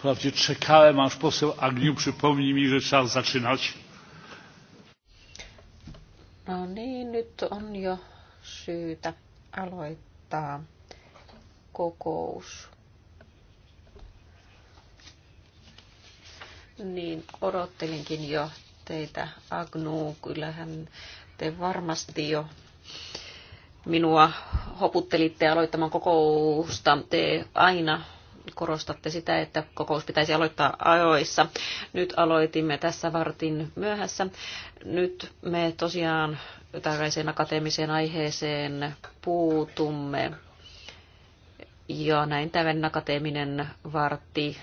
Wprawdzie czekałem, aż poseł Agniu przypomni mi, że trzeba zaczynać. No niin, nyt on jo syytä aloittaa kokous. Niin, odottelinkin jo teitä, Agnu. Kyllähän te varmasti jo minua hoputtelitte aloittamaan kokousta. Te aina korostatte sitä, että kokous pitäisi aloittaa ajoissa. Nyt aloitimme tässä vartin myöhässä. Nyt me tosiaan tällaiseen akateemiseen aiheeseen puutumme. Ja näin tämän akateeminen vartti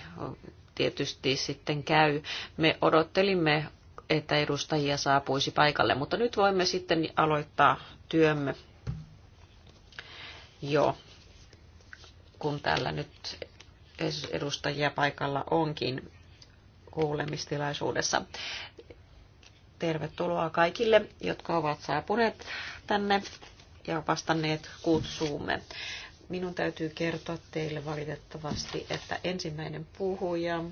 tietysti sitten käy. Me odottelimme, että edustajia saapuisi paikalle, mutta nyt voimme sitten aloittaa työmme. Joo kun täällä nyt edustajia paikalla onkin kuulemistilaisuudessa. Tervetuloa kaikille, jotka ovat saapuneet tänne ja vastanneet kutsuumme. Minun täytyy kertoa teille valitettavasti, että ensimmäinen puhuja,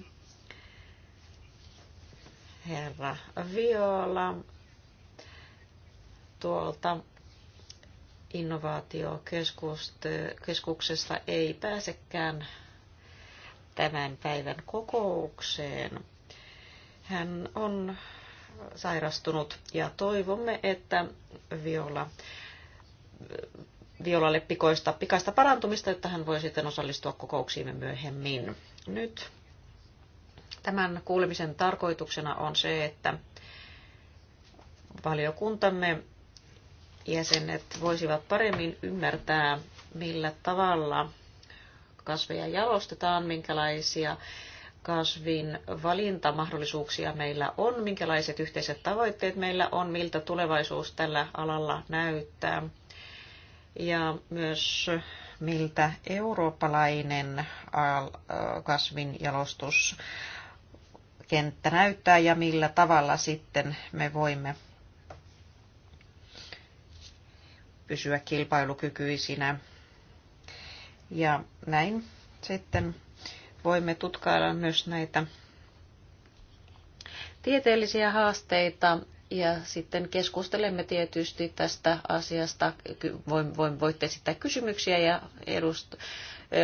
herra Viola, tuolta innovaatiokeskuksesta ei pääsekään tämän päivän kokoukseen. Hän on sairastunut ja toivomme, että Viola, Violalle pikoista, pikaista parantumista, että hän voi sitten osallistua kokouksiimme myöhemmin. Nyt tämän kuulemisen tarkoituksena on se, että valiokuntamme jäsenet voisivat paremmin ymmärtää, millä tavalla kasveja jalostetaan, minkälaisia kasvin valintamahdollisuuksia meillä on, minkälaiset yhteiset tavoitteet meillä on, miltä tulevaisuus tällä alalla näyttää ja myös miltä eurooppalainen äh, kasvin jalostus kenttä näyttää ja millä tavalla sitten me voimme pysyä kilpailukykyisinä ja näin sitten voimme tutkailla myös näitä tieteellisiä haasteita ja sitten keskustelemme tietysti tästä asiasta. Voitte esittää kysymyksiä ja edustaa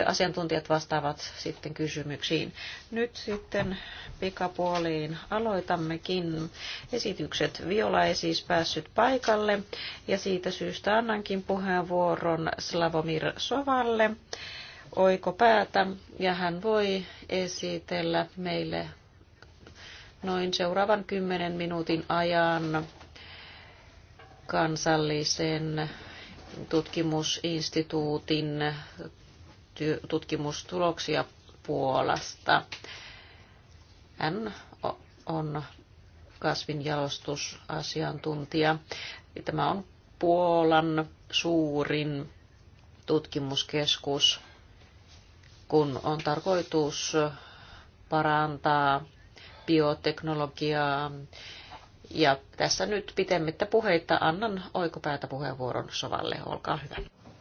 asiantuntijat vastaavat sitten kysymyksiin. Nyt sitten pikapuoliin aloitammekin esitykset. Viola ei siis päässyt paikalle ja siitä syystä annankin puheenvuoron Slavomir Sovalle päätä ja hän voi esitellä meille noin seuraavan kymmenen minuutin ajan kansallisen tutkimusinstituutin tutkimustuloksia Puolasta. Hän on kasvinjalostusasiantuntija. Tämä on Puolan suurin tutkimuskeskus, kun on tarkoitus parantaa bioteknologiaa. Ja tässä nyt pitemmittä puheita annan oikopäätä puheenvuoron Sovalle. Olkaa hyvä.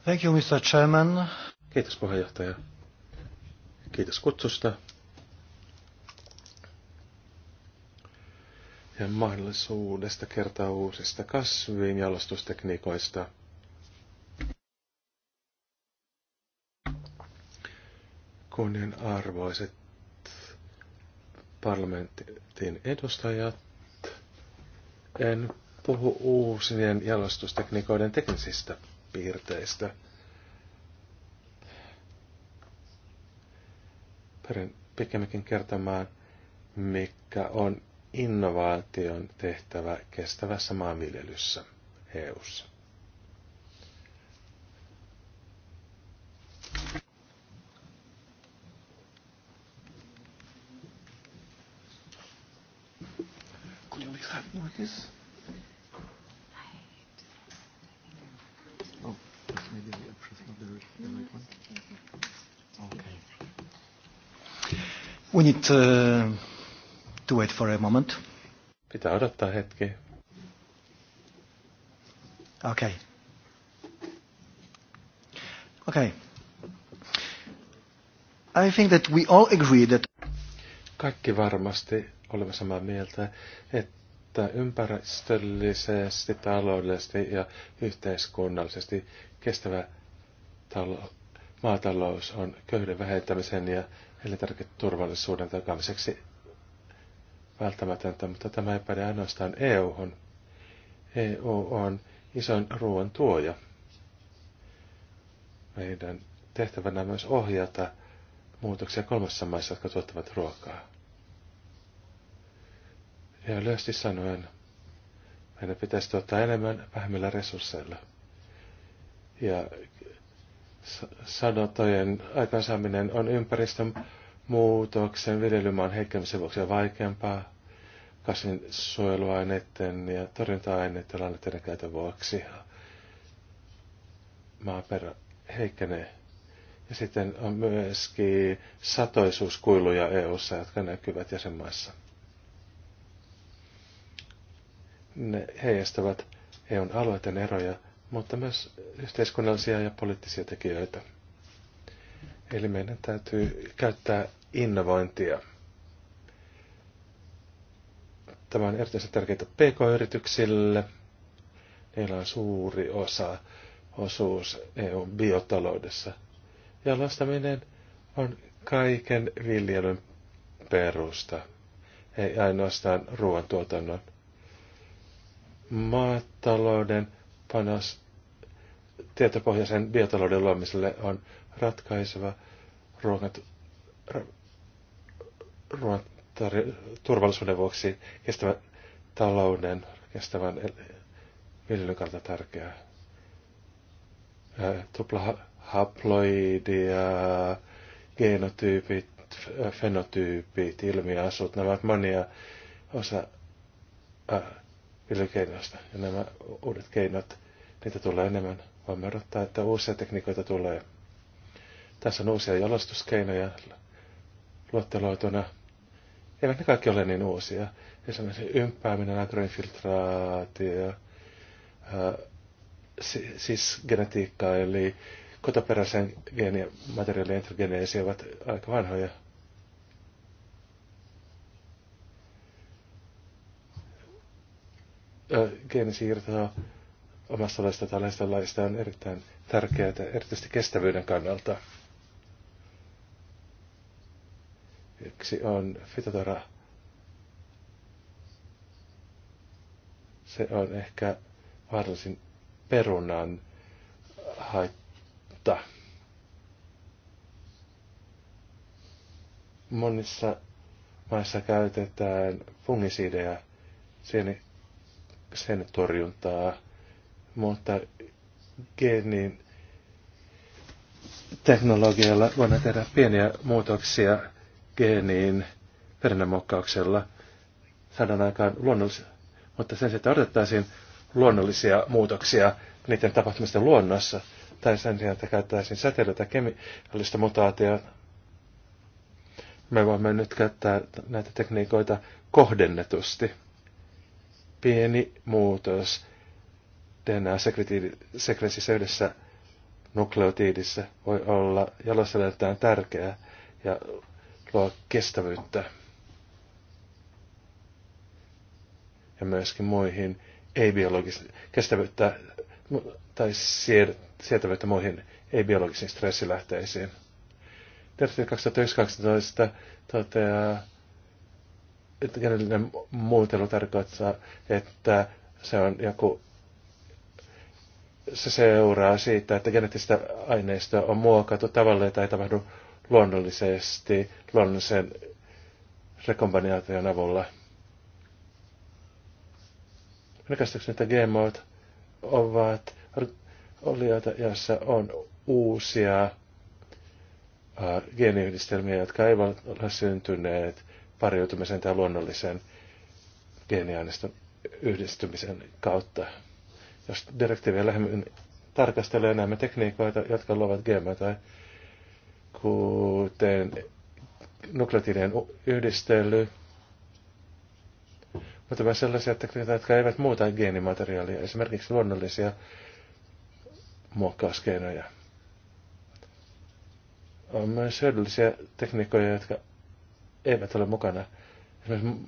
Thank you, Mr. Chairman. Kiitos puheenjohtaja. Kiitos kutsusta. Ja mahdollisuudesta kertaa uusista kasviin jalostustekniikoista. arvoiset parlamentin edustajat, en puhu uusien jalostustekniikoiden teknisistä piirteistä – pyrin pikemminkin kertomaan, mikä on innovaation tehtävä kestävässä maanviljelyssä EU:ssa. Oh, okay. We need to, uh, to wait for a moment. Pitää odottaa hetki. Okay. Okay. I think that we all agree that kaikki varmasti olemme samaa mieltä, että ympäristöllisesti, taloudellisesti ja yhteiskunnallisesti kestävä talo, maatalous on köyhyyden vähentämisen ja elintarviketurvallisuuden takaamiseksi välttämätöntä, mutta tämä ei päde ainoastaan EU-hun. EU on isoin ruoan tuoja. Meidän tehtävänä on myös ohjata muutoksia kolmessa maissa, jotka tuottavat ruokaa. Ja lyhyesti sanoen, meidän pitäisi tuottaa enemmän vähemmillä resursseilla. Ja sadotojen aikaansaaminen on ympäristön muutoksen viljelymaan heikkemisen vuoksi vaikeampaa suojeluaineiden ja torjunta-aineiden lannetteiden käytön vuoksi. Maaperä heikkenee. Ja sitten on myöskin satoisuuskuiluja EU-ssa, jotka näkyvät jäsenmaissa. Ne heijastavat EUn alueiden eroja mutta myös yhteiskunnallisia ja poliittisia tekijöitä. Eli meidän täytyy käyttää innovointia. Tämä on erityisen tärkeää pk-yrityksille. Niillä on suuri osa osuus eu biotaloudessa. Jalostaminen on kaiken viljelyn perusta, ei ainoastaan ruoantuotannon. Maatalouden panos tietopohjaisen biotalouden luomiselle on ratkaiseva ruokat, ruoan turvallisuuden vuoksi kestävä talouden, kestävän viljelyn kannalta tärkeää. haploidia, genotyypit, fenotyypit, ilmiasut, nämä ovat monia osa äh, viljelykeinnoista. Ja nämä uudet keinot Niitä tulee enemmän. Voimme odottaa, että uusia tekniikoita tulee. Tässä on uusia jalostuskeinoja luotteloituna. Eivät ne kaikki ole niin uusia. Esimerkiksi ympääminen, agroinfiltraatio, äh, siis genetiikka eli kotoperäisen geenien materiaalien intergeneesi ovat aika vanhoja. Äh, geenisiirtoa omasta laista tai läheistä laista on erittäin tärkeää, erityisesti kestävyyden kannalta. Yksi on fitotora. Se on ehkä vaarallisin perunan haitta. Monissa maissa käytetään fungisideja, sen torjuntaa – mutta geenin teknologialla voidaan tehdä pieniä muutoksia geeniin perinnönmuokkauksella saadaan aikaan luonnollisia, mutta sen sijaan, odotettaisiin luonnollisia muutoksia niiden tapahtumista luonnossa, tai sen sijaan, että käyttäisiin säteilyä tai kemiallista mutaatiota, me voimme nyt käyttää näitä tekniikoita kohdennetusti. Pieni muutos DNA-sekvenssissä yhdessä nukleotiidissa voi olla jalostelijaltaan tärkeää ja luo kestävyyttä. Ja myöskin muihin ei-biologisiin kestävyyttä tai sietävyyttä muihin ei-biologisiin stressilähteisiin. Direktiivi 2012 toteaa, että geneellinen muutelu tarkoittaa, että se on joku se seuraa siitä, että geneettistä aineistoa on muokattu tavalla, jota ei tapahdu luonnollisesti luonnollisen rekombinaation avulla. Minä käsitykseni, että GMOt ovat olioita, joissa on uusia geeniyhdistelmiä, jotka eivät ole syntyneet pariutumisen tai luonnollisen geeniaineiston yhdistymisen kautta jos direktiiviä lähemmin tarkastelee näemme tekniikoita, jotka luovat GM tai kuten nukleotidien yhdistely, mutta myös sellaisia tekniikoita, jotka eivät muuta geenimateriaalia, esimerkiksi luonnollisia muokkauskeinoja. On myös hyödyllisiä tekniikoja, jotka eivät ole mukana. Esimerkiksi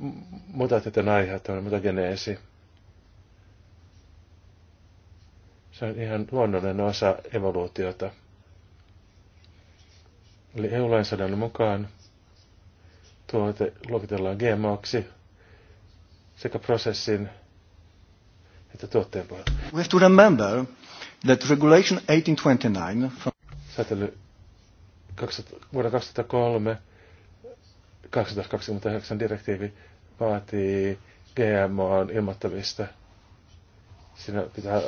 mutaatioiden aiheuttaminen, mutageneesi. Se on ihan luonnollinen osa evoluutiota. Eli EU-lainsäädännön mukaan tuote luokitellaan GMOksi sekä prosessin että tuotteen pohjalta. We have to remember that regulation 1829 from... vuonna 2003 2029 direktiivi vaatii GMOn ilmoittamista. Siinä pitää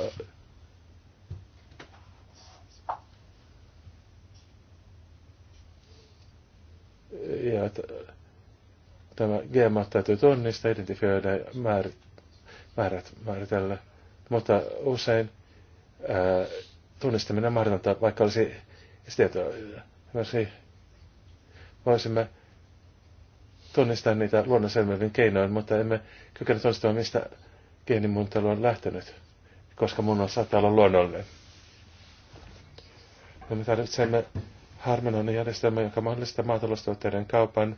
ja tämä GMA täytyy tunnistaa, identifioida ja määrit, määrät määritellä. Mutta usein ää, tunnistaminen on mahdotonta, vaikka olisi tietoa. Voisimme tunnistaa niitä luonnonselmiövin keinoin, mutta emme kykene tunnistamaan, mistä geenimuuntelu on lähtenyt, koska mun on saattaa olla luonnollinen. Ja me tarvitsemme harmonainen järjestelmä, joka mahdollistaa maataloustuotteiden kaupan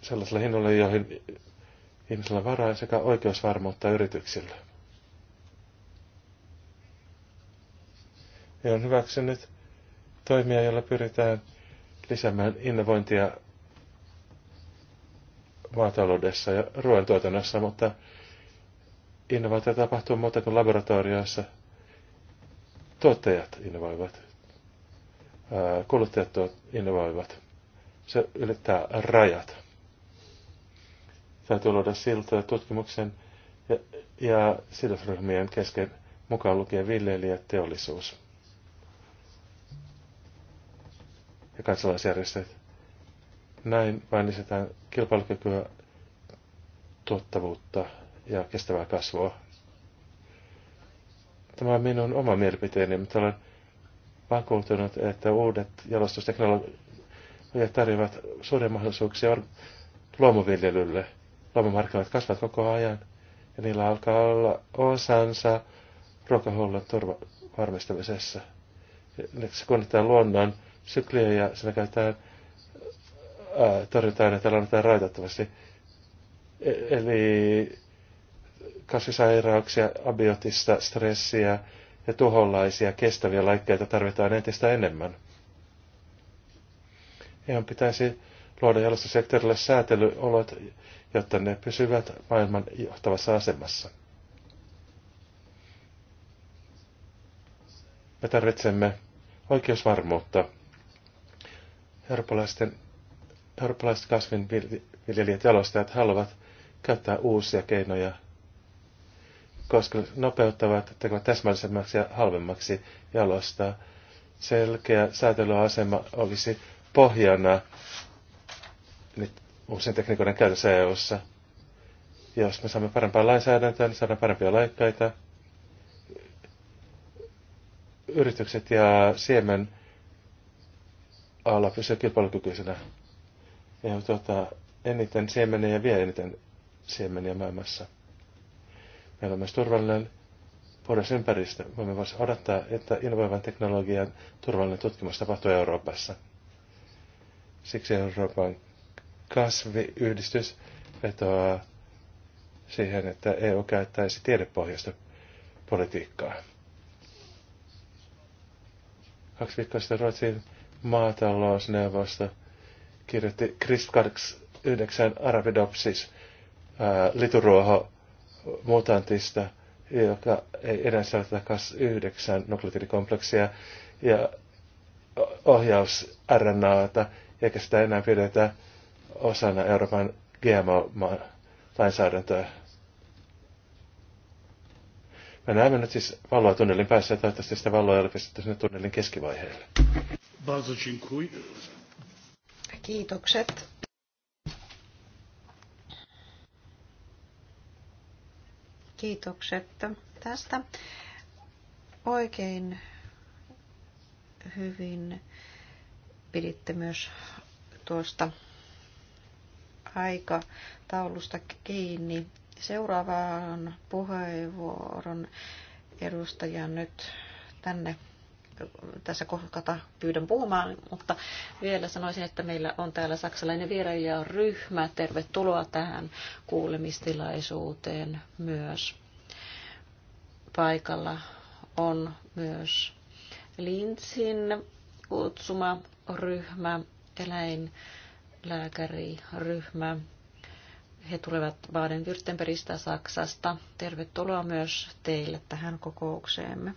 sellaisilla hinnoilla, joihin ihmisillä on varaa sekä oikeusvarmuutta yrityksille. Ja on hyväksynyt toimia, joilla pyritään lisäämään innovointia maataloudessa ja ruoantuotannossa, mutta innovaatio tapahtuu muuten kuin laboratorioissa. Tuottajat innovoivat kuluttajat innovoivat. Se ylittää rajat. Täytyy luoda siltoja tutkimuksen ja, ja sidosryhmien kesken mukaan lukien viljelijät, teollisuus ja kansalaisjärjestöt. Näin vain lisätään kilpailukykyä, tuottavuutta ja kestävää kasvua. Tämä on minun oma mielipiteeni, mutta olen vakuutunut, että uudet jalostusteknologiat tarjoavat suuria mahdollisuuksia luomuviljelylle. Luomumarkkinat kasvavat koko ajan ja niillä alkaa olla osansa ruokahuollon turva varmistamisessa. Se kunnittaa luonnon sykliä ja siinä käytetään ää, torjuntaan, että lannetaan rajoitettavasti. E- eli kasvisairauksia, abiotista, stressiä, ja tuholaisia kestäviä laitteita tarvitaan entistä enemmän. Ihan pitäisi luoda jalostusektorille säätelyolot, jotta ne pysyvät maailman johtavassa asemassa. Me tarvitsemme oikeusvarmuutta. eurooppalaiset kasvinviljelijät jalostajat haluavat käyttää uusia keinoja koska nopeuttavat, tekevät täsmällisemmäksi ja halvemmaksi jalostaa. Selkeä säätelyasema olisi pohjana nyt uusien tekniikoiden käytössä EU-ssa. Jos me saamme parempaa lainsäädäntöä, niin saadaan parempia laikkaita. Yritykset ja siemen ala kilpailukykyisenä. Ja tuota, eniten siemeniä vie eniten siemeniä maailmassa. Meillä on myös turvallinen puhdas ympäristö. Voimme myös odottaa, että innovoivan teknologian turvallinen tutkimus tapahtuu Euroopassa. Siksi Euroopan kasviyhdistys vetoaa siihen, että EU käyttäisi tiedepohjaista politiikkaa. Kaksi viikkoa sitten Ruotsin maatalousneuvosto kirjoitti Kristkarks 9 Arabidopsis lituruoho mutantista, joka ei enää sisältä cas nukleotidikompleksia ja ohjaus RNAta, eikä sitä enää pidetä osana Euroopan GMO-lainsäädäntöä. Me näemme nyt siis valoa tunnelin päässä ja toivottavasti sitä valoa ei ole pistetty sinne tunnelin keskivaiheelle. Kiitokset. Kiitokset tästä oikein hyvin piditte myös tuosta aikataulusta kiinni. Seuraavaan puheenvuoron edustaja nyt tänne tässä kohta pyydän puhumaan, mutta vielä sanoisin, että meillä on täällä saksalainen ryhmä. Tervetuloa tähän kuulemistilaisuuteen myös. Paikalla on myös Linsin kutsuma ryhmä, eläinlääkäriryhmä. He tulevat Baden-Württembergistä Saksasta. Tervetuloa myös teille tähän kokoukseemme.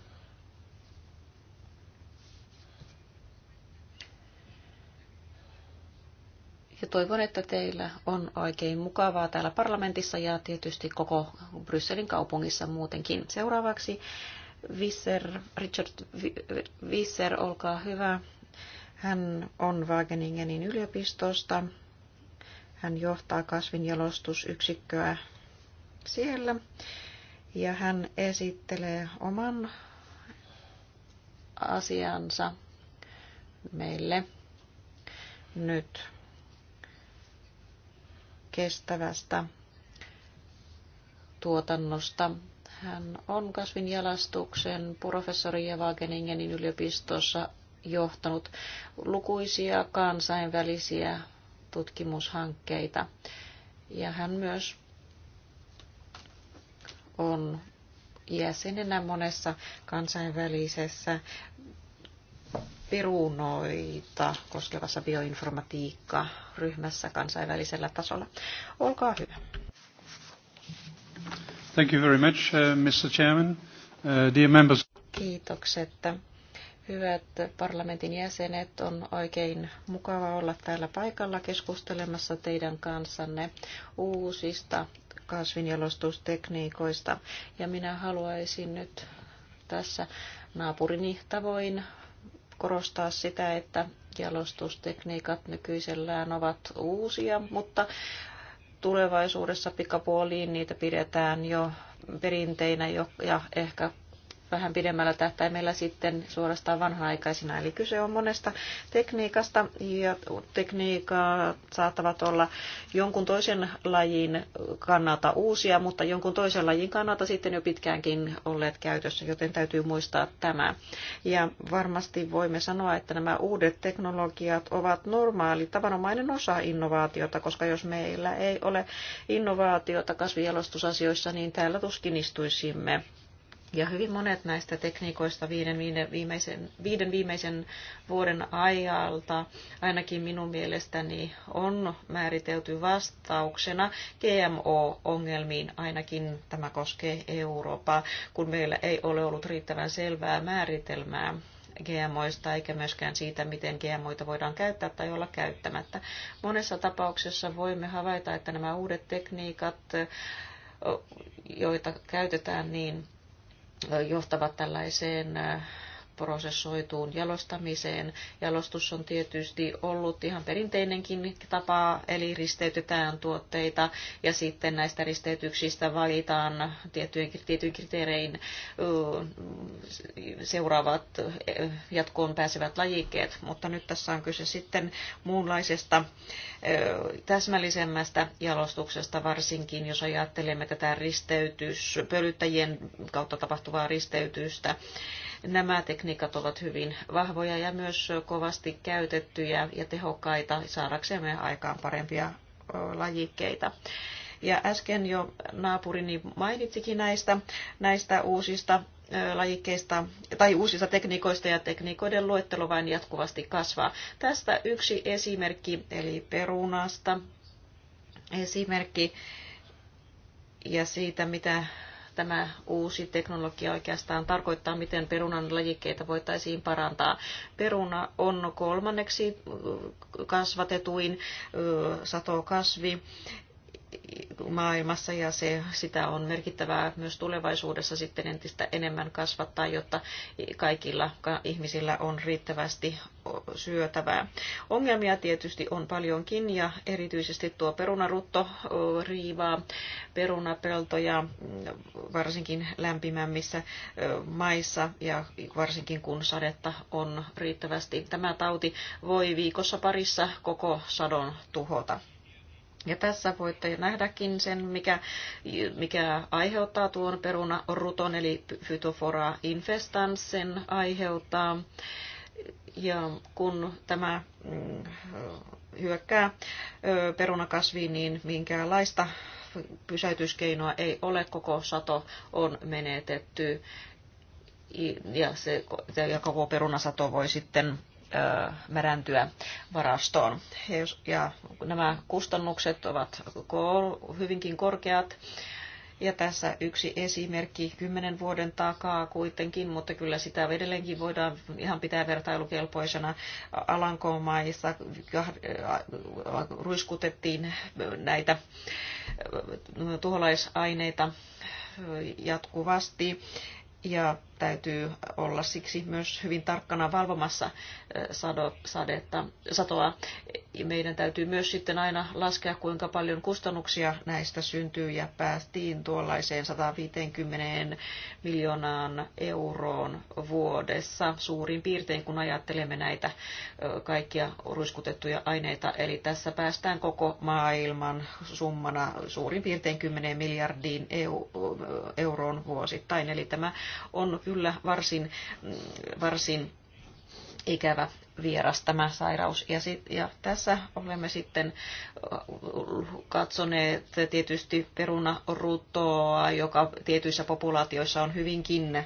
Ja toivon, että teillä on oikein mukavaa täällä parlamentissa ja tietysti koko Brysselin kaupungissa muutenkin. Seuraavaksi Visser, Richard Visser, olkaa hyvä. Hän on Wageningenin yliopistosta. Hän johtaa kasvinjalostusyksikköä siellä ja hän esittelee oman asiansa meille nyt kestävästä tuotannosta. Hän on kasvinjalastuksen professori Wageningenin yliopistossa johtanut lukuisia kansainvälisiä tutkimushankkeita. Ja hän myös on jäsenenä monessa kansainvälisessä perunoita koskevassa bioinformatiikka-ryhmässä kansainvälisellä tasolla. Olkaa hyvä. Thank you very much, uh, Mr. Chairman. Uh, dear members. Kiitokset. Hyvät parlamentin jäsenet, on oikein mukava olla täällä paikalla keskustelemassa teidän kanssanne uusista kasvinjalostustekniikoista. Ja minä haluaisin nyt tässä naapurini tavoin korostaa sitä, että jalostustekniikat nykyisellään ovat uusia, mutta tulevaisuudessa pikapuoliin niitä pidetään jo perinteinä jo, ja ehkä vähän pidemmällä tähtäimellä sitten suorastaan vanha-aikaisina. Eli kyse on monesta tekniikasta ja tekniikkaa saattavat olla jonkun toisen lajin kannalta uusia, mutta jonkun toisen lajin kannalta sitten jo pitkäänkin olleet käytössä, joten täytyy muistaa tämä. Ja varmasti voimme sanoa, että nämä uudet teknologiat ovat normaali, tavanomainen osa innovaatiota, koska jos meillä ei ole innovaatiota kasvijalostusasioissa, niin täällä tuskin istuisimme. Ja hyvin monet näistä tekniikoista viiden, viimeisen, viiden viimeisen vuoden ajalta, ainakin minun mielestäni, on määritelty vastauksena GMO-ongelmiin. Ainakin tämä koskee Eurooppaa, kun meillä ei ole ollut riittävän selvää määritelmää GMOista eikä myöskään siitä, miten GMOita voidaan käyttää tai olla käyttämättä. Monessa tapauksessa voimme havaita, että nämä uudet tekniikat, joita käytetään, niin johtavat tällaiseen prosessoituun jalostamiseen. Jalostus on tietysti ollut ihan perinteinenkin tapa, eli risteytetään tuotteita ja sitten näistä risteytyksistä valitaan tietyin, tietyin kriteerein seuraavat jatkoon pääsevät lajikkeet, mutta nyt tässä on kyse sitten muunlaisesta täsmällisemmästä jalostuksesta, varsinkin jos ajattelemme tätä risteytyspölyttäjien kautta tapahtuvaa risteytystä Nämä tekniikat ovat hyvin vahvoja ja myös kovasti käytettyjä ja tehokkaita saadaksemme aikaan parempia lajikkeita. Ja äsken jo naapurini mainitsikin näistä, näistä uusista lajikkeista tai uusista tekniikoista ja tekniikoiden luettelo vain jatkuvasti kasvaa. Tästä yksi esimerkki, eli perunasta esimerkki ja siitä, mitä tämä uusi teknologia oikeastaan tarkoittaa, miten perunan lajikkeita voitaisiin parantaa. Peruna on kolmanneksi kasvatetuin satokasvi maailmassa ja se, sitä on merkittävää myös tulevaisuudessa sitten entistä enemmän kasvattaa, jotta kaikilla ihmisillä on riittävästi syötävää. Ongelmia tietysti on paljonkin ja erityisesti tuo perunarutto riivaa perunapeltoja varsinkin lämpimämmissä maissa ja varsinkin kun sadetta on riittävästi. Tämä tauti voi viikossa parissa koko sadon tuhota. Ja tässä voitte nähdäkin sen, mikä, mikä aiheuttaa tuon ruton, eli Phytophora infestansen aiheuttaa. Ja kun tämä mm, hyökkää perunakasviin, niin minkäänlaista pysäytyskeinoa ei ole, koko sato on menetetty ja, se, ja koko perunasato voi sitten meräntyä varastoon. Ja nämä kustannukset ovat hyvinkin korkeat. Ja tässä yksi esimerkki kymmenen vuoden takaa kuitenkin, mutta kyllä sitä edelleenkin voidaan ihan pitää vertailukelpoisena. Alankomaissa ruiskutettiin näitä tuholaisaineita jatkuvasti ja täytyy olla siksi myös hyvin tarkkana valvomassa sado, sadetta, satoa. Meidän täytyy myös sitten aina laskea, kuinka paljon kustannuksia näistä syntyy ja päästiin tuollaiseen 150 miljoonaan euroon vuodessa suurin piirtein, kun ajattelemme näitä kaikkia ruiskutettuja aineita. Eli tässä päästään koko maailman summana suurin piirtein 10 miljardiin euroon vuosittain. Eli tämä on kyllä varsin, mm, varsin ikävä vieras tämä sairaus. Ja, sit, ja tässä olemme sitten katsoneet tietysti perunarutoa, joka tietyissä populaatioissa on hyvinkin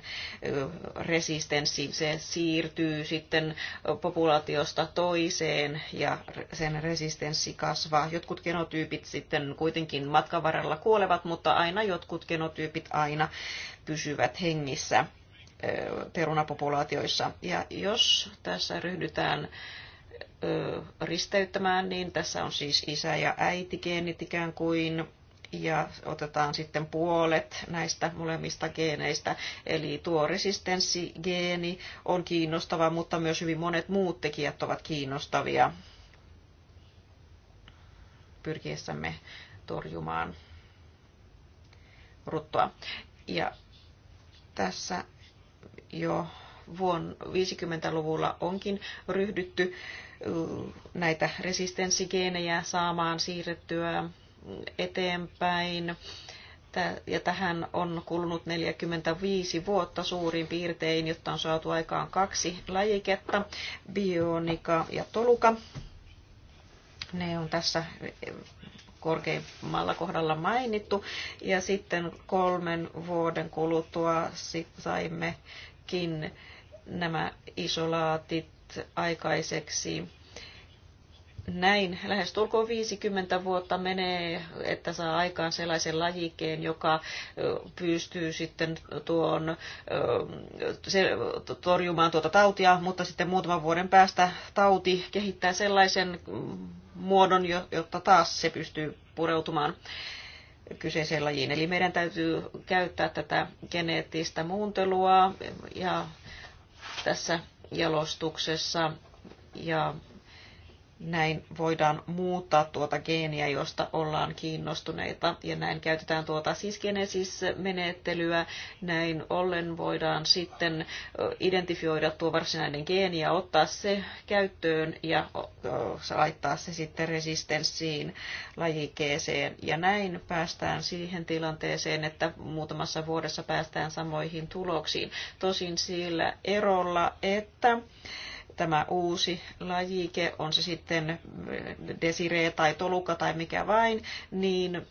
resistenssi. Se siirtyy sitten populaatiosta toiseen ja sen resistenssi kasvaa. Jotkut genotyypit sitten kuitenkin matkan varrella kuolevat, mutta aina jotkut genotyypit aina pysyvät hengissä perunapopulaatioissa. Ja jos tässä ryhdytään risteyttämään, niin tässä on siis isä ja äiti ikään kuin ja otetaan sitten puolet näistä molemmista geeneistä. Eli tuo resistenssigeeni on kiinnostava, mutta myös hyvin monet muut tekijät ovat kiinnostavia pyrkiessämme torjumaan ruttoa. Ja tässä jo vuonna 50-luvulla onkin ryhdytty näitä resistenssigeenejä saamaan siirrettyä eteenpäin. Ja tähän on kulunut 45 vuotta suurin piirtein, jotta on saatu aikaan kaksi lajiketta, bionika ja toluka. Ne on tässä korkeimmalla kohdalla mainittu. Ja sitten kolmen vuoden kuluttua saimme kuitenkin nämä isolaatit aikaiseksi. Näin tulkoon 50 vuotta menee, että saa aikaan sellaisen lajikkeen, joka pystyy sitten tuon, se, torjumaan tuota tautia, mutta sitten muutaman vuoden päästä tauti kehittää sellaisen mm, muodon, jotta taas se pystyy pureutumaan kyseiseen lajiin. Eli meidän täytyy käyttää tätä geneettistä muuntelua ja tässä jalostuksessa ja näin voidaan muuttaa tuota geeniä, josta ollaan kiinnostuneita, ja näin käytetään tuota siskenesis menettelyä Näin ollen voidaan sitten identifioida tuo varsinainen geeni ja ottaa se käyttöön ja laittaa se sitten resistenssiin lajikeeseen. Ja näin päästään siihen tilanteeseen, että muutamassa vuodessa päästään samoihin tuloksiin. Tosin sillä erolla, että tämä uusi lajike, on se sitten desiree tai toluka tai mikä vain, niin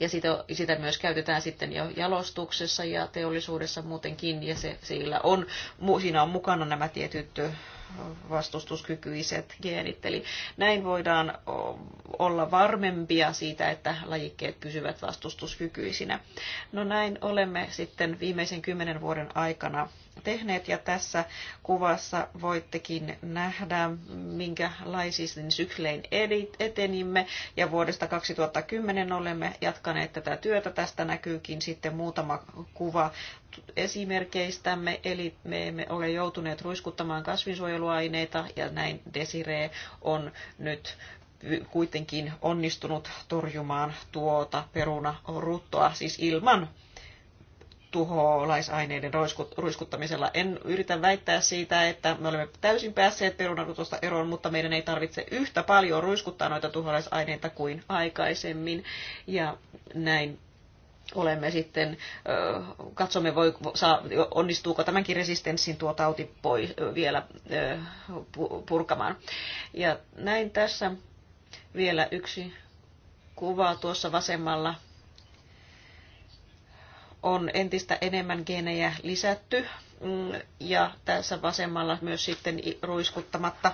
ja sitä, sitä myös käytetään sitten jo jalostuksessa ja teollisuudessa muutenkin, ja se, sillä on, siinä on mukana nämä tietyt vastustuskykyiset geenit. Eli näin voidaan olla varmempia siitä, että lajikkeet pysyvät vastustuskykyisinä. No näin olemme sitten viimeisen kymmenen vuoden aikana tehneet ja tässä kuvassa voittekin nähdä, minkälaisiin syklein etenimme ja vuodesta 2010 olemme jatkaneet tätä työtä. Tästä näkyykin sitten muutama kuva esimerkkeistämme, eli me emme ole joutuneet ruiskuttamaan kasvinsuojeluaineita ja näin Desiree on nyt kuitenkin onnistunut torjumaan tuota perunaruttoa, siis ilman tuholaisaineiden ruiskuttamisella. En yritä väittää siitä, että me olemme täysin päässeet perunarutosta eroon, mutta meidän ei tarvitse yhtä paljon ruiskuttaa noita tuholaisaineita kuin aikaisemmin. Ja näin olemme sitten, katsomme voi, saa, onnistuuko tämänkin resistenssin tuo tauti pois, vielä purkamaan. Ja näin tässä vielä yksi kuva tuossa vasemmalla on entistä enemmän geenejä lisätty mm, ja tässä vasemmalla myös sitten ruiskuttamatta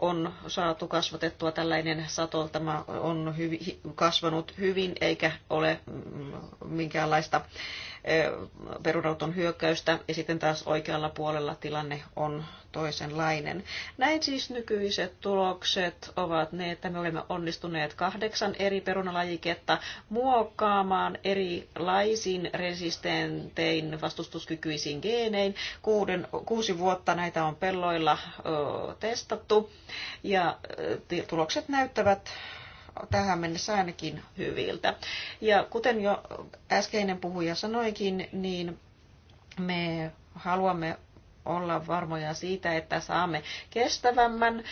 on saatu kasvatettua tällainen sato. Tämä on hyvi, kasvanut hyvin eikä ole mm, minkäänlaista perunauton hyökkäystä. Ja sitten taas oikealla puolella tilanne on toisenlainen. Näin siis nykyiset tulokset ovat ne, että me olemme onnistuneet kahdeksan eri perunalajiketta muokkaamaan erilaisiin resistentein vastustuskykyisiin geenein. Kuuden, kuusi vuotta näitä on pelloilla ö, testattu ja tulokset näyttävät tähän mennessä ainakin hyviltä. Ja kuten jo äskeinen puhuja sanoikin, niin me haluamme olla varmoja siitä, että saamme kestävämmän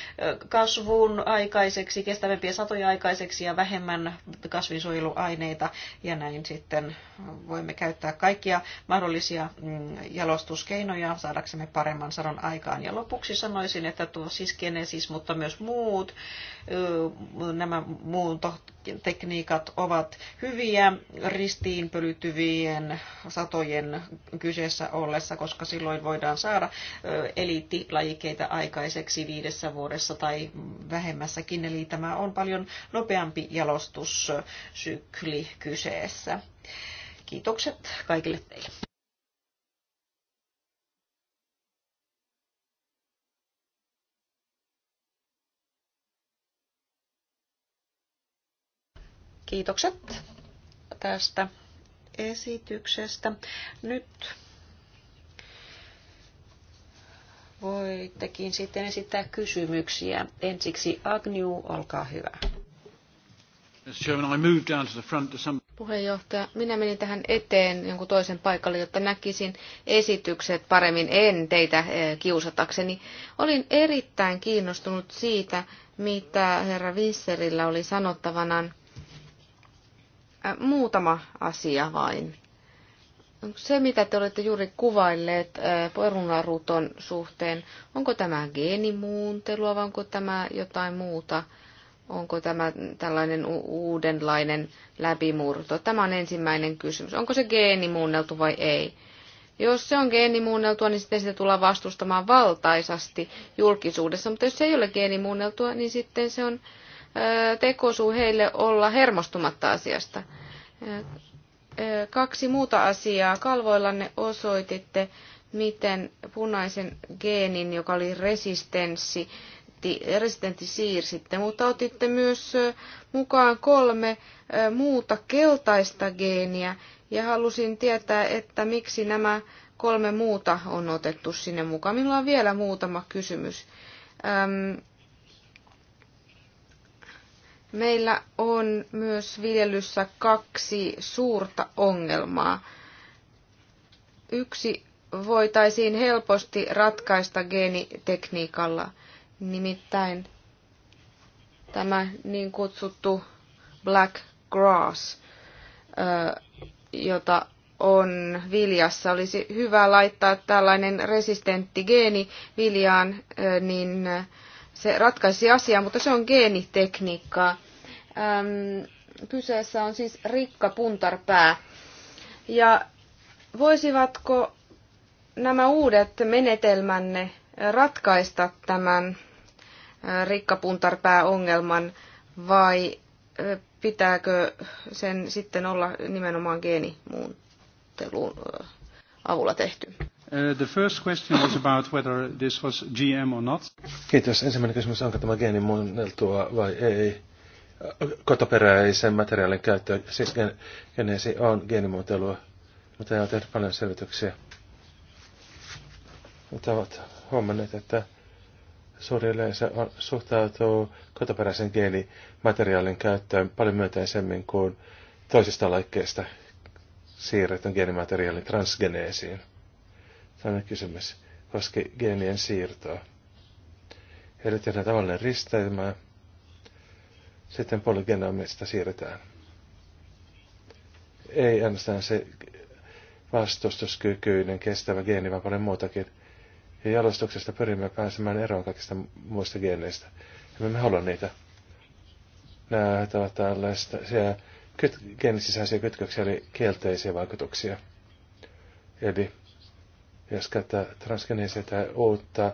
kasvun aikaiseksi, kestävämpiä satoja aikaiseksi ja vähemmän kasvinsuojeluaineita. Ja näin sitten voimme käyttää kaikkia mahdollisia mm, jalostuskeinoja saadaksemme paremman sadon aikaan. Ja lopuksi sanoisin, että tuo siis genesis, mutta myös muut, nämä muuntotekniikat ovat hyviä ristiinpölytyvien satojen kyseessä ollessa, koska silloin voidaan saada saada eliittilajikkeita aikaiseksi viidessä vuodessa tai vähemmässäkin. Eli tämä on paljon nopeampi jalostussykli kyseessä. Kiitokset kaikille teille. Kiitokset tästä esityksestä. Nyt voittekin sitten esittää kysymyksiä. Ensiksi Agnew, olkaa hyvä. Puheenjohtaja, minä menin tähän eteen jonkun toisen paikalle, jotta näkisin esitykset paremmin. En teitä eh, kiusatakseni. Olin erittäin kiinnostunut siitä, mitä herra Visserillä oli sanottavanaan. Äh, muutama asia vain. Onko se, mitä te olette juuri kuvailleet perunaruton suhteen, onko tämä geenimuuntelua vai onko tämä jotain muuta? Onko tämä tällainen uudenlainen läpimurto? Tämä on ensimmäinen kysymys. Onko se geenimuunneltu vai ei? Jos se on geenimuunneltua, niin sitten sitä tullaan vastustamaan valtaisasti julkisuudessa, mutta jos se ei ole geenimuunneltua, niin sitten se on tekosuu heille olla hermostumatta asiasta kaksi muuta asiaa. Kalvoillanne osoititte, miten punaisen geenin, joka oli resistenssi, resistentti siirsitte, mutta otitte myös mukaan kolme muuta keltaista geeniä ja halusin tietää, että miksi nämä kolme muuta on otettu sinne mukaan. Minulla on vielä muutama kysymys. Meillä on myös viljelyssä kaksi suurta ongelmaa. Yksi voitaisiin helposti ratkaista geenitekniikalla, nimittäin tämä niin kutsuttu black grass, jota on viljassa. Olisi hyvä laittaa tällainen resistentti geeni viljaan, niin se ratkaisi asiaa, mutta se on geenitekniikkaa. Äm, kyseessä on siis rikka puntarpää. Ja voisivatko nämä uudet menetelmänne ratkaista tämän äh, rikkapuntarpääongelman vai pitääkö sen sitten olla nimenomaan geenimuunteluun avulla tehty? Uh, the first question was about whether this was GM or not. Kiitos. Ensimmäinen kysymys, onko tämä geeni muunneltua vai ei? Kotoperäisen materiaalin käyttö, siis geneesi on geenimuotelua, mutta ei ole tehnyt paljon selvityksiä. Mutta ovat huomanneet, että suuri yleisö on, suhtautuu kotoperäisen geenimateriaalin käyttöön paljon myönteisemmin kuin toisista laikkeista siirretyn geenimateriaalin transgeneesiin. Toinen kysymys koski geenien siirtoa. Eli tehdään tavallinen risteymä, sitten polygenomista siirretään. Ei ainoastaan se vastustuskykyinen, kestävä geeni, vaan paljon muutakin. Ja jalostuksesta pyrimme pääsemään eroon kaikista muista geeneistä. Ja me emme halua niitä. Nämä ovat tällaisia kyt- geenisisäisiä kytköksiä, eli kielteisiä vaikutuksia. Eli jos käyttää transgeneisiä tai uutta äh,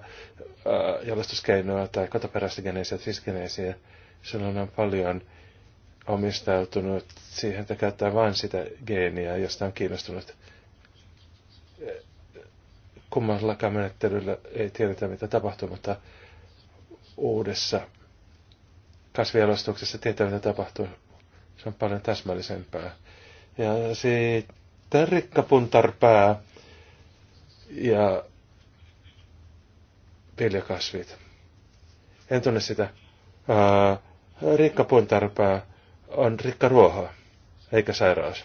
jalostuskeinoa tai kotoperäistä geneisiä, transgeneisiä. silloin on paljon omistautunut siihen, että käyttää vain sitä geeniä, josta on kiinnostunut. Kummallakaan menettelyllä ei tiedetä, mitä tapahtuu, mutta uudessa kasvialostuksessa tietää, mitä tapahtuu. Se on paljon täsmällisempää. Ja sitten rikkapuntarpää ja viljakasvit. En tunne sitä. Ää, rikka puntarpää on rikka ruoho, eikä sairaus.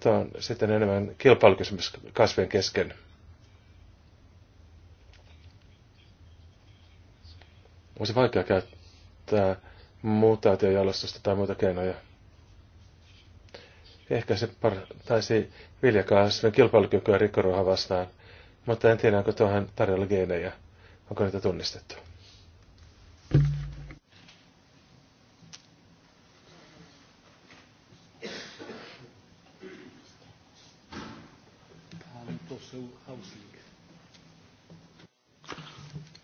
Tämä on sitten enemmän kilpailukysymys kasvien kesken. Olisi vaikea käyttää mutaatiojalostusta tai muita keinoja. Ehkä se taisi viljakaasvin kilpailukykyä rikkoruoha vastaan, mutta en tiedä, onko tuohon tarjolla geenejä. Onko niitä tunnistettu?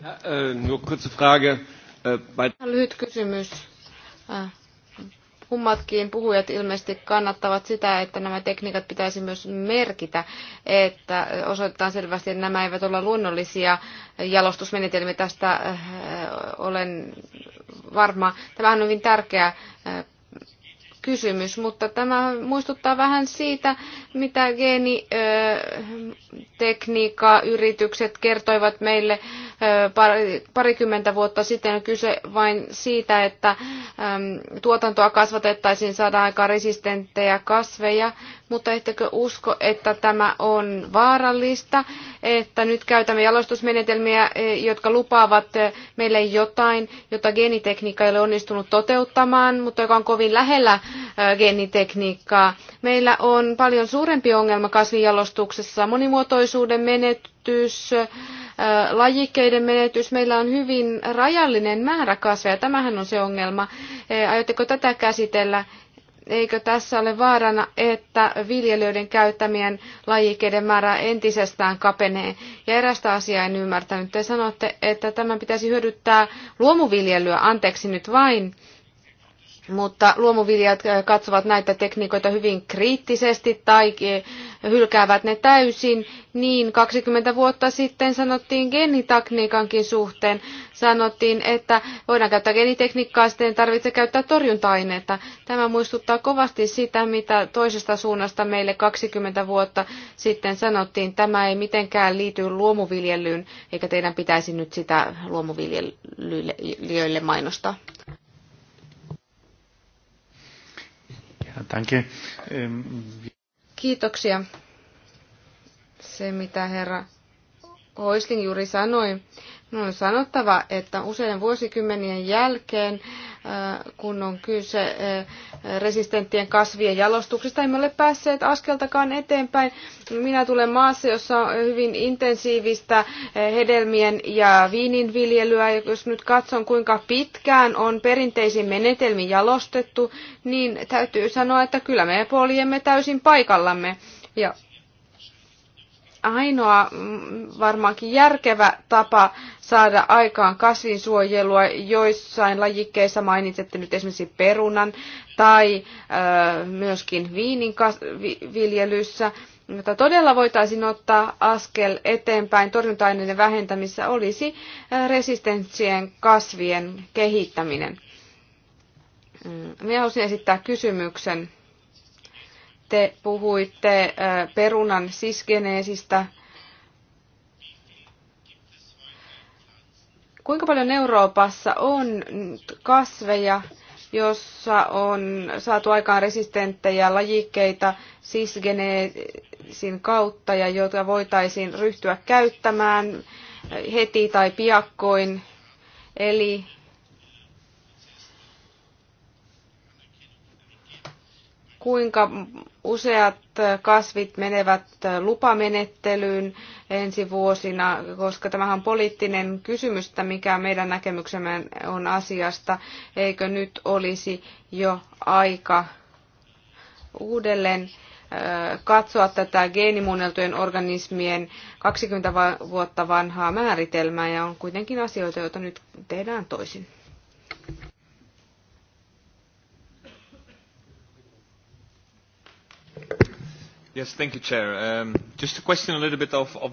Äh, nur kurze Frage. Äh, Lyhyt kysymys. Äh, kummatkin puhujat ilmeisesti kannattavat sitä, että nämä tekniikat pitäisi myös merkitä, että osoitetaan selvästi, että nämä eivät ole luonnollisia jalostusmenetelmiä. Tästä äh, olen varma. Tämä on hyvin tärkeä äh, kysymys, mutta tämä muistuttaa vähän siitä, mitä geenitekniikka yritykset kertoivat meille parikymmentä vuotta sitten on kyse vain siitä, että tuotantoa kasvatettaisiin, saadaan aikaan resistenttejä kasveja, mutta ettekö usko, että tämä on vaarallista, että nyt käytämme jalostusmenetelmiä, e, jotka lupaavat e, meille jotain, jota geenitekniikka ei ole onnistunut toteuttamaan, mutta joka on kovin lähellä e, geenitekniikkaa. Meillä on paljon suurempi ongelma kasvinjalostuksessa, monimuotoisuuden menetys, lajikkeiden menetys. Meillä on hyvin rajallinen määrä kasveja. Tämähän on se ongelma. Aiotteko tätä käsitellä? Eikö tässä ole vaarana, että viljelijöiden käyttämien lajikkeiden määrä entisestään kapenee? Ja erästä asiaa en ymmärtänyt. Te sanotte, että tämän pitäisi hyödyttää luomuviljelyä. Anteeksi nyt vain mutta luomuviljat äh, katsovat näitä tekniikoita hyvin kriittisesti tai äh, hylkäävät ne täysin, niin 20 vuotta sitten sanottiin genitakniikankin suhteen, sanottiin, että voidaan käyttää genitekniikkaa, sitten tarvitse käyttää torjunta-aineita. Tämä muistuttaa kovasti sitä, mitä toisesta suunnasta meille 20 vuotta sitten sanottiin. Tämä ei mitenkään liity luomuviljelyyn, eikä teidän pitäisi nyt sitä luomuviljelijöille mainostaa. Danke. Ähm, Kiitoksia. Se, mitä herra Hoisling juuri sanoi, No on sanottava, että useiden vuosikymmenien jälkeen, äh, kun on kyse äh, resistenttien kasvien jalostuksesta, emme ole päässeet askeltakaan eteenpäin. Minä tulen maassa, jossa on hyvin intensiivistä äh, hedelmien ja viinin Ja jos nyt katson, kuinka pitkään on perinteisin menetelmin jalostettu, niin täytyy sanoa, että kyllä me poljemme täysin paikallamme. Ja ainoa mm, varmaankin järkevä tapa saada aikaan kasvinsuojelua. Joissain lajikkeissa mainitsette nyt esimerkiksi perunan tai myöskin viinin viljelyssä. Mutta todella voitaisiin ottaa askel eteenpäin torjunta-aineiden vähentämissä olisi resistenssien kasvien kehittäminen. Mm, minä haluaisin esittää kysymyksen te puhuitte äh, perunan siskeneesistä. Kuinka paljon Euroopassa on kasveja, jossa on saatu aikaan resistenttejä lajikkeita sisgeneesin kautta ja joita voitaisiin ryhtyä käyttämään heti tai piakkoin. Eli kuinka useat kasvit menevät lupamenettelyyn ensi vuosina, koska tämähän on poliittinen kysymys, että mikä meidän näkemyksemme on asiasta. Eikö nyt olisi jo aika uudelleen katsoa tätä geenimuunneltujen organismien 20 vuotta vanhaa määritelmää ja on kuitenkin asioita, joita nyt tehdään toisin. Yes, thank you, Chair. Um, just a question a little bit of... of...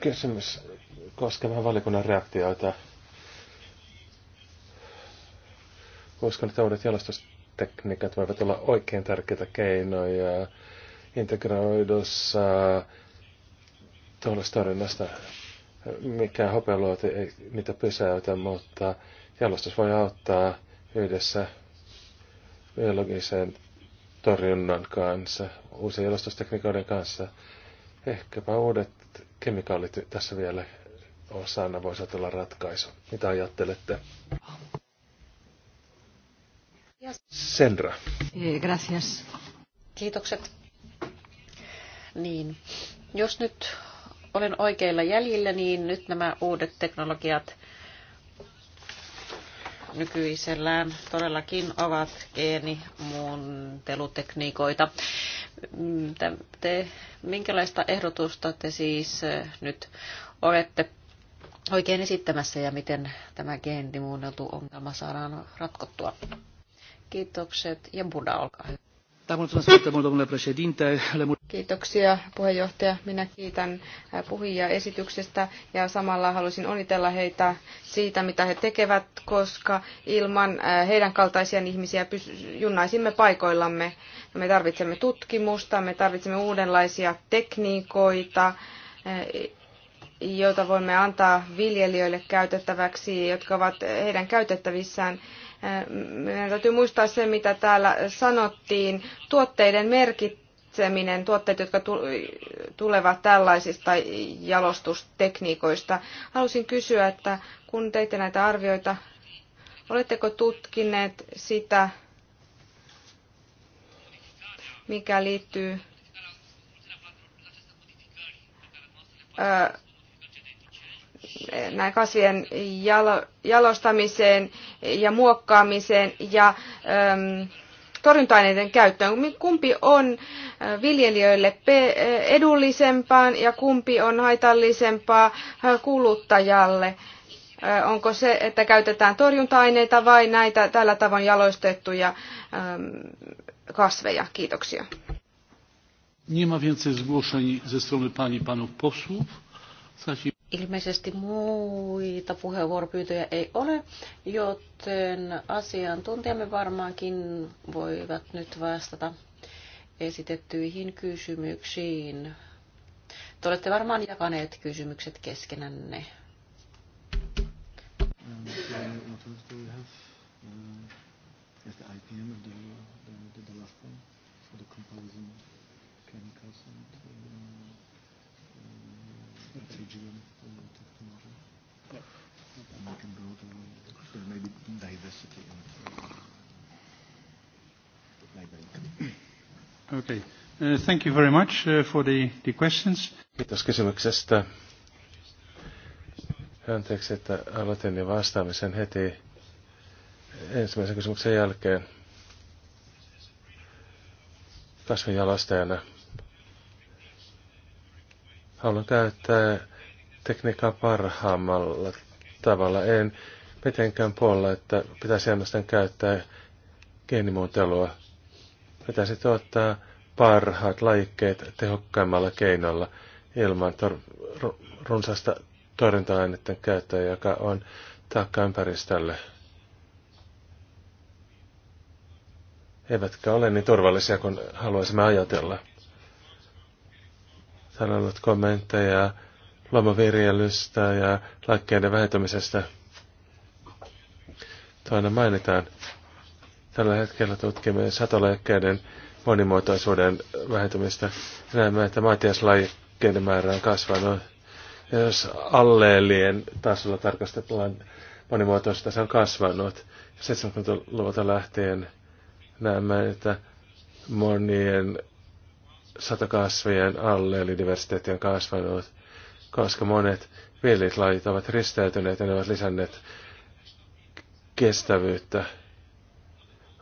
Kysymys koskemaan valikunnan reaktioita. Uskon, että uudet jalostustekniikat voivat olla oikein tärkeitä keinoja integroidussa tarinasta, Mikään hopealuoti ei niitä pysäytä, mutta jalostus voi auttaa yhdessä biologisen torjunnan kanssa, uusien jalostustekniikoiden kanssa. Ehkäpä uudet kemikaalit tässä vielä osana voisivat olla ratkaisu. Mitä ajattelette? Senra. Eh, gracias. Kiitokset. Niin, jos nyt olen oikeilla jäljillä, niin nyt nämä uudet teknologiat nykyisellään todellakin ovat geenimuuntelutekniikoita. Te, minkälaista ehdotusta te siis nyt olette oikein esittämässä ja miten tämä geenimuunneltu ongelma saadaan ratkottua? Kiitokset ja Buddha, olkaa hyvä. Kiitoksia puheenjohtaja. Minä kiitän puhujia esityksestä ja samalla haluaisin onnitella heitä siitä, mitä he tekevät, koska ilman heidän kaltaisia ihmisiä junnaisimme paikoillamme. Me tarvitsemme tutkimusta, me tarvitsemme uudenlaisia tekniikoita, joita voimme antaa viljelijöille käytettäväksi, jotka ovat heidän käytettävissään meidän täytyy muistaa se, mitä täällä sanottiin. Tuotteiden merkitseminen, tuotteet, jotka tulevat tällaisista jalostustekniikoista. Halusin kysyä, että kun teitte näitä arvioita, oletteko tutkineet sitä, mikä liittyy... Öö, näin kasvien jalostamiseen ja muokkaamiseen ja ähm, torjunta-aineiden käyttöön. Kumpi on äh, viljelijöille äh, edullisempaa ja kumpi on haitallisempaa äh, kuluttajalle? Onko se, että käytetään torjunta-aineita vai näitä tällä tavoin jalostettuja ähm, kasveja? Kiitoksia. Nie ma więcej zgłoszeń ze strony pani panów posłów. Ilmeisesti muita puheenvuoropyyntöjä ei ole, joten asiantuntijamme varmaankin voivat nyt vastata esitettyihin kysymyksiin. Te olette varmaan jakaneet kysymykset keskenänne. Um, Thank um, um, you and we can build a there may be diversity in Okay. Uh, thank you very much uh, for the, the questions. Kiitos kysymyksestä. Anteeksi, että aloitin jo vastaamisen heti ensimmäisen kysymyksen jälkeen kasvinjalostajana. Haluan käyttää tekniikkaa parhaammalla tavalla. En mitenkään puolella, että pitäisi ainoastaan käyttää geenimuuntelua. Pitäisi tuottaa parhaat lajikkeet tehokkaimmalla keinolla ilman tor- runsasta torjunta-aineiden käyttöä, joka on taakka ympäristölle. Eivätkä ole niin turvallisia kuin haluaisimme ajatella. Täällä on ollut kommentteja lomaviljelystä ja lääkkeiden vähentämisestä. Toinen mainitaan. Tällä hetkellä tutkimme satolääkkeiden monimuotoisuuden vähentämistä. Näemme, että maatiaslajikkeiden määrä on kasvanut. Ja jos alleelien tasolla tarkastellaan monimuotoisuutta, se on kasvanut. 70-luvulta lähtien näemme, että monien satokasvien alleelidiversiteetti on kasvanut koska monet villit lajit ovat risteytyneet ja ne ovat lisänneet kestävyyttä.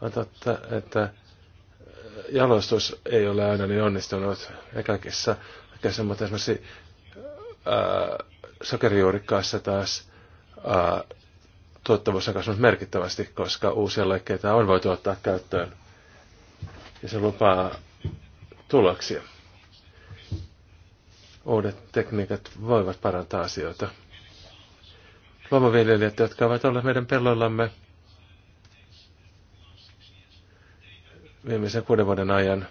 On totta, että äh, jalostus ei ole aina niin onnistunut kaikissa, kaikissa mutta esimerkiksi ää, äh, sokerijuurikkaassa taas ää, äh, tuottavuus on kasvanut merkittävästi, koska uusia lääkkeitä on voitu ottaa käyttöön. Ja se lupaa tuloksia uudet tekniikat voivat parantaa asioita. Luomaviljelijät, jotka ovat olleet meidän pelloillamme viimeisen kuuden vuoden ajan,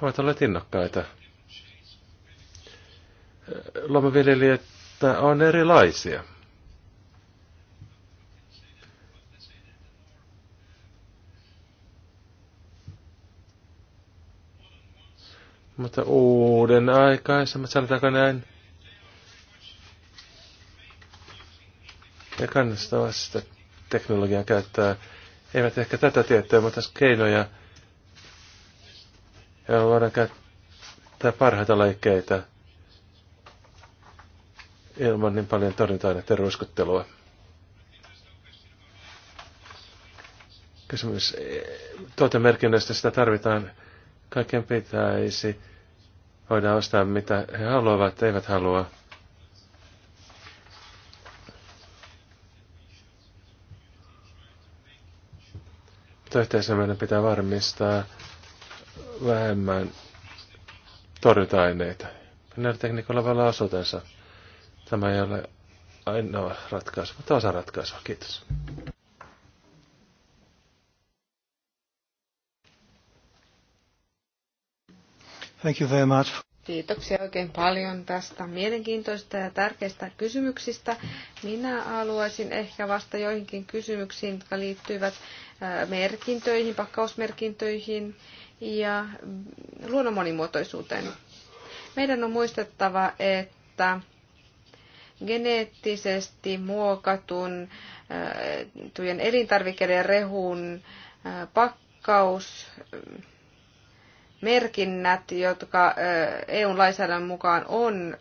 ovat olleet innokkaita. Luomaviljelijät on erilaisia. Mutta uuden aikaisemmat, sanotaanko näin, ja kannustavaa sitä teknologian käyttää. Eivät ehkä tätä tietoa, mutta keinoja, joilla voidaan käyttää parhaita laikkeita ilman niin paljon torjunta-aineiden ruiskuttelua. Kysymys eh, tuotemerkinnöistä sitä tarvitaan. Kaiken pitäisi voidaan ostaa mitä he haluavat, eivät halua. Yhteisö meidän pitää varmistaa vähemmän torjuta aineita voi vielä osuutensa. Tämä ei ole ainoa ratkaisu, mutta osa ratkaisua. Kiitos. Thank you very much. Kiitoksia oikein paljon tästä mielenkiintoista ja tärkeistä kysymyksistä. Minä haluaisin ehkä vasta joihinkin kysymyksiin, jotka liittyvät merkintöihin, pakkausmerkintöihin ja luonnon monimuotoisuuteen. Meidän on muistettava, että geneettisesti muokatun tujen elintarvikkeiden ja rehun pakkaus merkinnät, jotka EUn lainsäädännön mukaan on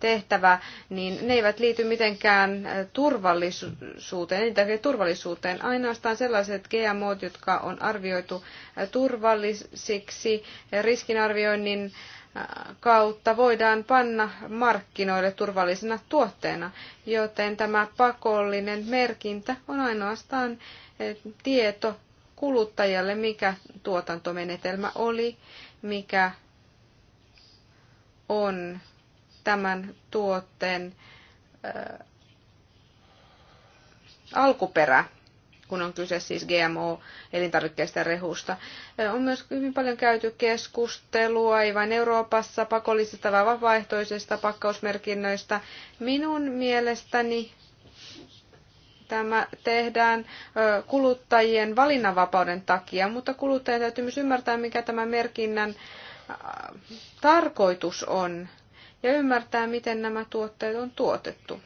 tehtävä, niin ne eivät liity mitenkään turvallisuuteen, turvallisuuteen Ainoastaan sellaiset GMO, jotka on arvioitu turvallisiksi riskinarvioinnin kautta voidaan panna markkinoille turvallisena tuotteena, joten tämä pakollinen merkintä on ainoastaan tieto kuluttajalle, mikä tuotantomenetelmä oli, mikä on tämän tuotteen äh, alkuperä, kun on kyse siis GMO-elintarvikkeista ja rehusta. Äh, on myös hyvin paljon käyty keskustelua, ei vain Euroopassa, pakollisista vai vapaaehtoisista pakkausmerkinnöistä. Minun mielestäni Tämä tehdään kuluttajien valinnanvapauden takia, mutta kuluttajien täytyy myös ymmärtää, mikä tämä merkinnän tarkoitus on ja ymmärtää, miten nämä tuotteet on tuotettu.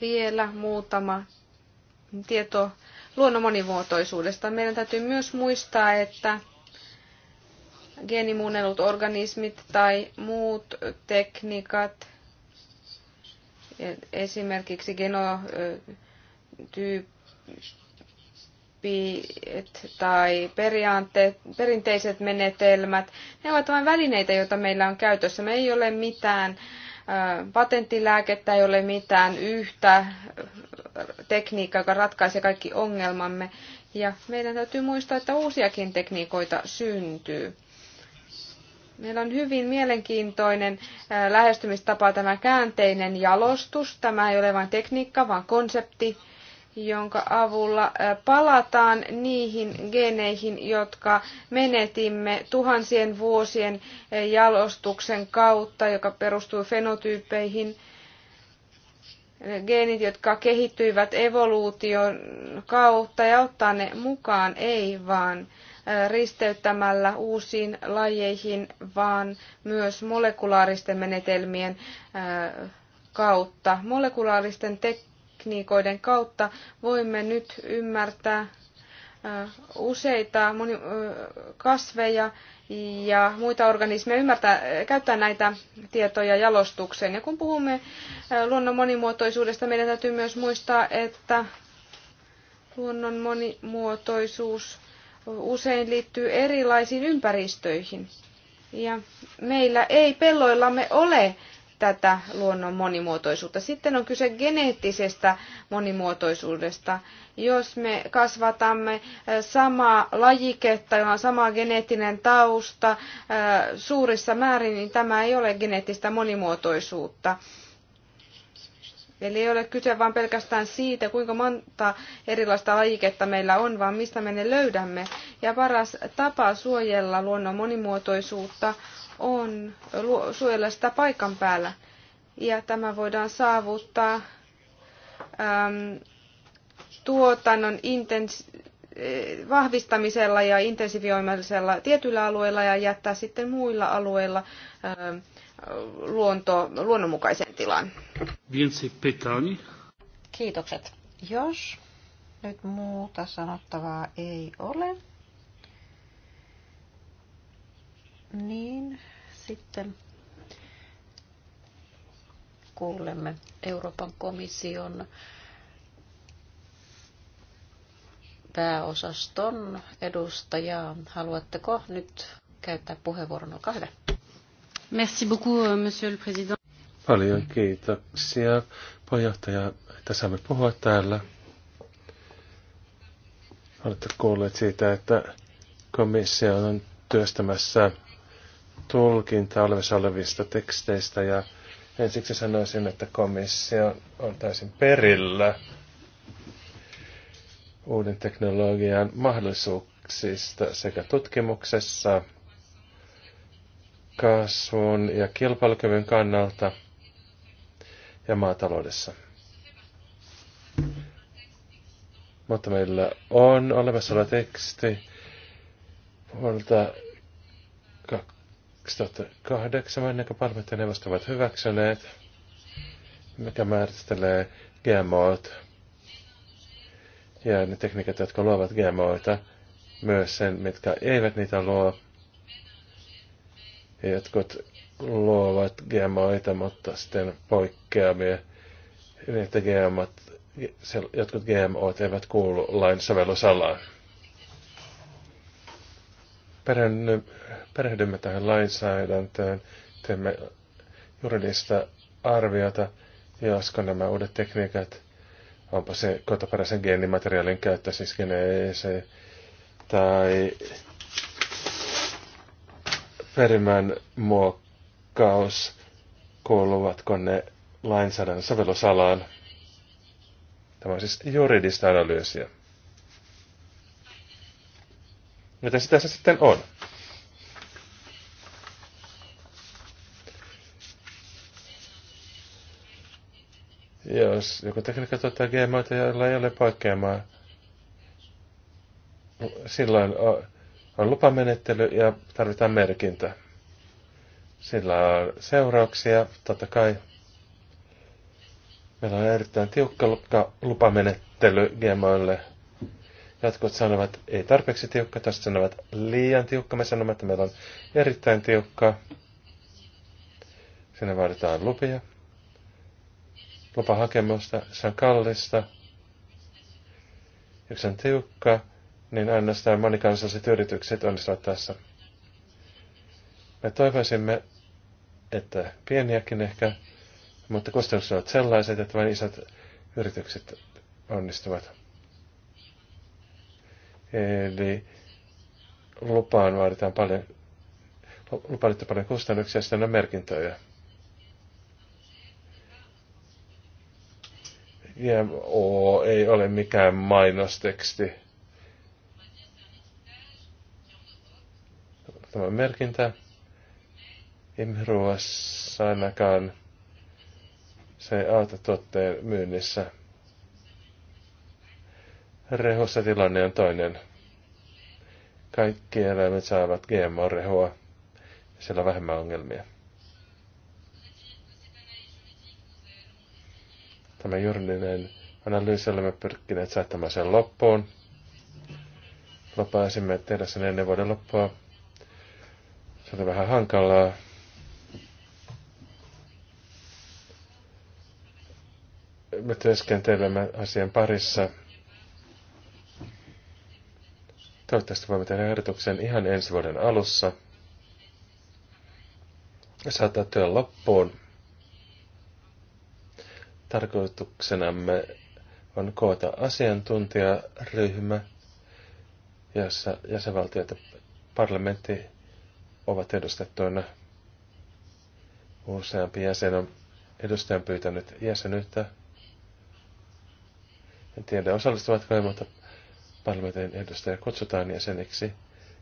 Vielä muutama tieto luonnon monimuotoisuudesta. Meidän täytyy myös muistaa, että geenimuunnellut organismit tai muut tekniikat Esimerkiksi genotyypit tai perinteiset menetelmät, ne ovat vain välineitä, joita meillä on käytössä. Me ei ole mitään patenttilääkettä, ei ole mitään yhtä tekniikkaa, joka ratkaisee kaikki ongelmamme. Ja meidän täytyy muistaa, että uusiakin tekniikoita syntyy. Meillä on hyvin mielenkiintoinen lähestymistapa tämä käänteinen jalostus. Tämä ei ole vain tekniikka, vaan konsepti, jonka avulla palataan niihin geneihin, jotka menetimme tuhansien vuosien jalostuksen kautta, joka perustuu fenotyyppeihin geenit, jotka kehittyivät evoluution kautta ja ottaa ne mukaan, ei vaan risteyttämällä uusiin lajeihin, vaan myös molekulaaristen menetelmien kautta. Molekulaaristen tekniikoiden kautta voimme nyt ymmärtää useita kasveja ja muita organismeja ymmärtää, käyttää näitä tietoja jalostukseen. Ja kun puhumme luonnon monimuotoisuudesta, meidän täytyy myös muistaa, että luonnon monimuotoisuus usein liittyy erilaisiin ympäristöihin. Ja meillä ei pelloillamme ole tätä luonnon monimuotoisuutta. Sitten on kyse geneettisestä monimuotoisuudesta. Jos me kasvatamme äh, samaa lajiketta, jolla on sama geneettinen tausta äh, suurissa määrin, niin tämä ei ole geneettistä monimuotoisuutta. Eli ei ole kyse vain pelkästään siitä, kuinka monta erilaista lajiketta meillä on, vaan mistä me ne löydämme. Ja paras tapa suojella luonnon monimuotoisuutta on suojella sitä paikan päällä. Ja tämä voidaan saavuttaa äm, tuotannon intens- eh, vahvistamisella ja intensifioimisella tietyillä alueilla ja jättää sitten muilla alueilla äm, luonto, luonnonmukaiseen tilaan. Kiitokset. Jos nyt muuta sanottavaa ei ole, niin sitten kuulemme Euroopan komission pääosaston edustajaa. Haluatteko nyt käyttää puheenvuoron? Olkaa hyvä. Merci beaucoup, euh, monsieur le président. Paljon kiitoksia, puheenjohtaja, että saamme puhua täällä. Olette kuulleet siitä, että komissio on työstämässä tulkintaa olevissa olevista teksteistä ja ensiksi sanoisin, että komissio on täysin perillä uuden teknologian mahdollisuuksista sekä tutkimuksessa kasvun ja kilpailukyvyn kannalta ja maataloudessa. Mutta meillä on olemassa oleva teksti vuodelta 2008, ennen kuin parlamentti ja neuvosto ovat hyväksyneet, mikä määrittelee GMOt ja ne tekniikat, jotka luovat GMOita, myös sen, mitkä eivät niitä luo, ja jotkut luovat GMOita, mutta sitten poikkeamia, että GMOt, jotkut GMOt eivät kuulu lain sovellusalaan. Perehdymme tähän lainsäädäntöön, teemme juridista arviota, josko nämä uudet tekniikat, onpa se kotoperäisen geenimateriaalin käyttö, siis geneese, tai perimän muokkaus, kuuluvatko ne lainsäädännön sovellusalaan. Tämä on siis juridista analyysiä. Mitä sitä se sitten on? Jos joku tekniikka tuottaa GMOita, jolla ei ole poikkeamaa, silloin on lupamenettely ja tarvitaan merkintä. Sillä on seurauksia, totta kai. Meillä on erittäin tiukka lupamenettely GMOille. Jotkut sanovat, että ei tarpeeksi tiukka, toiset sanovat että liian tiukka. Me sanomme, että meillä on erittäin tiukka. Sinne vaaditaan lupia, lupahakemusta, se on kallista, Yksi on tiukka, niin äänestään monikansalliset yritykset onnistuvat tässä. Me toivoisimme, että pieniäkin ehkä, mutta kustannukset ovat sellaiset, että vain isot yritykset onnistuvat. Eli lupaan vaaditaan paljon, lupailitte paljon kustannuksia, sitten on merkintöjä. GMO ei ole mikään mainosteksti. Tämä on merkintä. Imruassa ainakaan se ei auta tuotteen myynnissä. Rehussa tilanne on toinen. Kaikki eläimet saavat GMO-rehua. Siellä on vähemmän ongelmia. Tämä juridinen analyysi olemme pyrkineet saattamaan sen loppuun. Lopaisimme tehdä sen ennen vuoden loppua. Se on vähän hankalaa. Me työskentelemme asian parissa. Toivottavasti voimme tehdä ehdotuksen ihan ensi vuoden alussa. Saattaa työn loppuun. Tarkoituksenamme on koota asiantuntijaryhmä, jossa jäsenvaltiot parlamentti ovat edustettuina. Useampi jäsen on edustajan pyytänyt jäsenyyttä. En tiedä osallistuvatko he, mutta parlamentin edustaja kutsutaan jäseniksi.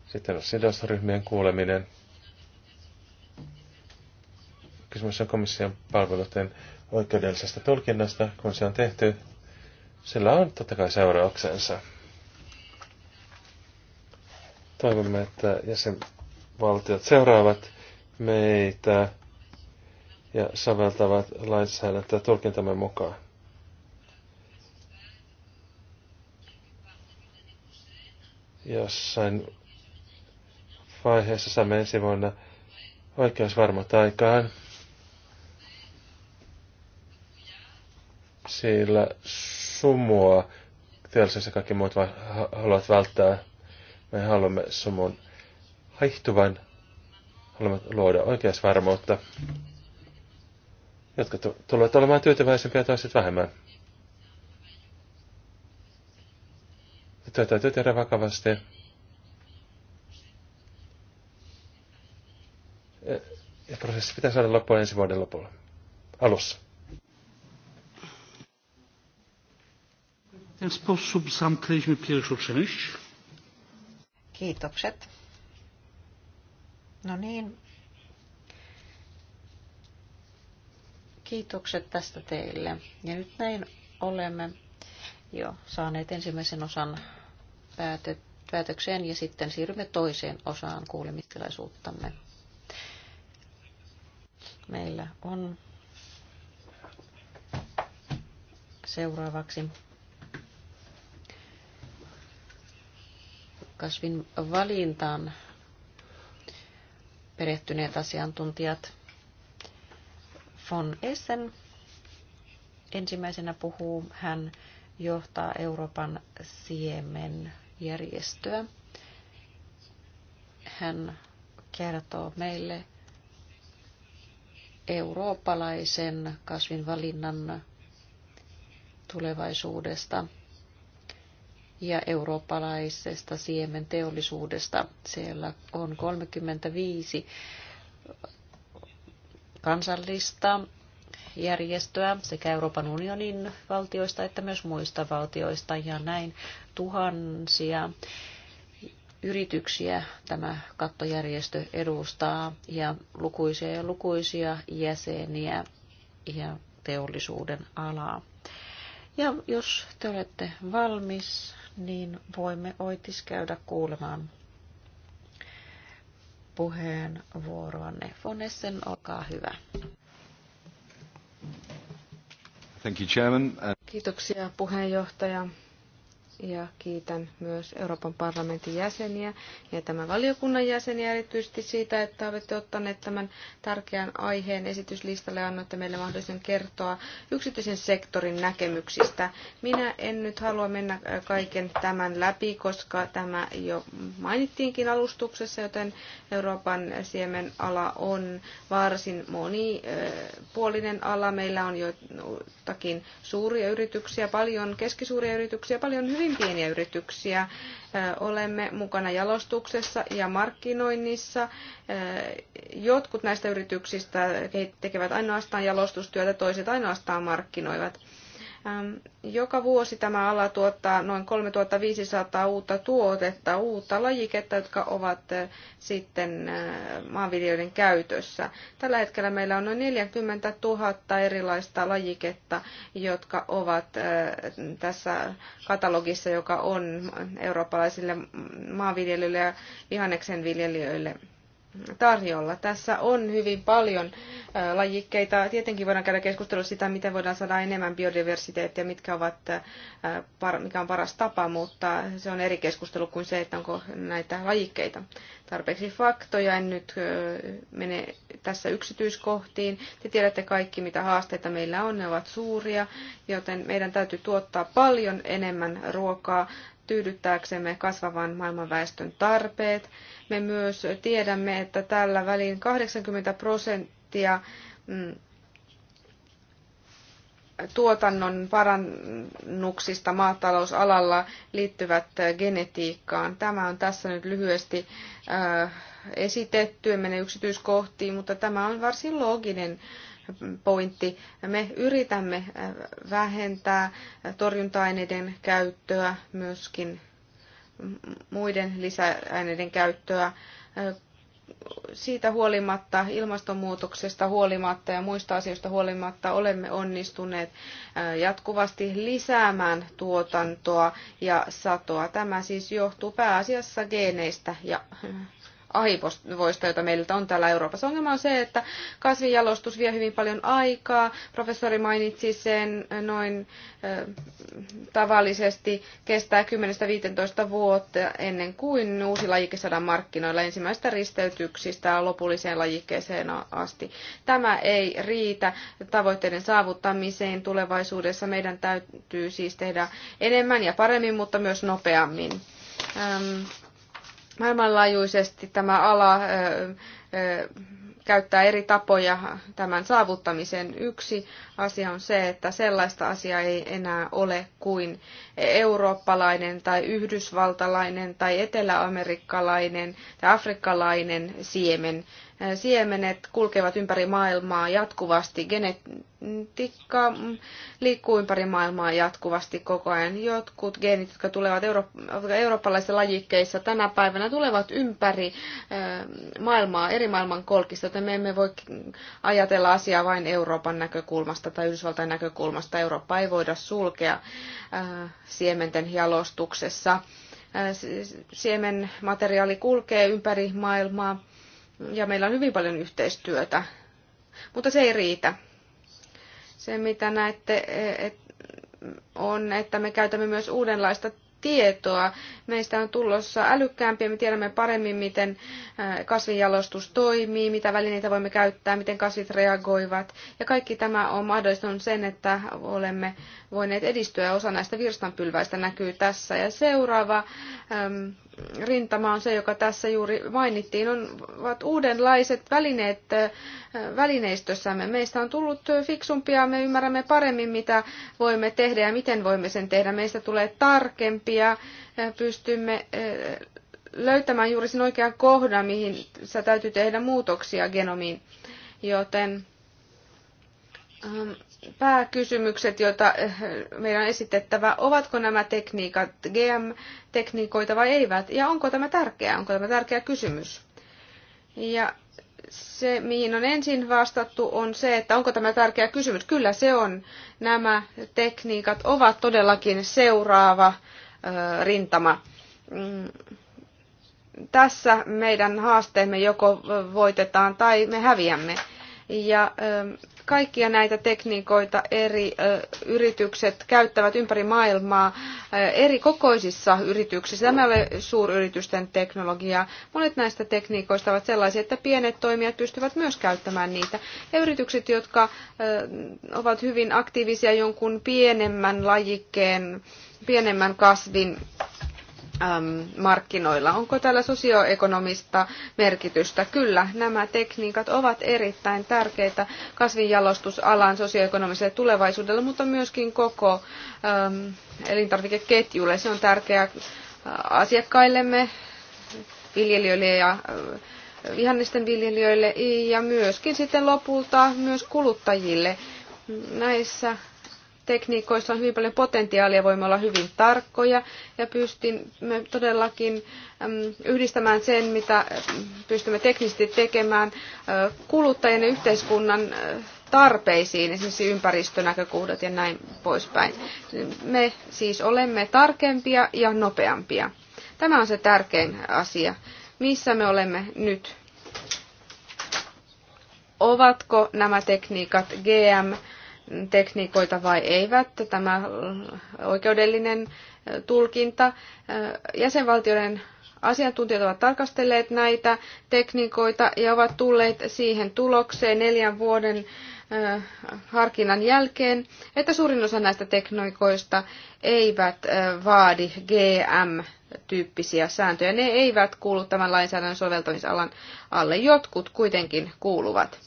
Sitten on sidosryhmien kuuleminen. Kysymys on komission palveluiden oikeudellisesta tulkinnasta, kun se on tehty. Sillä on totta kai seurauksensa. Toivomme, että jäsen valtiot seuraavat meitä ja soveltavat lainsäädäntöä tulkintamme mukaan. Jossain vaiheessa saamme ensi vuonna oikeusvarmat aikaan, sillä sumua teollisuus ja kaikki muut haluavat välttää. Me haluamme sumun haihtuvan. Haluamme luoda oikeusvarmuutta. Jotka tulevat olemaan tyytyväisempiä toiset vähemmän. Tätä täytyy tehdä vakavasti. Ja prosessi pitää saada loppuun ensi vuoden lopulla. Alussa. ten sposób zamknęliśmy pierwszą część. Kiitokset. No niin. Kiitokset tästä teille. Ja nyt näin olemme jo saaneet ensimmäisen osan päätökseen ja sitten siirrymme toiseen osaan kuulemistilaisuuttamme. Meillä on seuraavaksi kasvin valintaan perehtyneet asiantuntijat. Von Essen ensimmäisenä puhuu. Hän johtaa Euroopan siemen järjestöä. Hän kertoo meille eurooppalaisen kasvinvalinnan tulevaisuudesta ja eurooppalaisesta siementeollisuudesta. Siellä on 35 kansallista järjestöä sekä Euroopan unionin valtioista että myös muista valtioista ja näin tuhansia yrityksiä tämä kattojärjestö edustaa ja lukuisia ja lukuisia jäseniä ja teollisuuden alaa. Ja jos te olette valmis, niin voimme oitis käydä kuulemaan puheenvuoroanne. Fonessen, olkaa hyvä. Thank you, Chairman. Uh, Kiitoksia puheenjohtaja ja kiitän myös Euroopan parlamentin jäseniä ja tämän valiokunnan jäseniä erityisesti siitä, että olette ottaneet tämän tärkeän aiheen esityslistalle ja annoitte meille mahdollisen kertoa yksityisen sektorin näkemyksistä. Minä en nyt halua mennä äh, kaiken tämän läpi, koska tämä jo mainittiinkin alustuksessa, joten Euroopan siemenala on varsin monipuolinen äh, ala. Meillä on jotakin suuria yrityksiä, paljon keskisuuria yrityksiä, paljon hyvin hyvin pieniä yrityksiä. Olemme mukana jalostuksessa ja markkinoinnissa. Jotkut näistä yrityksistä tekevät ainoastaan jalostustyötä, toiset ainoastaan markkinoivat. Ähm, joka vuosi tämä ala tuottaa noin 3500 uutta tuotetta, uutta lajiketta, jotka ovat äh, sitten äh, maanviljelijöiden käytössä. Tällä hetkellä meillä on noin 40 000 erilaista lajiketta, jotka ovat äh, tässä katalogissa, joka on eurooppalaisille maanviljelijöille ja vihanneksen viljelijöille tarjolla. Tässä on hyvin paljon lajikkeita. Tietenkin voidaan käydä keskustelua sitä, miten voidaan saada enemmän biodiversiteettiä, mitkä ovat, mikä on paras tapa, mutta se on eri keskustelu kuin se, että onko näitä lajikkeita. Tarpeeksi faktoja, en nyt mene tässä yksityiskohtiin. Te tiedätte kaikki, mitä haasteita meillä on, ne ovat suuria, joten meidän täytyy tuottaa paljon enemmän ruokaa tyydyttääksemme kasvavan maailmanväestön tarpeet. Me myös tiedämme, että tällä välin 80 prosenttia mm, tuotannon parannuksista maatalousalalla liittyvät genetiikkaan. Tämä on tässä nyt lyhyesti äh, esitetty, en mene yksityiskohtiin, mutta tämä on varsin looginen pointti. Me yritämme äh, vähentää torjunta-aineiden käyttöä, myöskin muiden lisäaineiden käyttöä. Äh, siitä huolimatta, ilmastonmuutoksesta huolimatta ja muista asioista huolimatta olemme onnistuneet äh, jatkuvasti lisäämään tuotantoa ja satoa. Tämä siis johtuu pääasiassa geeneistä ja aivoista, joita meiltä on täällä Euroopassa. Ongelma on se, että kasvinjalostus vie hyvin paljon aikaa. Professori mainitsi sen noin tavallisesti kestää 10-15 vuotta ennen kuin uusi lajike saadaan markkinoilla ensimmäistä risteytyksistä lopulliseen lajikkeeseen asti. Tämä ei riitä tavoitteiden saavuttamiseen tulevaisuudessa. Meidän täytyy siis tehdä enemmän ja paremmin, mutta myös nopeammin. Ähm, Maailmanlaajuisesti tämä ala käyttää eri tapoja tämän saavuttamisen Yksi asia on se, että sellaista asiaa ei enää ole kuin eurooppalainen tai yhdysvaltalainen tai eteläamerikkalainen tai afrikkalainen siemen siemenet kulkevat ympäri maailmaa jatkuvasti, genetiikka liikkuu ympäri maailmaa jatkuvasti koko ajan. Jotkut geenit, jotka tulevat euro- eurooppalaisissa lajikkeissa tänä päivänä, tulevat ympäri maailmaa, eri maailman kolkista, joten me emme voi ajatella asiaa vain Euroopan näkökulmasta tai Yhdysvaltain näkökulmasta. Eurooppa ei voida sulkea siementen jalostuksessa. Siemenmateriaali kulkee ympäri maailmaa ja meillä on hyvin paljon yhteistyötä, mutta se ei riitä. Se, mitä näette, e, on, että me käytämme myös uudenlaista tietoa. Meistä on tulossa älykkäämpiä, me tiedämme paremmin, miten e, kasvinjalostus toimii, mitä välineitä voimme käyttää, miten kasvit reagoivat. Ja kaikki tämä on mahdollistanut sen, että olemme voineet edistyä. Osa näistä virstanpylväistä näkyy tässä. Ja seuraava e, rintama on se, joka tässä juuri mainittiin, on, ovat uudenlaiset välineet äh, välineistössämme. Meistä on tullut fiksumpia, me ymmärrämme paremmin, mitä voimme tehdä ja miten voimme sen tehdä. Meistä tulee tarkempia, äh, pystymme äh, löytämään juuri sen oikean kohdan, mihin sä täytyy tehdä muutoksia genomiin. Joten ähm, pääkysymykset, joita eh, meidän on esitettävä, ovatko nämä tekniikat GM-tekniikoita vai eivät, ja onko tämä tärkeää, onko tämä tärkeä kysymys. Ja se, mihin on ensin vastattu, on se, että onko tämä tärkeä kysymys. Kyllä se on. Nämä tekniikat ovat todellakin seuraava eh, rintama. Mm, tässä meidän haasteemme joko voitetaan tai me häviämme. Ja eh, Kaikkia näitä tekniikoita eri yritykset käyttävät ympäri maailmaa eri kokoisissa yrityksissä. Tämä ei ole suuryritysten teknologiaa. Monet näistä tekniikoista ovat sellaisia, että pienet toimijat pystyvät myös käyttämään niitä. Ja yritykset, jotka ovat hyvin aktiivisia jonkun pienemmän lajikkeen, pienemmän kasvin Ähm, markkinoilla. Onko tällä sosioekonomista merkitystä? Kyllä, nämä tekniikat ovat erittäin tärkeitä kasvinjalostusalan sosioekonomiselle tulevaisuudelle, mutta myöskin koko ähm, elintarvikeketjulle. Se on tärkeää äh, asiakkaillemme, viljelijöille ja vihannisten äh, viljelijöille ja myöskin sitten lopulta myös kuluttajille. Näissä tekniikoissa on hyvin paljon potentiaalia, voimme olla hyvin tarkkoja ja pystymme todellakin yhdistämään sen, mitä pystymme teknisesti tekemään kuluttajien ja yhteiskunnan tarpeisiin, esimerkiksi ympäristönäkökohdat ja näin poispäin. Me siis olemme tarkempia ja nopeampia. Tämä on se tärkein asia. Missä me olemme nyt? Ovatko nämä tekniikat GM- tekniikoita vai eivät, tämä oikeudellinen tulkinta. Jäsenvaltioiden asiantuntijat ovat tarkastelleet näitä tekniikoita ja ovat tulleet siihen tulokseen neljän vuoden harkinnan jälkeen, että suurin osa näistä teknoikoista eivät vaadi GM-tyyppisiä sääntöjä. Ne eivät kuulu tämän lainsäädännön soveltamisalan alle. Jotkut kuitenkin kuuluvat.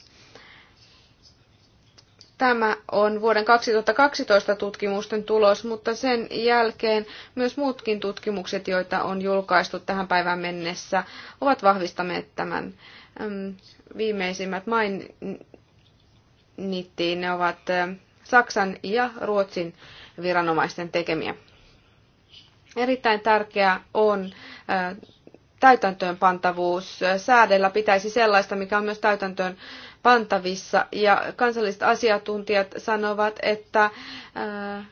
Tämä on vuoden 2012 tutkimusten tulos, mutta sen jälkeen myös muutkin tutkimukset, joita on julkaistu tähän päivään mennessä, ovat vahvistaneet tämän. Viimeisimmät mainittiin, ne ovat Saksan ja Ruotsin viranomaisten tekemiä. Erittäin tärkeää on täytäntöönpantavuus. Säädellä pitäisi sellaista, mikä on myös täytäntöön pantavissa. Ja kansalliset asiantuntijat sanovat, että äh,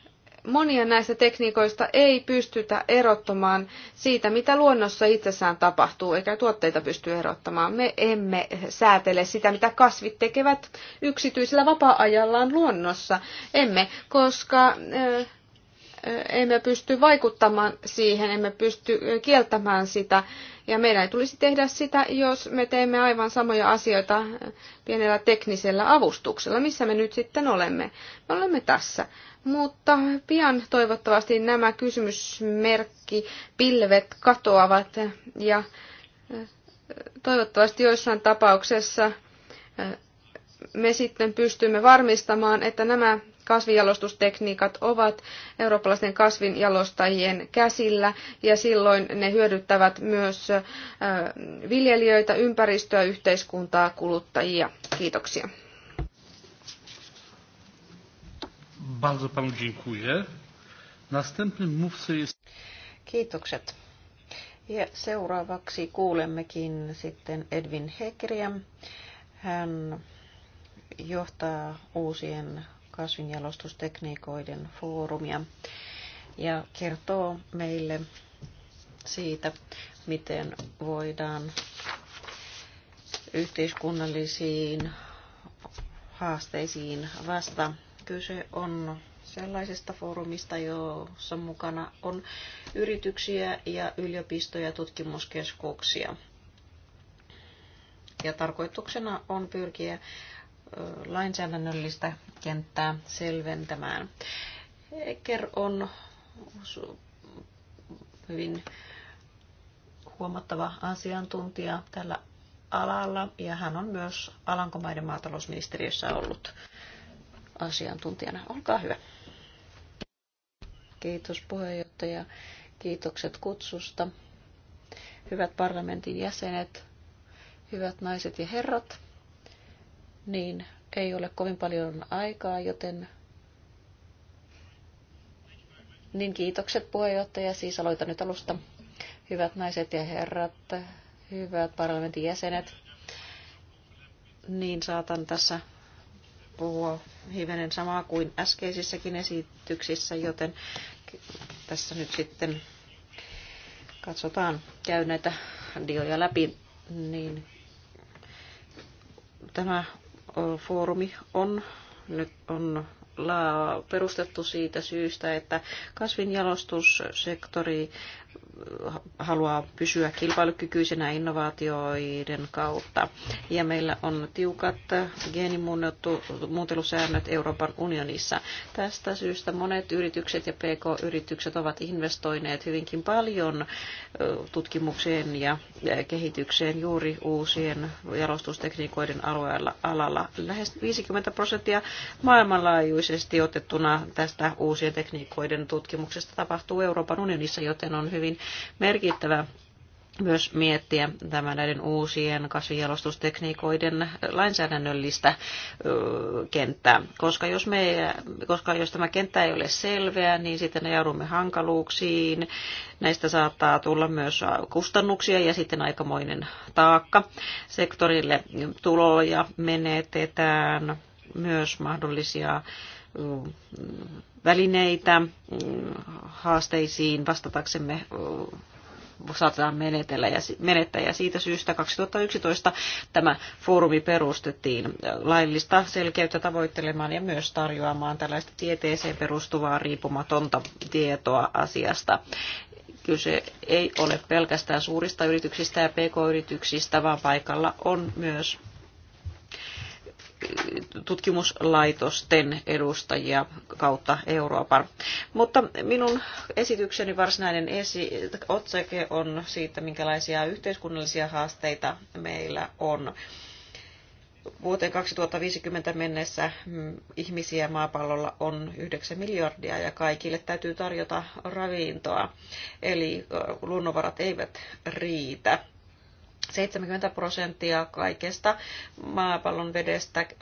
monia näistä tekniikoista ei pystytä erottamaan siitä, mitä luonnossa itsessään tapahtuu, eikä tuotteita pysty erottamaan. Me emme säätele sitä, mitä kasvit tekevät yksityisellä vapaa-ajallaan luonnossa. Emme, koska äh, emme pysty vaikuttamaan siihen, emme pysty kieltämään sitä. Ja meidän ei tulisi tehdä sitä, jos me teemme aivan samoja asioita pienellä teknisellä avustuksella, missä me nyt sitten olemme. Me olemme tässä. Mutta pian toivottavasti nämä kysymysmerkki pilvet katoavat ja toivottavasti joissain tapauksessa me sitten pystymme varmistamaan, että nämä kasvinjalostustekniikat ovat eurooppalaisten kasvinjalostajien käsillä ja silloin ne hyödyttävät myös viljelijöitä, ympäristöä, yhteiskuntaa, kuluttajia. Kiitoksia. Bardzo panu dziękuję. Następnym mówcą jest... Kiitokset. Ja seuraavaksi kuulemmekin sitten Edwin Hekriä. Hän johtaa uusien kasvinjalostustekniikoiden foorumia ja kertoo meille siitä, miten voidaan yhteiskunnallisiin haasteisiin vasta. Kyse on sellaisesta foorumista, jossa mukana on yrityksiä ja yliopistoja ja tutkimuskeskuksia. Ja tarkoituksena on pyrkiä lainsäädännöllistä kenttää selventämään. Eker on hyvin huomattava asiantuntija tällä alalla ja hän on myös Alankomaiden maatalousministeriössä ollut asiantuntijana. Olkaa hyvä. Kiitos puheenjohtaja. Kiitokset kutsusta. Hyvät parlamentin jäsenet, hyvät naiset ja herrat niin ei ole kovin paljon aikaa, joten niin kiitokset puheenjohtaja, siis aloitan nyt alusta. Hyvät naiset ja herrat, hyvät parlamentin jäsenet, niin saatan tässä puhua hivenen samaa kuin äskeisissäkin esityksissä, joten tässä nyt sitten katsotaan, käy näitä dioja läpi, niin tämä foorumi on nyt on perustettu siitä syystä, että kasvinjalostussektori haluaa pysyä kilpailukykyisenä innovaatioiden kautta. Ja meillä on tiukat geenimuuntelusäännöt Euroopan unionissa. Tästä syystä monet yritykset ja PK-yritykset ovat investoineet hyvinkin paljon tutkimukseen ja kehitykseen juuri uusien jalostustekniikoiden alueella alalla. Lähes 50 prosenttia maailmanlaajuisesti otettuna tästä uusien tekniikoiden tutkimuksesta tapahtuu Euroopan unionissa, joten on hyvin merkittävä myös miettiä tämä näiden uusien kasvijalostustekniikoiden lainsäädännöllistä kenttää. Koska jos, me, koska jos tämä kenttä ei ole selveä, niin sitten joudumme hankaluuksiin. Näistä saattaa tulla myös kustannuksia ja sitten aikamoinen taakka. Sektorille tuloja menetetään myös mahdollisia välineitä haasteisiin vastataksemme saatetaan menetellä ja, menettää. Ja siitä syystä 2011 tämä foorumi perustettiin laillista selkeyttä tavoittelemaan ja myös tarjoamaan tällaista tieteeseen perustuvaa riippumatonta tietoa asiasta kyse ei ole pelkästään suurista yrityksistä ja pk-yrityksistä, vaan paikalla on myös tutkimuslaitosten edustajia kautta Euroopan. Mutta minun esitykseni varsinainen esi- otsake on siitä, minkälaisia yhteiskunnallisia haasteita meillä on vuoteen 2050 mennessä mm, ihmisiä maapallolla on 9 miljardia ja kaikille täytyy tarjota ravintoa, eli luonnonvarat eivät riitä. 70 prosenttia kaikesta maapallon vedestä eh,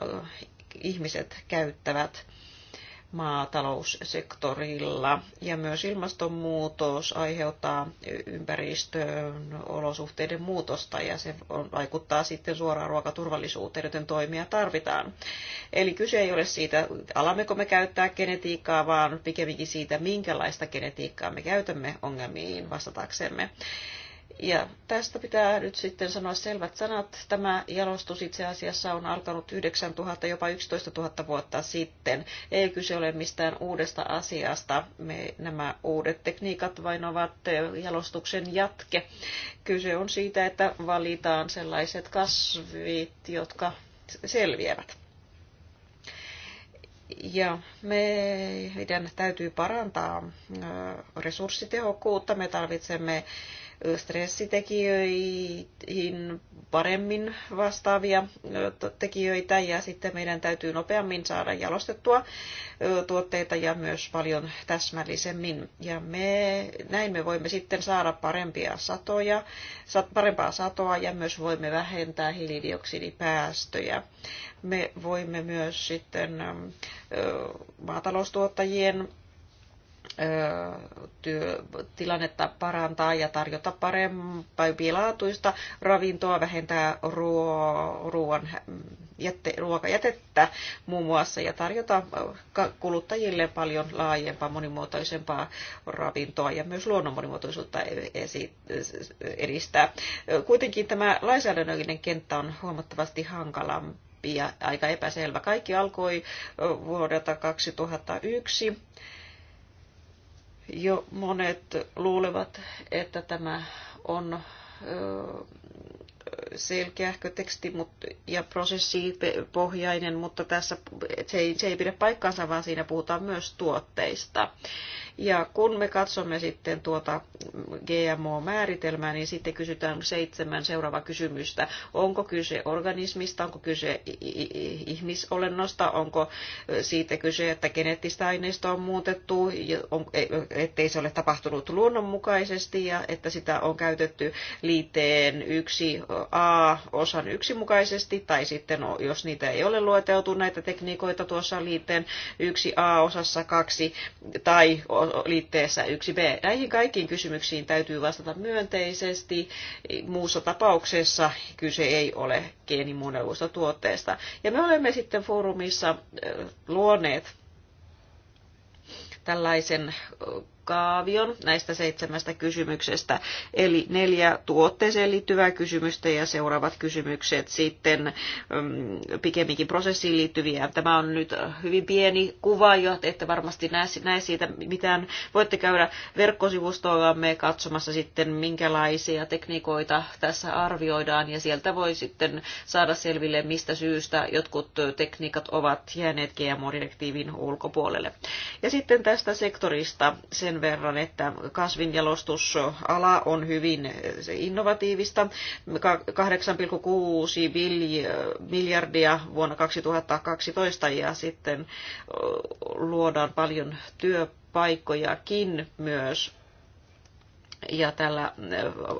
ihmiset käyttävät maataloussektorilla. Ja myös ilmastonmuutos aiheuttaa ympäristöön olosuhteiden muutosta ja se vaikuttaa sitten suoraan ruokaturvallisuuteen, joten toimia tarvitaan. Eli kyse ei ole siitä, alammeko me käyttää genetiikkaa, vaan pikemminkin siitä, minkälaista genetiikkaa me käytämme ongelmiin vastataksemme. Ja tästä pitää nyt sitten sanoa selvät sanat. Tämä jalostus itse asiassa on alkanut 9000, jopa 11 000 vuotta sitten. Ei kyse ole mistään uudesta asiasta. Me, nämä uudet tekniikat vain ovat eh, jalostuksen jatke. Kyse on siitä, että valitaan sellaiset kasvit, jotka selviävät. Ja meidän täytyy parantaa eh, resurssitehokkuutta. Me tarvitsemme stressitekijöihin paremmin vastaavia tekijöitä ja sitten meidän täytyy nopeammin saada jalostettua tuotteita ja myös paljon täsmällisemmin. Ja me, näin me voimme sitten saada parempia satoja, parempaa satoa ja myös voimme vähentää hiilidioksidipäästöjä. Me voimme myös sitten maataloustuottajien työ, tilannetta parantaa ja tarjota parempaa laatuista ravintoa, vähentää ruo, ruoan jätte, ruokajätettä muun muassa ja tarjota kuluttajille paljon laajempaa, monimuotoisempaa ravintoa ja myös luonnon monimuotoisuutta e-, edistää. Kuitenkin tämä lainsäädännöllinen kenttä on huomattavasti hankalampi ja aika epäselvä. Kaikki alkoi vuodelta 2001 jo monet luulevat, että tämä on selkeähkö teksti ja prosessipohjainen, mutta tässä se ei, se ei pidä paikkaansa, vaan siinä puhutaan myös tuotteista. Ja kun me katsomme sitten tuota GMO-määritelmää, niin sitten kysytään seitsemän seuraava kysymystä. Onko kyse organismista, onko kyse ihmisolennosta, onko siitä kyse, että geneettistä aineistoa on muutettu, e, ettei se ole tapahtunut luonnonmukaisesti ja että sitä on käytetty liitteen yksi A osan yksimukaisesti, tai sitten jos niitä ei ole lueteltu näitä tekniikoita tuossa liitteen yksi A osassa kaksi tai liitteessä 1b. Näihin kaikkiin kysymyksiin täytyy vastata myönteisesti. Muussa tapauksessa kyse ei ole geenimuunnelluista tuotteesta. Ja me olemme sitten foorumissa äh, luoneet tällaisen äh, kaavion näistä seitsemästä kysymyksestä. Eli neljä tuotteeseen liittyvää kysymystä ja seuraavat kysymykset sitten mm, pikemminkin prosessiin liittyviä. Tämä on nyt hyvin pieni kuva, jo ette varmasti näe, näe siitä mitään. Voitte käydä verkkosivustollamme katsomassa sitten, minkälaisia tekniikoita tässä arvioidaan ja sieltä voi sitten saada selville, mistä syystä jotkut tekniikat ovat jääneet GMO-direktiivin ulkopuolelle. Ja sitten tästä sektorista sen sen verran, että kasvinjalostusala on hyvin innovatiivista. 8,6 miljardia vuonna 2012 ja sitten luodaan paljon työpaikkojakin myös ja tällä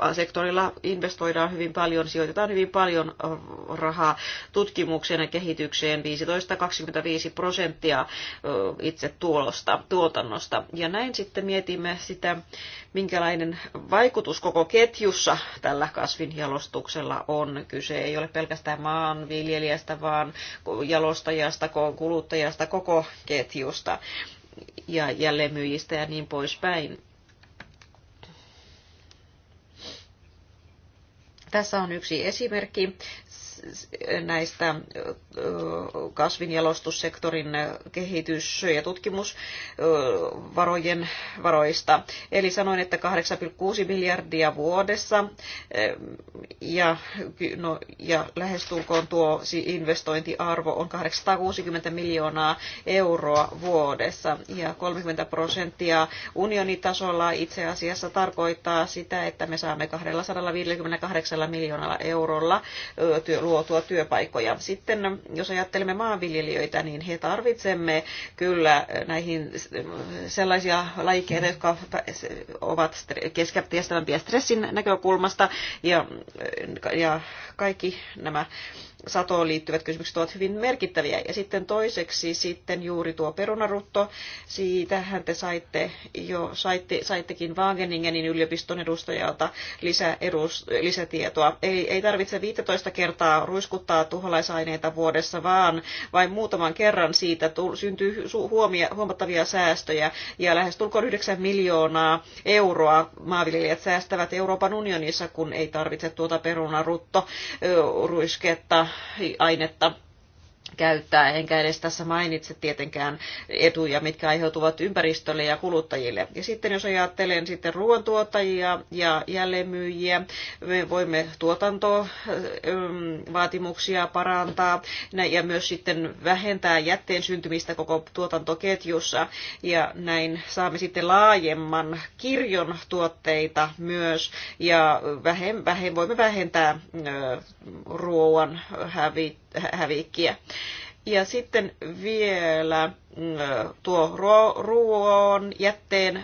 äh, sektorilla investoidaan hyvin paljon, sijoitetaan hyvin paljon äh, rahaa tutkimukseen ja kehitykseen, 15-25 prosenttia äh, itse tuolosta, tuotannosta. Ja näin sitten mietimme sitä, minkälainen vaikutus koko ketjussa tällä kasvinjalostuksella on. Kyse ei ole pelkästään maanviljelijästä, vaan jalostajasta, kuluttajasta, koko ketjusta ja jälleenmyyjistä ja niin poispäin Tässä on yksi esimerkki näistä kasvinjalostussektorin kehitys- ja tutkimusvarojen varoista. Eli sanoin, että 8,6 miljardia vuodessa ja, no, ja lähestulkoon tuo investointiarvo on 860 miljoonaa euroa vuodessa ja 30 prosenttia unionitasolla itse asiassa tarkoittaa sitä, että me saamme 258 miljoonalla eurolla työ, luotua työpaikkoja. Sitten jos ajattelemme maanviljelijöitä, niin he tarvitsemme kyllä näihin sellaisia lajikkeita, jotka ovat kestävämpiä stressin näkökulmasta ja, ja kaikki nämä satoon liittyvät kysymykset ovat hyvin merkittäviä. Ja sitten toiseksi sitten juuri tuo perunarutto, siitähän te saitte jo, saitte, saittekin Wageningenin yliopiston edustajalta lisä, edus, lisätietoa. Ei, ei tarvitse 15 kertaa ruiskuttaa tuholaisaineita vuodessa, vaan vain muutaman kerran siitä syntyy huomia, huomattavia säästöjä ja lähes tulkoon 9 miljoonaa euroa maanviljelijät säästävät Euroopan unionissa, kun ei tarvitse tuota perunarutto ruisketta, ainetta käyttää, enkä edes tässä mainitse tietenkään etuja, mitkä aiheutuvat ympäristölle ja kuluttajille. Ja sitten jos ajattelen sitten ruoantuottajia ja jälleenmyyjiä, me voimme tuotantovaatimuksia ähm, parantaa ja myös sitten vähentää jätteen syntymistä koko tuotantoketjussa ja näin saamme sitten laajemman kirjon tuotteita myös ja vähen, vähen, voimme vähentää äh, ruoan hävittämistä hävikkiä. Ja sitten vielä tuo ruoan jätteen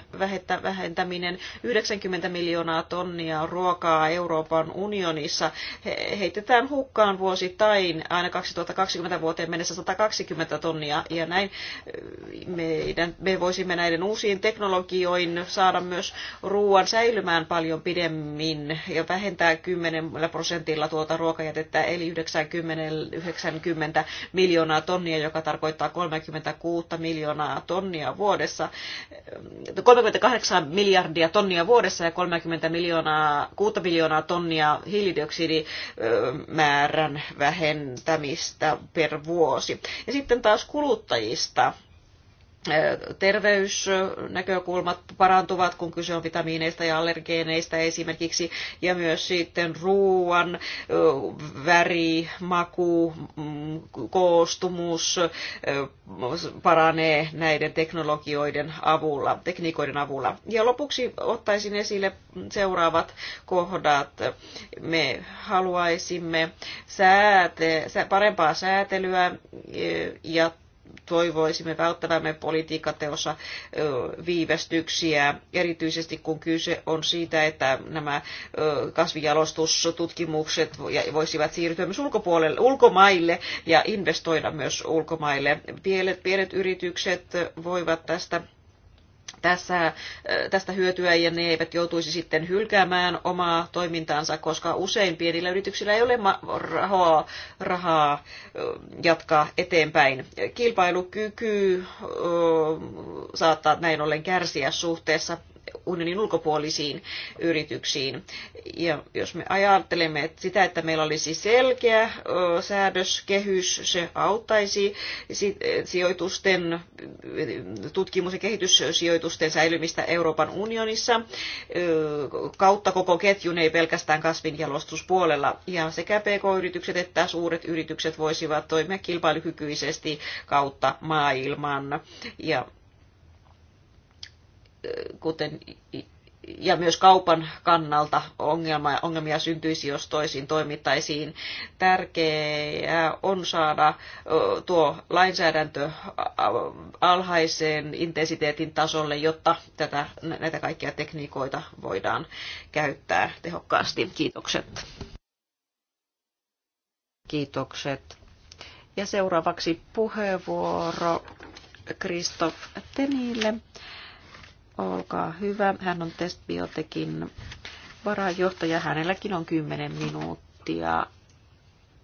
vähentäminen, 90 miljoonaa tonnia ruokaa Euroopan unionissa heitetään hukkaan vuosittain, aina 2020 vuoteen mennessä 120 tonnia, ja näin meidän, me voisimme näiden uusiin teknologioin saada myös ruoan säilymään paljon pidemmin ja vähentää 10 prosentilla tuota ruokajätettä, eli 90, 90 miljoonaa tonnia, joka tarkoittaa 36 kuutta miljoonaa tonnia vuodessa, 38 miljardia tonnia vuodessa ja 30 miljoonaa, 6 miljoonaa tonnia hiilidioksidimäärän vähentämistä per vuosi. Ja sitten taas kuluttajista terveysnäkökulmat parantuvat, kun kyse on vitamiineista ja allergeeneista esimerkiksi, ja myös sitten ruoan väri, maku, mm, koostumus paranee näiden teknologioiden avulla, tekniikoiden avulla. Ja lopuksi ottaisin esille seuraavat kohdat. Me haluaisimme sääte, parempaa säätelyä ja toivoisimme välttävämme teossa viivästyksiä, erityisesti kun kyse on siitä, että nämä kasvijalostustutkimukset voisivat siirtyä myös ulkopuolelle, ulkomaille ja investoida myös ulkomaille. Pienet, pienet yritykset voivat tästä tässä, äh, tästä hyötyä ja ne eivät joutuisi sitten hylkäämään omaa toimintaansa, koska usein pienillä yrityksillä ei ole rahaa, rahaa äh, jatkaa eteenpäin. Kilpailukyky saattaa näin ollen kärsiä suhteessa unionin ulkopuolisiin yrityksiin. Ja jos me ajattelemme että sitä, että meillä olisi selkeä säädöskehys, se auttaisi sijoitusten, tutkimus- ja kehityssijoitusten säilymistä Euroopan unionissa kautta koko ketjun, ei pelkästään kasvinjalostuspuolella. Ja sekä pk-yritykset että suuret yritykset voisivat toimia kilpailukykyisesti kautta maailman. Ja kuten ja myös kaupan kannalta ongelma, ongelmia syntyisi, jos toisin toimittaisiin. Tärkeää on saada tuo lainsäädäntö alhaiseen intensiteetin tasolle, jotta tätä, näitä kaikkia tekniikoita voidaan käyttää tehokkaasti. Kiitokset. Kiitokset. Ja seuraavaksi puheenvuoro Kristoff Tenille. Olkaa hyvä. Hän on testbiotekin varajohtaja. Hänelläkin on 10 minuuttia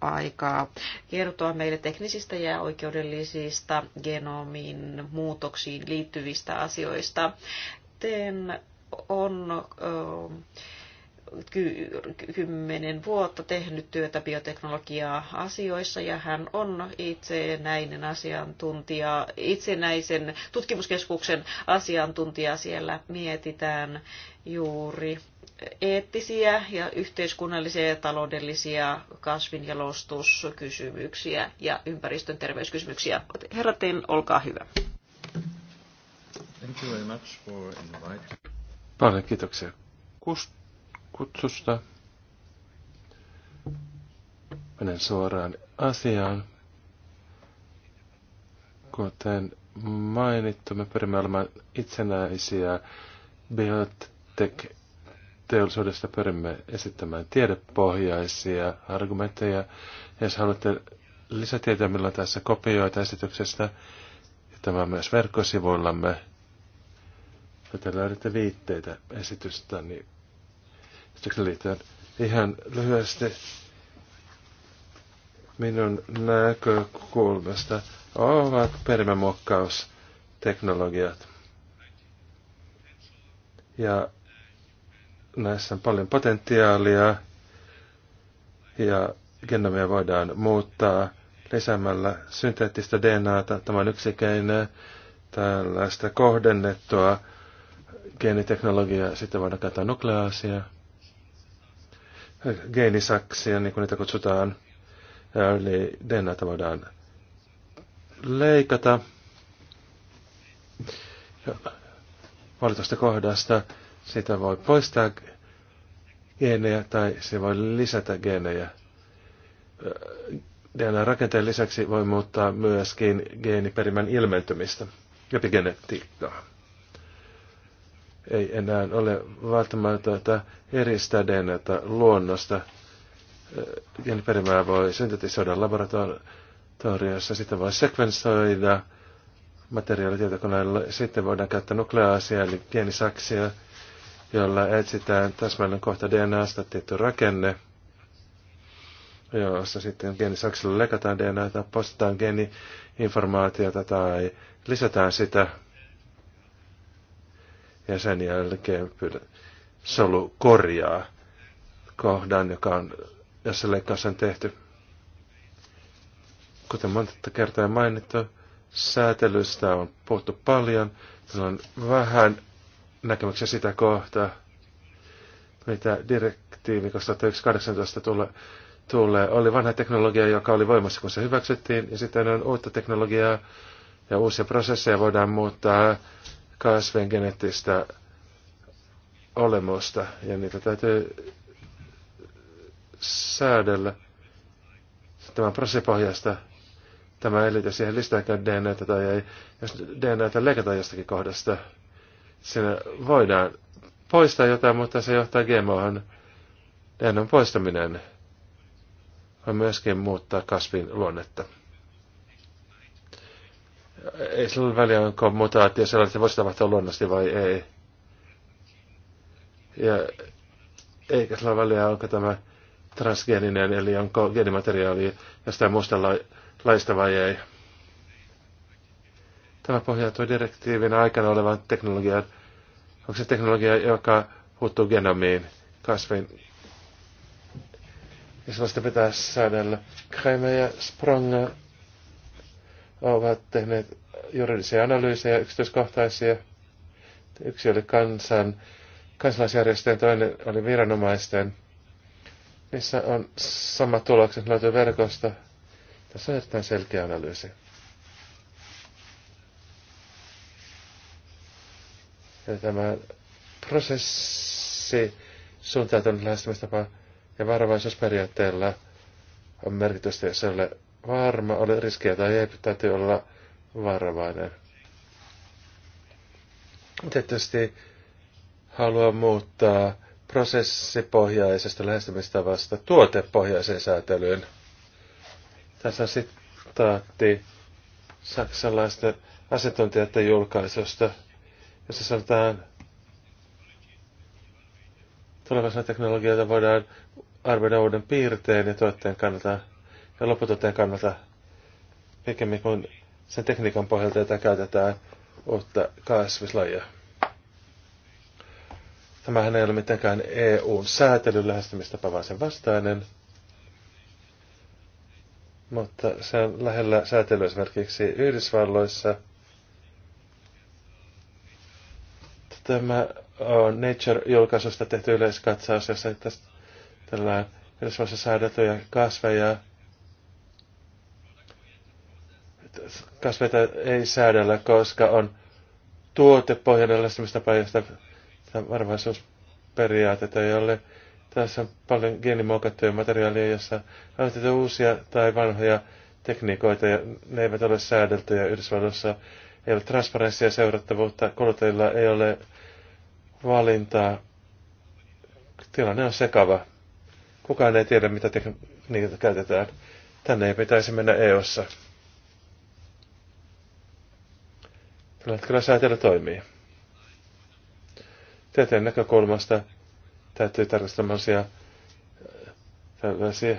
aikaa kertoa meille teknisistä ja oikeudellisista genomin muutoksiin liittyvistä asioista. Teen on ö, kymmenen vuotta tehnyt työtä bioteknologiaa asioissa ja hän on itsenäinen asiantuntija, itsenäisen tutkimuskeskuksen asiantuntija siellä mietitään juuri eettisiä ja yhteiskunnallisia ja taloudellisia kasvinjalostuskysymyksiä ja ympäristön terveyskysymyksiä. Herra Ten, olkaa hyvä. Thank you very much for Paljon kiitoksia kust- kutsusta. Menen suoraan asiaan. Kuten mainittu, me pyrimme olemaan itsenäisiä biotech teollisuudesta pyrimme esittämään tiedepohjaisia argumentteja. Jos haluatte lisätietoa, millä tässä kopioita esityksestä, tämä on myös verkkosivuillamme. Tätä löydätte viitteitä esitystäni niin selitän. Ihan lyhyesti minun näkökulmasta ovat perimämuokkausteknologiat. Ja näissä on paljon potentiaalia ja genomia voidaan muuttaa lisäämällä synteettistä DNAta. Tämä on yksi keino tällaista kohdennettua geeniteknologiaa. Sitten voidaan käyttää nukleaasia geenisaksia, niin kuin niitä kutsutaan, eli DNAta voidaan leikata valitusta kohdasta. Sitä voi poistaa geenejä tai se voi lisätä geenejä. DNA-rakenteen lisäksi voi muuttaa myöskin geeniperimän ilmentymistä, epigenetiikkaa ei enää ole välttämätöntä eristää DNAta luonnosta. perimää eh, voi syntetisoida laboratoriossa, sitä voi sekvensoida materiaalitietokoneella. Sitten voidaan käyttää nukleaasia eli saksia, jolla etsitään täsmällinen kohta DNAsta tietty rakenne, jossa sitten geenisaksilla lekataan DNAta, postataan geeniinformaatiota tai lisätään sitä – ja sen jälkeen solu korjaa kohdan, joka on, jossa leikkaus on tehty. Kuten monta kertaa mainittu, säätelystä on puhuttu paljon. Sillä on vähän näkemyksiä sitä kohtaa, mitä direktiivi 2018 tulee. tulee. Oli vanha teknologia, joka oli voimassa, kun se hyväksyttiin, ja sitten on uutta teknologiaa ja uusia prosesseja voidaan muuttaa kasvien geneettistä olemusta ja niitä täytyy säädellä tämän prosipohjasta Tämä eli liity siihen listääkään DNAtä tai ei. Jos DNAtä leikataan jostakin kohdasta, siinä voidaan poistaa jotain, mutta se johtaa GMOhan. DNAn poistaminen voi myöskin muuttaa kasvin luonnetta. Ei silloin väliä, onko mutaatio sellainen, voisi tapahtua luonnollisesti vai ei. Ja eikä sillä ole väliä, onko tämä transgeeninen, eli onko geenimateriaali jostain muusta la- laista vai ei. Tämä pohjautuu direktiivin aikana olevan teknologian. Onko se teknologia, joka puuttuu genomiin, kasvin? Ja sellaista pitää säädellä. Kramer ja Spranger ovat tehneet juridisia analyysejä, yksityiskohtaisia. Yksi oli kansan, kansalaisjärjestöjen, toinen oli viranomaisten. Niissä on sama tulokset löytyy verkosta. Tässä on erittäin selkeä analyysi. Ja tämä prosessi suuntautunut lähestymistapa ja varovaisuusperiaatteella on merkitystä, jos ei ole varma, oli riskejä tai ei, täytyy olla varovainen. Tietysti haluan muuttaa prosessipohjaisesta lähestymistavasta tuotepohjaiseen säätelyyn. Tässä on sitaatti saksalaisten asiantuntijoiden julkaisusta, jossa sanotaan, tulevaisuuden teknologioita voidaan arvioida uuden piirteen ja tuotteen kannalta ja lopputuotteen kannalta pikemmin kuin sen tekniikan pohjalta, jota käytetään uutta kasvislajia. Tämähän ei ole mitenkään EUn säätelyn lähestymistapa, vaan sen vastainen. Mutta se on lähellä säätely esimerkiksi Yhdysvalloissa. Tämä on Nature-julkaisusta tehty yleiskatsaus, jossa tällä Yhdysvalloissa säädeltyjä kasveja kasveita ei säädellä, koska on tuotepohjainen lähestymistapa, josta varovaisuusperiaatetta ei ole. Tässä on paljon geenimuokattuja materiaalia, jossa on uusia tai vanhoja tekniikoita, ja ne eivät ole säädeltyjä Yhdysvalloissa. Ei ole transparenssia seurattavuutta, kuluttajilla ei ole valintaa. Tilanne on sekava. Kukaan ei tiedä, mitä tekniikoita käytetään. Tänne ei pitäisi mennä EU:ssa. Tällä hetkellä säätelö toimii. Tieteen näkökulmasta täytyy tarkastella tällaisia,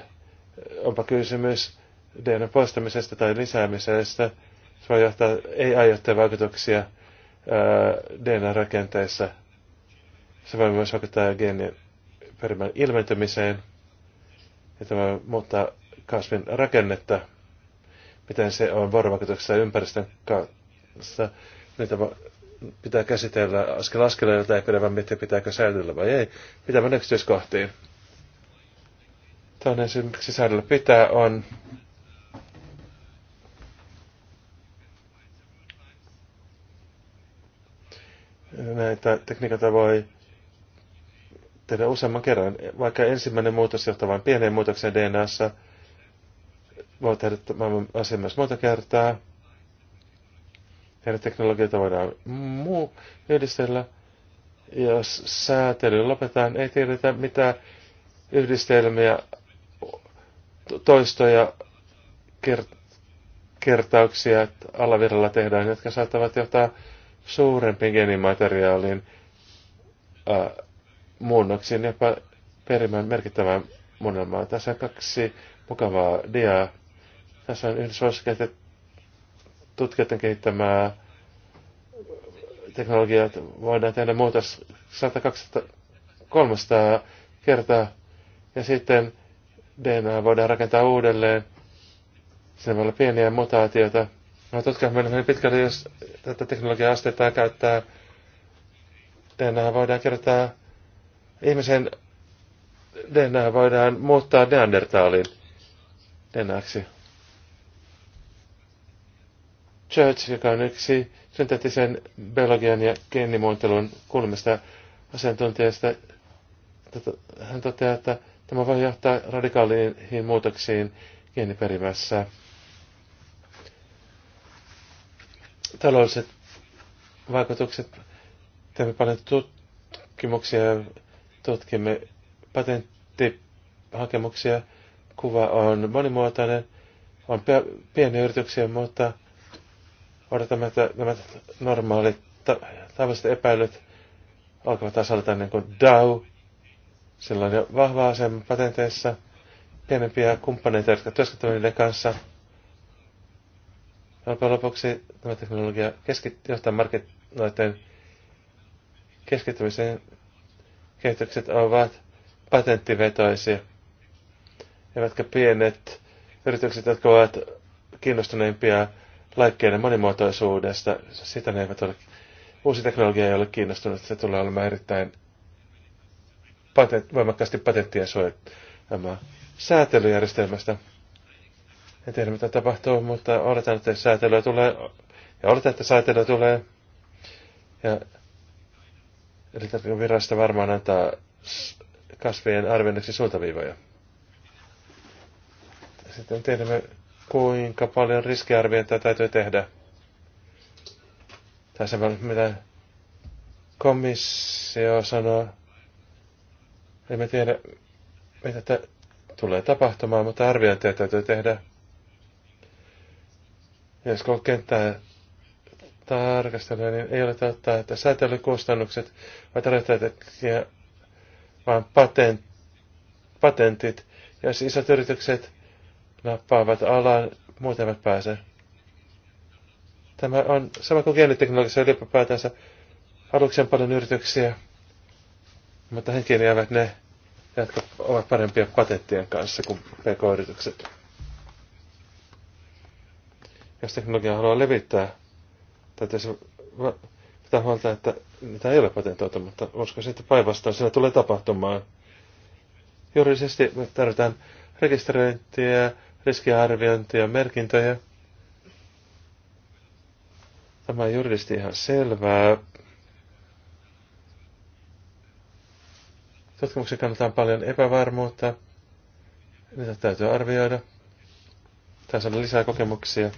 onpa kysymys dna poistamisesta tai lisäämisestä, se voi johtaa ei aiheuttaa vaikutuksia DNA-rakenteissa. Se voi myös vaikuttaa geenien perimän ilmentymiseen, ja tämä muuttaa kasvin rakennetta, miten se on vuorovaikutuksessa ympäristön kanssa niitä pitää käsitellä askel askeleelta ei pidä vaan miettiä, pitääkö säädellä vai ei. Pitää mennä yksityiskohtiin. Toinen miksi säädellä pitää on näitä tekniikoita voi tehdä useamman kerran. Vaikka ensimmäinen muutos johtaa vain pieneen muutokseen DNAssa, voi tehdä tämän asian myös monta kertaa näitä teknologioita voidaan muu yhdistellä. Jos säätely lopetetaan, ei tiedetä mitä yhdistelmiä, toistoja, kert- kertauksia alavirralla tehdään, jotka saattavat johtaa suurempiin geenimateriaaliin äh, muunnoksiin, jopa perimään merkittävän muunnelmaan. Tässä on kaksi mukavaa diaa. Tässä on Yhdysvalloissa tutkijoiden kehittämää teknologiaa voidaan tehdä muutos 100, 200, 300 kertaa. Ja sitten DNA voidaan rakentaa uudelleen. Siinä voi olla pieniä mutaatioita. No tutkijat meillä hyvin pitkälle, jos tätä teknologiaa astetaan käyttää. DNA voidaan kertaa ihmisen DNA voidaan muuttaa Neandertaaliin DNAksi. Church, joka on yksi synteettisen biologian ja geenimuuntelun kolmesta asiantuntijasta, hän toteaa, että tämä voi johtaa radikaaliin muutoksiin geeniperimässä. Taloudelliset vaikutukset, teemme paljon tutkimuksia, tutkimme patenttihakemuksia, kuva on monimuotoinen, on pieniä yrityksiä, mutta Odotamme, että nämä normaalit tavalliset epäilyt alkavat tasalta niin kuin DAO. Sillä on jo vahva asema patenteissa, pienempiä kumppaneita, jotka työskentelevät niiden kanssa. Loppujen lopuksi tämä teknologia keskit- johtaa markkinoiden keskittymisen kehitykset ovat patenttivetoisia. Eivätkä pienet yritykset, jotka ovat kiinnostuneimpia lääkkeiden monimuotoisuudesta. Sitä ne eivät ole, uusi teknologia ei ole kiinnostunut. Se tulee olemaan erittäin patent, voimakkaasti patenttia suojelmaa säätelyjärjestelmästä. En tiedä mitä tapahtuu, mutta oletan, että säätelyä tulee, ja oletan, että säätelyä tulee, ja virasta varmaan antaa kasvien arvioinniksi suuntaviivoja. Sitten tiedämme kuinka paljon riskiarviointia täytyy tehdä. Tässä on mitä komissio sanoo. Emme tiedä, mitä tä- tulee tapahtumaan, mutta arviointia täytyy tehdä. Jos koko kenttää tarkastellaan, niin ei ole totta, että säätelykustannukset ovat rajoittajatekijä, vaan patent, patentit. Jos isot yritykset nappaavat alan, muuten eivät pääse. Tämä on sama kuin geeniteknologisessa ylipäätänsä. Aluksi on paljon yrityksiä, mutta henkiin jäävät ne, jotka ovat parempia patenttien kanssa kuin pk-yritykset. Jos teknologia haluaa levittää, täytyy pitää huolta, että niitä ei ole patentoitu, mutta uskon että päinvastoin sillä tulee tapahtumaan. Juridisesti me tarvitaan rekisteröintiä, riskiarviointia, merkintöjä. Tämä on juridisesti ihan selvää. Tutkimuksen kannataan paljon epävarmuutta. Niitä täytyy arvioida. Tai saada lisää kokemuksia.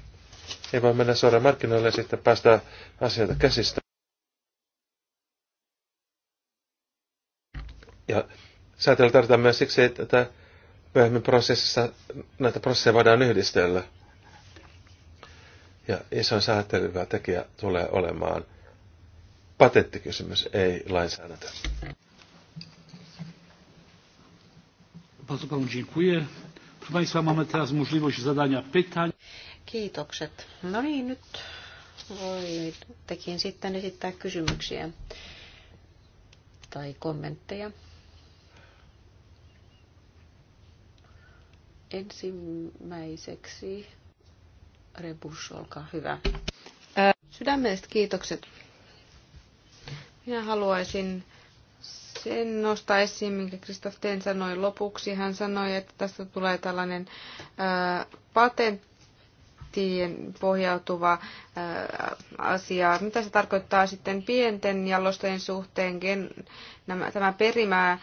Ei voi mennä suoraan markkinoille ja sitten päästä asioita käsistä. Ja säätelyä tarvitaan myös siksi, että myöhemmin prosessissa näitä prosesseja voidaan yhdistellä. Ja isoin säätelyvä tekijä tulee olemaan patenttikysymys, ei lainsäädäntö. Kiitokset. No niin, nyt voi tekin sitten esittää kysymyksiä tai kommentteja. Ensimmäiseksi Rebus, olkaa hyvä. Sydämelliset kiitokset. Minä haluaisin sen nostaa esiin, minkä Kristoff Ten sanoi lopuksi. Hän sanoi, että tästä tulee tällainen ää, patent vientiin pohjautuva asia. Mitä se tarkoittaa sitten pienten jalostojen suhteen? Tämä perimää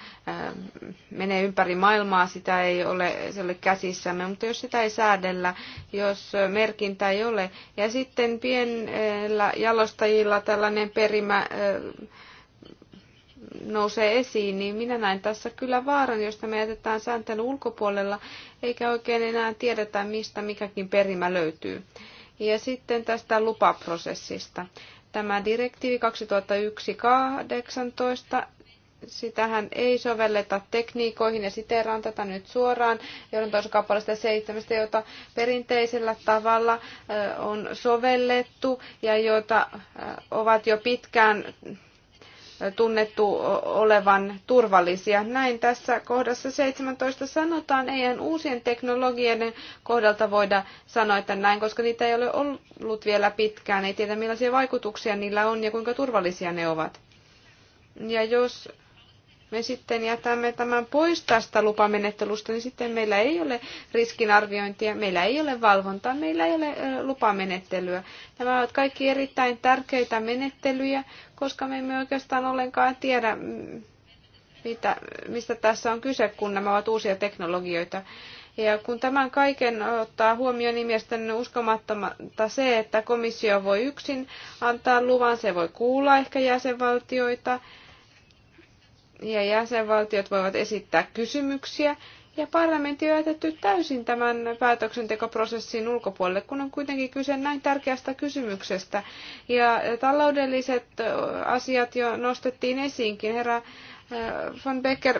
menee ympäri maailmaa, sitä ei ole, se ole käsissämme, mutta jos sitä ei säädellä, jos merkintä ei ole. Ja sitten pienellä jalostajilla tällainen perimä nousee esiin, niin minä näen tässä kyllä vaaran, josta me jätetään sääntelyn ulkopuolella, eikä oikein enää tiedetä, mistä mikäkin perimä löytyy. Ja sitten tästä lupaprosessista. Tämä direktiivi 2001-18, sitähän ei sovelleta tekniikoihin, ja siteeraan tätä nyt suoraan, joiden kappaleesta seitsemästä, jota perinteisellä tavalla on sovellettu, ja joita ovat jo pitkään tunnettu olevan turvallisia. Näin tässä kohdassa 17 sanotaan, eihän uusien teknologioiden kohdalta voida sanoa, että näin, koska niitä ei ole ollut vielä pitkään, ei tiedä millaisia vaikutuksia niillä on ja kuinka turvallisia ne ovat. Ja jos me sitten jätämme tämän pois tästä lupamenettelystä, niin sitten meillä ei ole riskinarviointia, meillä ei ole valvontaa, meillä ei ole lupamenettelyä. Nämä ovat kaikki erittäin tärkeitä menettelyjä, koska me emme oikeastaan ollenkaan tiedä, mitä, mistä tässä on kyse, kun nämä ovat uusia teknologioita. Ja kun tämän kaiken ottaa huomioon, niin mielestäni on se, että komissio voi yksin antaa luvan, se voi kuulla ehkä jäsenvaltioita, ja jäsenvaltiot voivat esittää kysymyksiä, ja parlamentti on jätetty täysin tämän päätöksentekoprosessin ulkopuolelle, kun on kuitenkin kyse näin tärkeästä kysymyksestä. Ja taloudelliset asiat jo nostettiin esiinkin. Herra von Becker,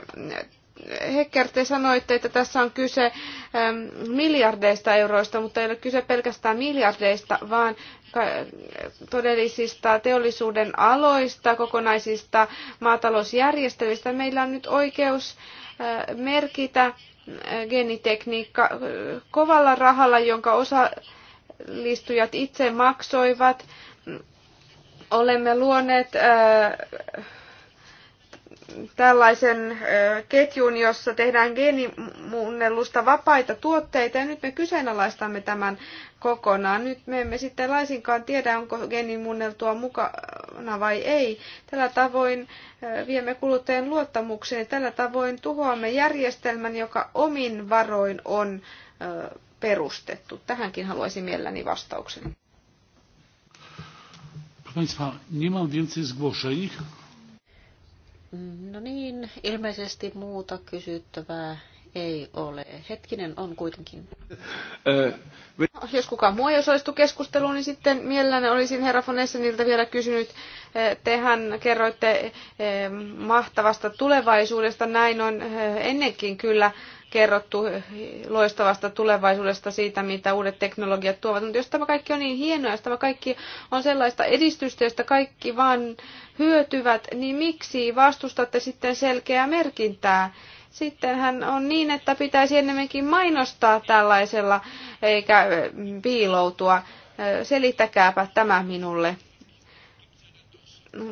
Hecker, te sanoitte, että tässä on kyse miljardeista euroista, mutta ei ole kyse pelkästään miljardeista, vaan todellisista teollisuuden aloista, kokonaisista maatalousjärjestelyistä. Meillä on nyt oikeus äh, merkitä äh, geenitekniikka äh, kovalla rahalla, jonka osallistujat itse maksoivat. Olemme luoneet tällaisen ketjun, jossa tehdään geenimuunnellusta vapaita tuotteita, ja nyt me kyseenalaistamme tämän kokonaan. Nyt me emme sitten laisinkaan tiedä, onko geenimuunneltua mukana vai ei. Tällä tavoin viemme kuluttajan luottamukseen. Tällä tavoin tuhoamme järjestelmän, joka omin varoin on perustettu. Tähänkin haluaisin mielelläni vastauksen. Mm, no niin, ilmeisesti muuta kysyttävää ei ole. Hetkinen on kuitenkin. No, jos kukaan muu ei osallistu keskusteluun, niin sitten mielelläni olisin herra von Essenilta vielä kysynyt. Tehän kerroitte mahtavasta tulevaisuudesta. Näin on ennenkin kyllä kerrottu loistavasta tulevaisuudesta siitä, mitä uudet teknologiat tuovat. Mutta jos tämä kaikki on niin hienoa, jos tämä kaikki on sellaista edistystä, josta kaikki vaan hyötyvät, niin miksi vastustatte sitten selkeää merkintää? sittenhän on niin, että pitäisi enemmänkin mainostaa tällaisella eikä piiloutua. Selittäkääpä tämä minulle.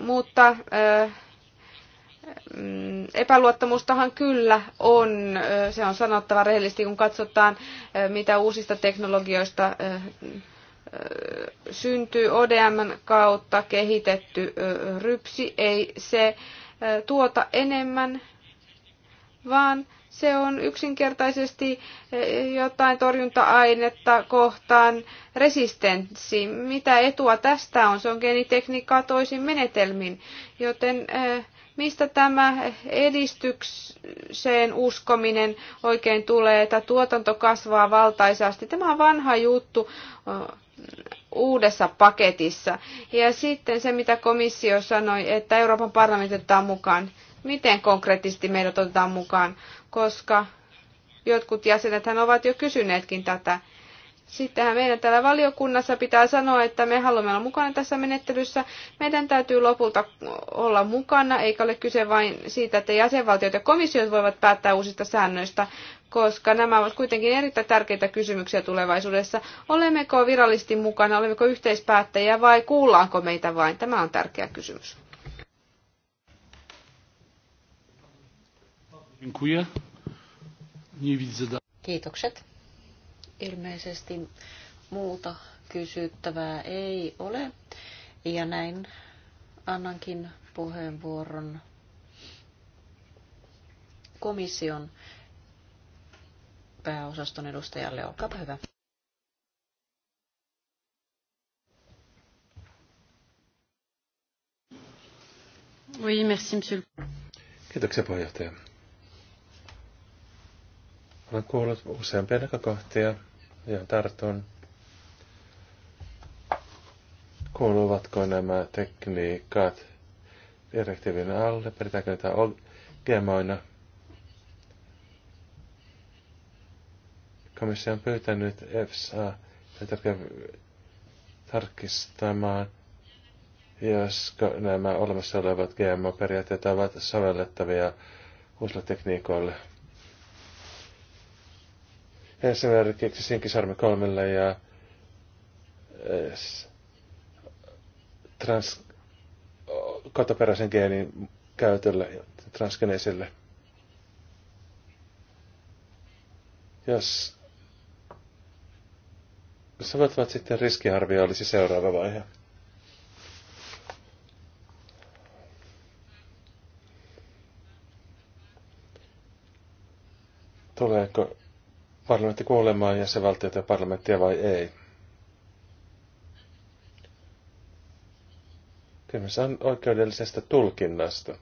Mutta mm, epäluottamustahan kyllä on. Se on sanottava rehellisesti, kun katsotaan, mitä uusista teknologioista syntyy ODM kautta kehitetty rypsi. Ei se tuota enemmän vaan se on yksinkertaisesti eh, jotain torjunta-ainetta kohtaan resistenssi. Mitä etua tästä on? Se on geenitekniikkaa toisin menetelmin, joten eh, mistä tämä edistykseen uskominen oikein tulee, että tuotanto kasvaa valtaisasti. Tämä on vanha juttu eh, uudessa paketissa. Ja sitten se, mitä komissio sanoi, että Euroopan parlamentin mukaan miten konkreettisesti meidät otetaan mukaan, koska jotkut jäsenet ovat jo kysyneetkin tätä. Sittenhän meidän täällä valiokunnassa pitää sanoa, että me haluamme olla mukana tässä menettelyssä. Meidän täytyy lopulta olla mukana, eikä ole kyse vain siitä, että jäsenvaltiot ja komissiot voivat päättää uusista säännöistä, koska nämä ovat kuitenkin erittäin tärkeitä kysymyksiä tulevaisuudessa. Olemmeko virallisesti mukana, olemmeko yhteispäättäjiä vai kuullaanko meitä vain? Tämä on tärkeä kysymys. Kiitokset. Ilmeisesti muuta kysyttävää ei ole. Ja näin annankin puheenvuoron komission pääosaston edustajalle. Olkaapa hyvä. Oui, merci, monsieur. Kiitoksia puheenjohtaja. Olen kuullut useampia näkökohtia, ja tartun. Kuuluvatko nämä tekniikat direktiivin alle? Pidetäänkö niitä gemoina? Komissio on pyytänyt EFSA tarkistamaan, josko nämä olemassa olevat GMO-periaatteet ovat sovellettavia uusille tekniikoille esimerkiksi Sinkisarmi kolmelle ja eh, trans, kotoperäisen geenin käytölle transgeneisille. Jos soveltuvat sitten riskiarvio olisi seuraava vaihe. parlamentti ja jäsenvaltioita ja parlamenttia vai ei. Kysymys on oikeudellisesta tulkinnasta.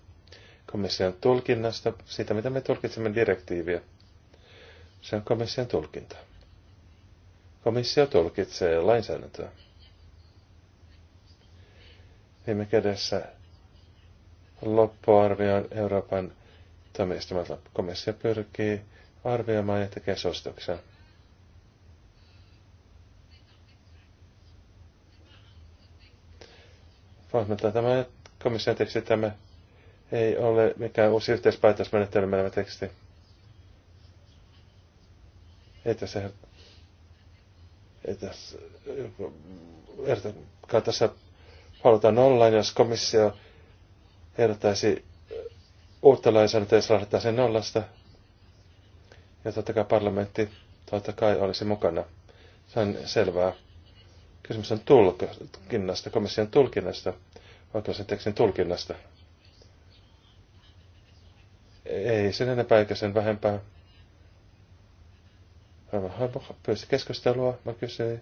Komission tulkinnasta, siitä mitä me tulkitsemme direktiiviä. Se on komission tulkinta. Komissio tulkitsee lainsäädäntöä. Viime kädessä loppuarvioon Euroopan toimistumalla komissio pyrkii arvioimaan ja tekee suosituksen. Valmentaa tämä komission teksti. Tämä ei ole mikään uusi yhteispäätösmenetelmä teksti. Ei tässä, ei tässä, kai tässä halutaan nollaan, jos komissio ehdottaisi uutta lainsäädäntöä, jos lähdetään sen nollasta. Ja totta kai parlamentti totta kai olisi mukana. Se on selvää. Kysymys on tulkinnasta, komission tulkinnasta, oikeusen tekstin tulkinnasta. Ei sen enempää eikä sen vähempää. pyysi keskustelua, mä kysyin,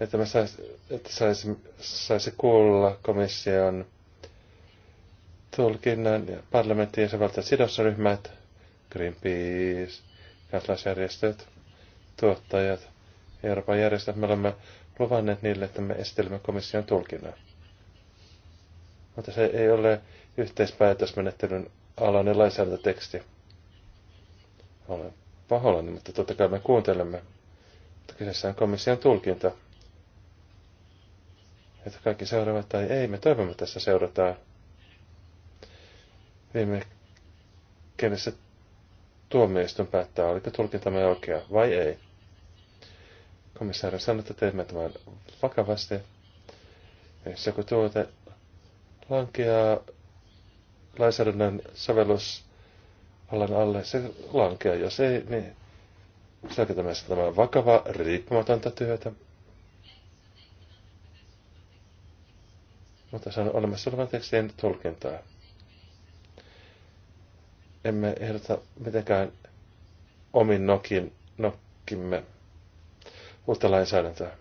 että mä sais, että saisi, saisi kuulla komission tulkinnan ja parlamentin jäsenvaltiot sidosryhmät, Greenpeace, kansalaisjärjestöt, tuottajat, Euroopan järjestöt. Me olemme luvanneet niille, että me esitelemme komission tulkinnan. Mutta se ei ole yhteispäätösmenettelyn alainen lainsäädäntöteksti. Olen pahoillani, mutta totta kai me kuuntelemme. Mutta kyseessä on komission tulkinta että kaikki seuraavat tai ei. Me toivomme tässä seurataan. Viime kenessä tuomioistuin päättää, oliko tulkintamme oikea vai ei. Komissaari sanoi, että teemme tämän vakavasti. Jos joku tuote lankeaa lainsäädännön sovellusalan alle, se lankeaa. Jos ei, niin selkeämässä tämä vakava, riippumatonta työtä. mutta se on olemassa olevan tekstien tulkintaa. Emme ehdota mitenkään omin nokin, nokkimme uutta lainsäädäntöä.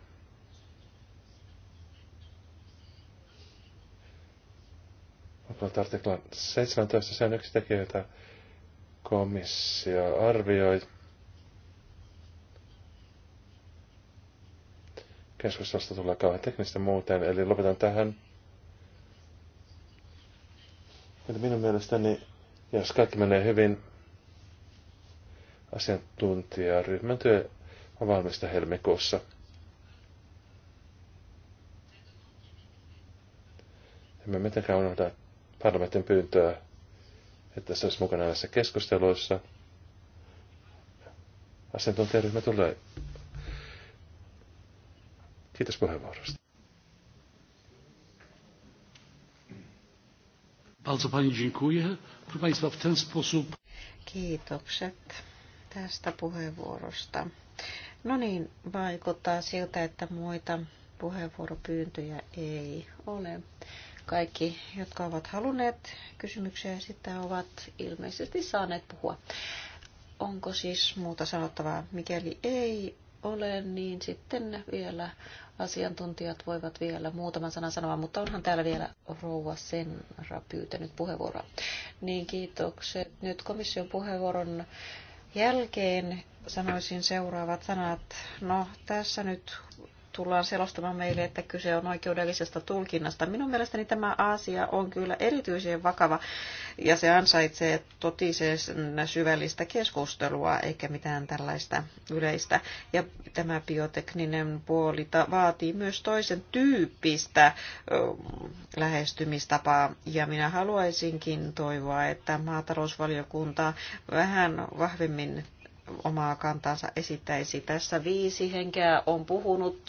Mutta artiklan 17 se on yksi tekijä, jota komissio arvioi. Keskustelusta tulee kauhean teknistä muuten, eli lopetan tähän. Eli minun mielestäni, jos kaikki menee hyvin, asiantuntijaryhmän työ on valmista helmikuussa. Emme mitenkään unohda parlamentin pyyntöä, että se olisi mukana näissä keskusteluissa. Asiantuntijaryhmä tulee. Kiitos puheenvuorosta. Bardzo Pani dziękuję. Proszę Państwa, w ten sposób... Kiitokset tästä puheenvuorosta. No niin, vaikuttaa siltä, että muita puheenvuoropyyntöjä ei ole. Kaikki, jotka ovat halunneet kysymyksiä sitä ovat ilmeisesti saaneet puhua. Onko siis muuta sanottavaa? Mikäli ei, ole, niin sitten vielä asiantuntijat voivat vielä muutaman sanan sanoa, mutta onhan täällä vielä rouva Senra pyytänyt puheenvuoroa. Niin kiitokset. Nyt komission puheenvuoron jälkeen sanoisin seuraavat sanat. No tässä nyt tullaan selostamaan meille, että kyse on oikeudellisesta tulkinnasta. Minun mielestäni tämä asia on kyllä erityisen vakava ja se ansaitsee totisen syvällistä keskustelua eikä mitään tällaista yleistä. Ja tämä biotekninen puoli vaatii myös toisen tyyppistä lähestymistapaa ja minä haluaisinkin toivoa, että maatalousvaliokunta vähän vahvemmin omaa kantansa esittäisi. Tässä viisi henkeä on puhunut,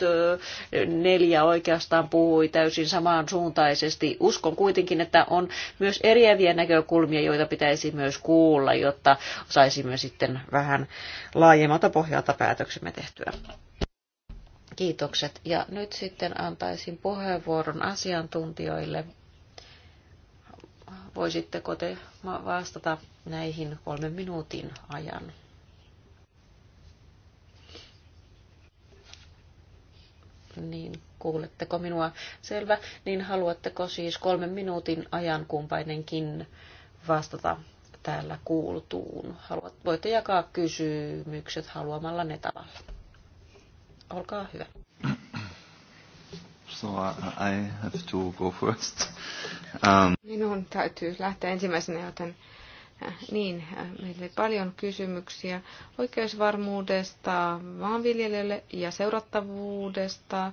neljä oikeastaan puhui täysin samaan suuntaisesti. Uskon kuitenkin, että on myös eriäviä näkökulmia, joita pitäisi myös kuulla, jotta saisimme sitten vähän laajemmalta pohjalta päätöksemme tehtyä. Kiitokset. Ja nyt sitten antaisin puheenvuoron asiantuntijoille. Voisitteko te vastata näihin kolmen minuutin ajan? niin kuuletteko minua selvä, niin haluatteko siis kolmen minuutin ajan kumpainenkin vastata täällä kuultuun. Haluat, voitte jakaa kysymykset haluamalla ne tavalla. Olkaa hyvä. So I have to go first. Um... Minun täytyy lähteä ensimmäisenä, joten Äh, niin, äh, meillä oli paljon kysymyksiä oikeusvarmuudesta, maanviljelijöille ja seurattavuudesta,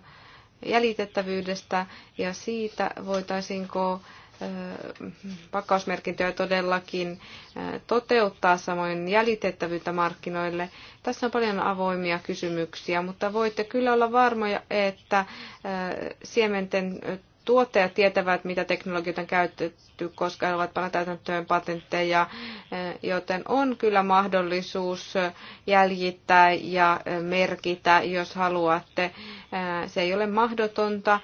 jäljitettävyydestä ja siitä voitaisiinko äh, pakkausmerkintöjä todellakin toteuttaa, samoin jäljitettävyyttä markkinoille. Tässä on paljon avoimia kysymyksiä, mutta voitte kyllä olla varmoja, että siementen tuottajat tietävät, mitä teknologioita on käytetty, koska he ovat panna täytäntöön patentteja, eh, joten on kyllä mahdollisuus jäljittää ja eh, merkitä, jos haluatte. Eh, se ei ole mahdotonta.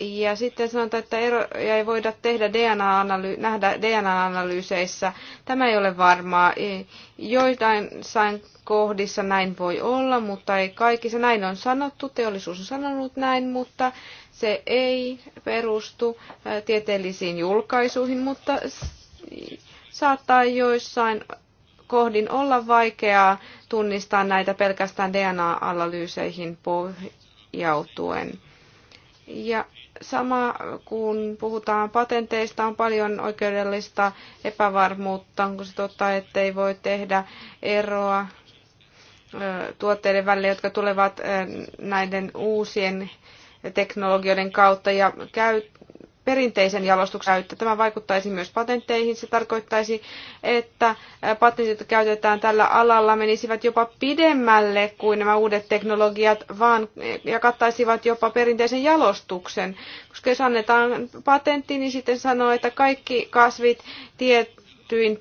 Ja sitten sanotaan, että eroja ei voida tehdä DNA-analy- nähdä DNA-analyyseissä. Tämä ei ole varmaa. Joitain sain kohdissa näin voi olla, mutta ei kaikissa. Näin on sanottu, teollisuus on sanonut näin, mutta se ei perustu äh, tieteellisiin julkaisuihin, mutta saattaa joissain kohdin olla vaikeaa tunnistaa näitä pelkästään DNA-analyyseihin pohjautuen. Ja sama kun puhutaan patenteista, on paljon oikeudellista epävarmuutta, onko se totta, ettei voi tehdä eroa tuotteiden välillä, jotka tulevat näiden uusien teknologioiden kautta ja käy, perinteisen jalostuksen käyttö. Tämä vaikuttaisi myös patentteihin. Se tarkoittaisi, että patentit, joita käytetään tällä alalla, menisivät jopa pidemmälle kuin nämä uudet teknologiat vaan, ja kattaisivat jopa perinteisen jalostuksen. Koska jos annetaan patentti, niin sitten sanoo, että kaikki kasvit, tiet,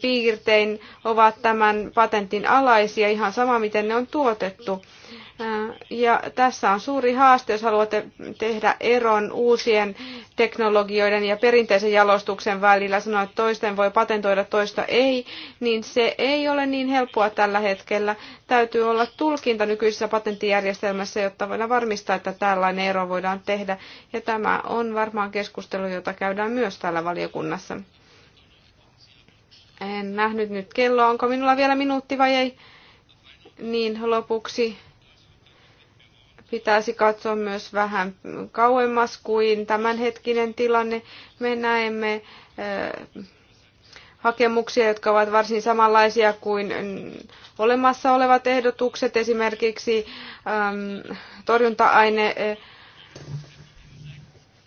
piirtein ovat tämän patentin alaisia, ihan sama miten ne on tuotettu. Ja tässä on suuri haaste, jos haluatte tehdä eron uusien teknologioiden ja perinteisen jalostuksen välillä, sanoa, että toisten voi patentoida, toista ei, niin se ei ole niin helppoa tällä hetkellä. Täytyy olla tulkinta nykyisessä patenttijärjestelmässä, jotta voidaan varmistaa, että tällainen ero voidaan tehdä. Ja tämä on varmaan keskustelu, jota käydään myös täällä valiokunnassa. En nähnyt nyt kelloa, onko minulla vielä minuutti vai ei. Niin lopuksi pitäisi katsoa myös vähän kauemmas kuin tämänhetkinen tilanne. Me näemme eh, hakemuksia, jotka ovat varsin samanlaisia kuin mm, olemassa olevat ehdotukset, esimerkiksi äm, mm, torjunta-aine, eh,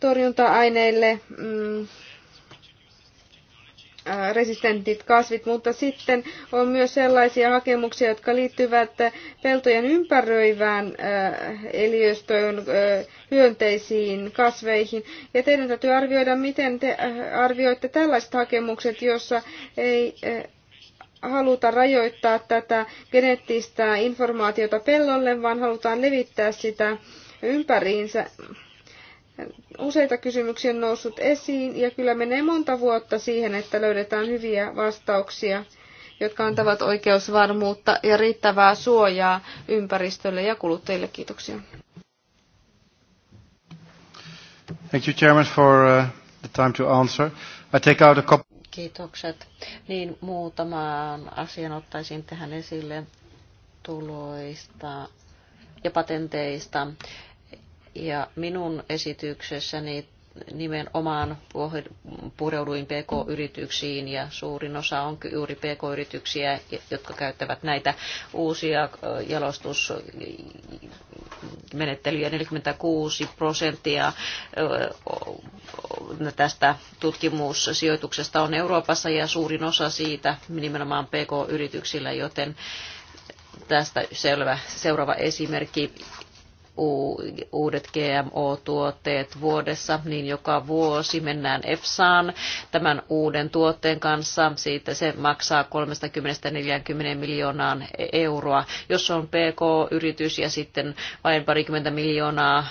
torjunta-aineille. Mm, Äh, resistentit kasvit, mutta sitten on myös sellaisia hakemuksia, jotka liittyvät peltojen ympäröivään äh, eliöstöön, äh, hyönteisiin, kasveihin. Ja teidän täytyy arvioida, miten te arvioitte tällaiset hakemukset, joissa ei haluta rajoittaa tätä geneettistä informaatiota pellolle, vaan halutaan levittää sitä ympäriinsä. Useita kysymyksiä on noussut esiin ja kyllä menee monta vuotta siihen, että löydetään hyviä vastauksia, jotka antavat oikeusvarmuutta ja riittävää suojaa ympäristölle ja kuluttajille. Kiitoksia. Thank you, Chairman, for uh, the time to answer. I take out a couple Kiitokset. Niin muutamaan asian ottaisin tähän esille tuloista ja patenteista. Ja minun esityksessäni nimenomaan pureuduin PK-yrityksiin ja suurin osa on juuri PK-yrityksiä, jotka käyttävät näitä uusia jalostusmenettelyjä. 46 prosenttia tästä tutkimussijoituksesta on Euroopassa ja suurin osa siitä nimenomaan PK-yrityksillä, joten tästä selvä, seuraava esimerkki uudet GMO-tuotteet vuodessa, niin joka vuosi mennään EFSAan tämän uuden tuotteen kanssa. Siitä se maksaa 30-40 miljoonaan euroa. Jos on PK-yritys ja sitten vain parikymmentä miljoonaa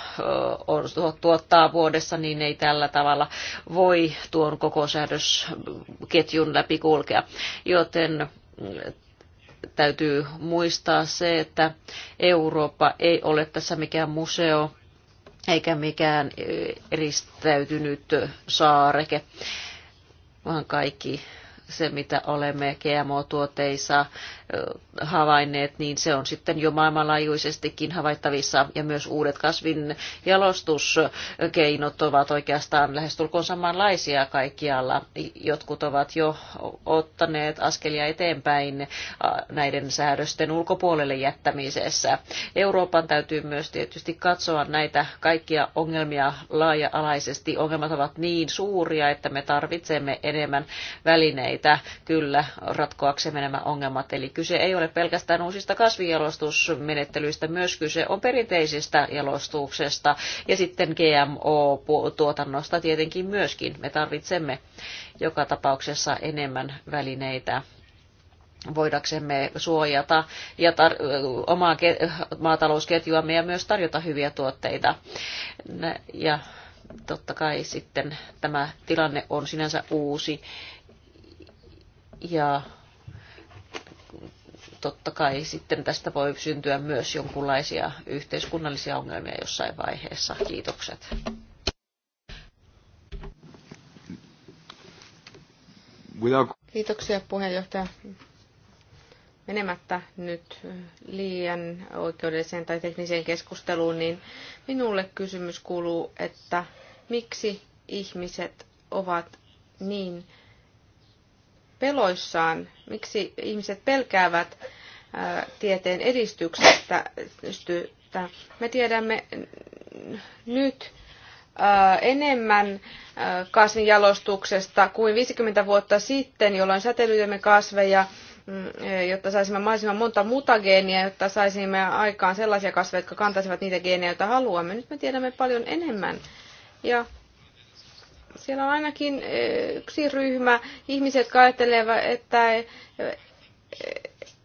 on, tuottaa vuodessa, niin ei tällä tavalla voi tuon koko säädösketjun läpi kulkea. Joten täytyy muistaa se, että Eurooppa ei ole tässä mikään museo eikä mikään eristäytynyt saareke, vaan kaikki se, mitä olemme GMO-tuoteissa havainneet, niin se on sitten jo maailmanlaajuisestikin havaittavissa. Ja myös uudet kasvin jalostuskeinot ovat oikeastaan lähestulkoon samanlaisia kaikkialla. Jotkut ovat jo ottaneet askelia eteenpäin näiden säädösten ulkopuolelle jättämisessä. Euroopan täytyy myös tietysti katsoa näitä kaikkia ongelmia laaja-alaisesti. Ongelmat ovat niin suuria, että me tarvitsemme enemmän välineitä välineitä kyllä ratkoaksemme nämä ongelmat. Eli kyse ei ole pelkästään uusista kasvijalostusmenettelyistä, myös kyse on perinteisestä jalostuksesta ja sitten GMO-tuotannosta tietenkin myöskin. Me tarvitsemme joka tapauksessa enemmän välineitä voidaksemme suojata ja tar- omaa maatalousketjuamme ja myös tarjota hyviä tuotteita. Ja totta kai sitten tämä tilanne on sinänsä uusi ja totta kai sitten tästä voi syntyä myös jonkunlaisia yhteiskunnallisia ongelmia jossain vaiheessa. Kiitokset. Kiitoksia puheenjohtaja. Menemättä nyt liian oikeudelliseen tai tekniseen keskusteluun, niin minulle kysymys kuuluu, että miksi ihmiset ovat niin peloissaan, miksi ihmiset pelkäävät äh, tieteen edistyksestä. Me tiedämme nyt äh, enemmän äh, kasvinjalostuksesta kuin 50 vuotta sitten, jolloin säteilytämme kasveja, mm, jotta saisimme mahdollisimman monta mutageenia, jotta saisimme aikaan sellaisia kasveja, jotka kantaisivat niitä geenejä, joita haluamme. Nyt me tiedämme paljon enemmän. Ja siellä on ainakin eh, yksi ryhmä ihmisiä, jotka ajattelevat, että eh, eh,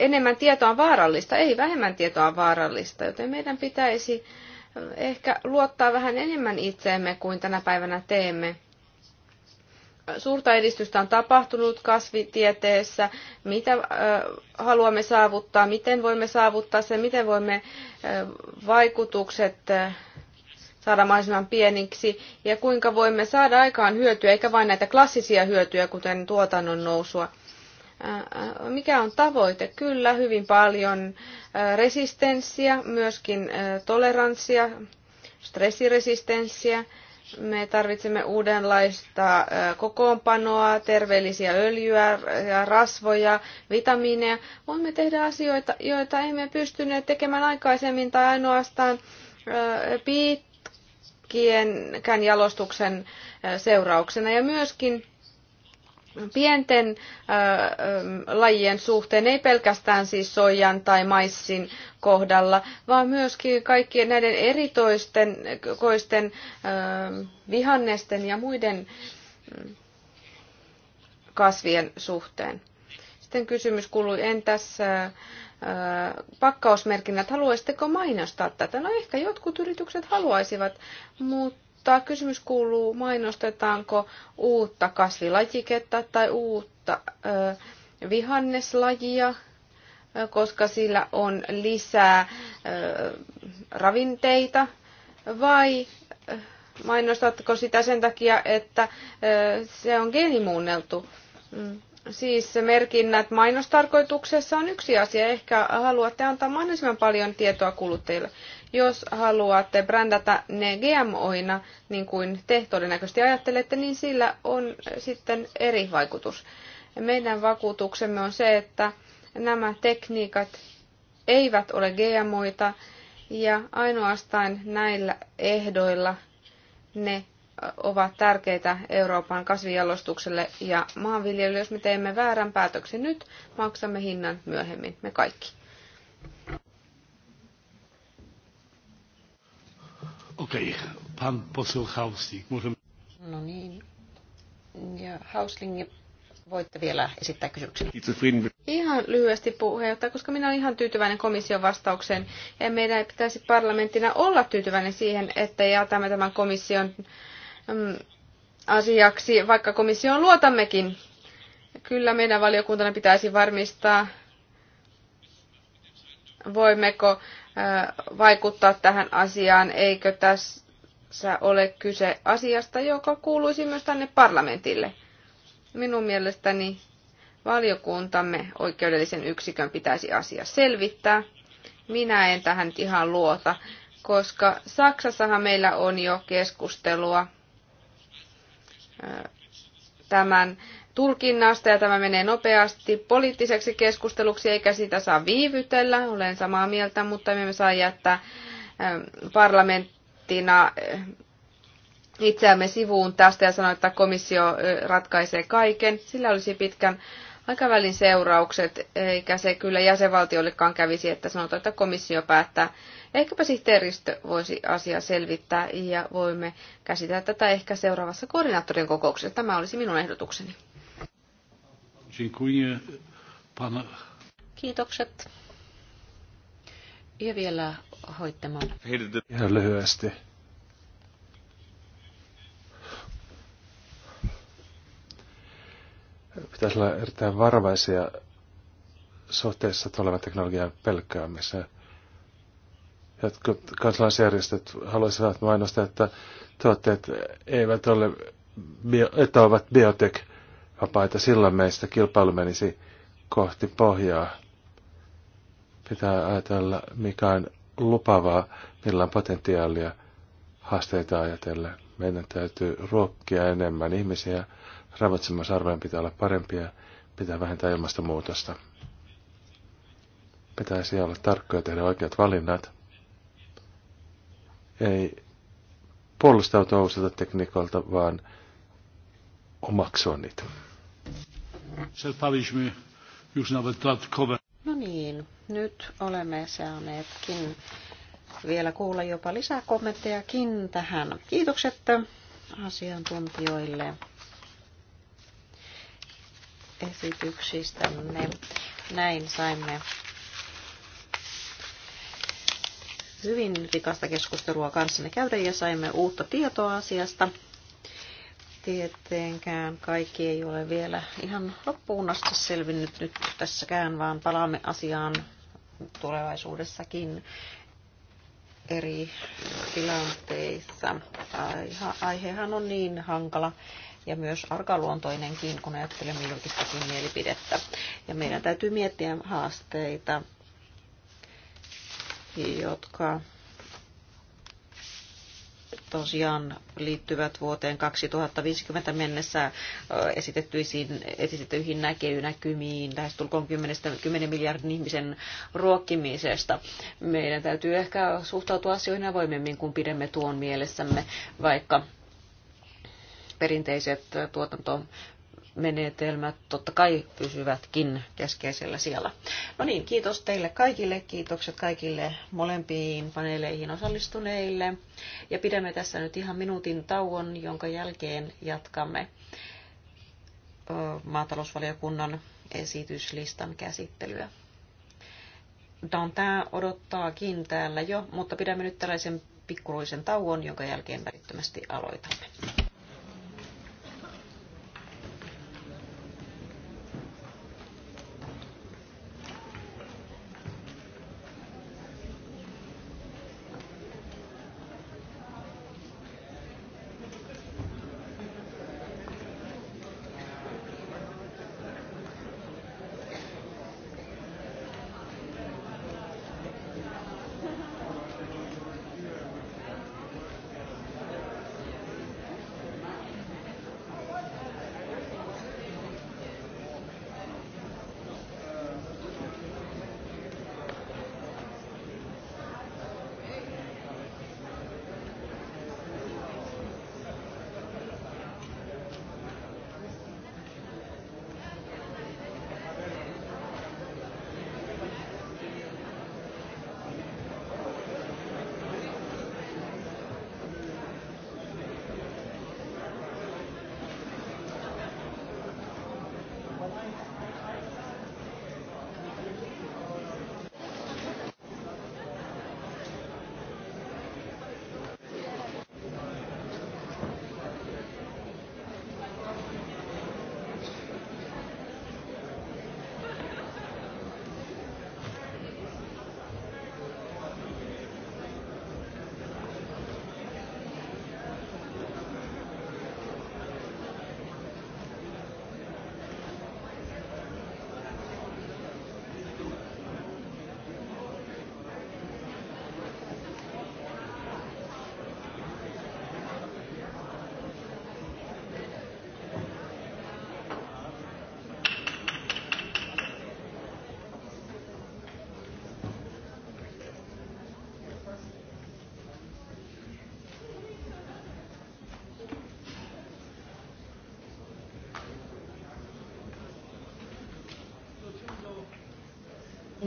enemmän tietoa on vaarallista, ei vähemmän tietoa on vaarallista, joten meidän pitäisi ehkä luottaa vähän enemmän itseemme kuin tänä päivänä teemme. Suurta edistystä on tapahtunut kasvitieteessä, mitä haluamme saavuttaa, miten voimme saavuttaa sen, miten voimme vaikutukset saada mahdollisimman pieniksi ja kuinka voimme saada aikaan hyötyä, eikä vain näitä klassisia hyötyjä, kuten tuotannon nousua. Mikä on tavoite? Kyllä, hyvin paljon resistenssiä, myöskin toleranssia, stressiresistenssiä. Me tarvitsemme uudenlaista kokoonpanoa, terveellisiä öljyä, rasvoja, vitamiineja. Voimme tehdä asioita, joita emme pystyneet tekemään aikaisemmin tai ainoastaan piit kienkään jalostuksen seurauksena ja myöskin pienten lajien suhteen, ei pelkästään siis soijan tai maissin kohdalla, vaan myöskin kaikkien näiden eritoisten koisten, vihannesten ja muiden kasvien suhteen. Sitten kysymys kuului, entäs pakkausmerkinnät, haluaisitteko mainostaa tätä? No ehkä jotkut yritykset haluaisivat, mutta kysymys kuuluu, mainostetaanko uutta kasvilajiketta tai uutta ö, vihanneslajia, koska sillä on lisää ö, ravinteita, vai mainostatko sitä sen takia, että ö, se on geenimuunneltu? Mm. Siis merkinnät mainostarkoituksessa on yksi asia. Ehkä haluatte antaa mahdollisimman paljon tietoa kuluttajille. Jos haluatte brändätä ne GMOina, niin kuin te todennäköisesti ajattelette, niin sillä on sitten eri vaikutus. Meidän vakuutuksemme on se, että nämä tekniikat eivät ole GMOita ja ainoastaan näillä ehdoilla ne ovat tärkeitä Euroopan kasvijalostukselle ja maanviljelylle. Jos me teemme väärän päätöksen nyt, maksamme hinnan myöhemmin, me kaikki. Okei, pan poseł Hausling. No niin. Ja Hausling, voitte vielä esittää kysymyksen. Ihan lyhyesti puheenjohtaja, koska minä olen ihan tyytyväinen komission vastaukseen. Ja meidän pitäisi parlamenttina olla tyytyväinen siihen, että jätämme tämän komission Mm, asiaksi, vaikka komission luotammekin. Kyllä meidän valiokuntana pitäisi varmistaa, voimmeko vaikuttaa tähän asiaan, eikö tässä ole kyse asiasta, joka kuuluisi myös tänne parlamentille. Minun mielestäni valiokuntamme oikeudellisen yksikön pitäisi asia selvittää. Minä en tähän ihan luota, koska Saksassahan meillä on jo keskustelua tämän tulkinnasta ja tämä menee nopeasti poliittiseksi keskusteluksi eikä sitä saa viivytellä, olen samaa mieltä, mutta me saa jättää parlamenttina itseämme sivuun tästä ja sanoa, että komissio ratkaisee kaiken. Sillä olisi pitkän aikavälin seuraukset, eikä se kyllä jäsenvaltiollekaan kävisi, että sanotaan, että komissio päättää. Ehkäpä sihteeristö voisi asiaa selvittää ja voimme käsitellä tätä ehkä seuraavassa koordinaattorin kokouksessa. Tämä olisi minun ehdotukseni. Kiitokset. Ja vielä hoittamaan. Ihan lyhyesti Pitäisi olla erittäin varovaisia suhteessa tulevan teknologian pelkäämiseen. Jotkut kansalaisjärjestöt haluaisivat mainostaa, että tuotteet eivät ole, bio, että ovat biotek-vapaita. Silloin meistä kilpailu menisi kohti pohjaa. Pitää ajatella, mikä on lupavaa, millä on potentiaalia haasteita ajatellen. Meidän täytyy ruokkia enemmän ihmisiä ravitsemusarvojen pitää olla parempia, pitää vähentää ilmastonmuutosta. Pitäisi olla tarkkoja tehdä oikeat valinnat. Ei puolustautua uusilta tekniikoilta, vaan omaksua niitä. No niin, nyt olemme saaneetkin vielä kuulla jopa lisää kommenttejakin tähän. Kiitokset asiantuntijoille esityksistämme. Näin saimme hyvin rikasta keskustelua kanssanne käydä ja saimme uutta tietoa asiasta. Tietenkään kaikki ei ole vielä ihan loppuun asti selvinnyt nyt tässäkään, vaan palaamme asiaan tulevaisuudessakin eri tilanteissa. Aihehan on niin hankala, ja myös arkaluontoinenkin, kun ajattelemme julkistakin mielipidettä. Ja meidän täytyy miettiä haasteita, jotka tosiaan liittyvät vuoteen 2050 mennessä esitettyihin, esitettyihin näkeynäkymiin lähes tulkoon 10 miljardin ihmisen ruokkimisesta. Meidän täytyy ehkä suhtautua asioihin avoimemmin, kun pidemme tuon mielessämme, vaikka perinteiset tuotantomenetelmät totta kai pysyvätkin keskeisellä siellä. No niin, kiitos teille kaikille, kiitokset kaikille molempiin paneeleihin osallistuneille. Ja pidämme tässä nyt ihan minuutin tauon, jonka jälkeen jatkamme maatalousvaliokunnan esityslistan käsittelyä. Dantin odottaakin täällä jo, mutta pidämme nyt tällaisen pikkuruisen tauon, jonka jälkeen välittömästi aloitamme.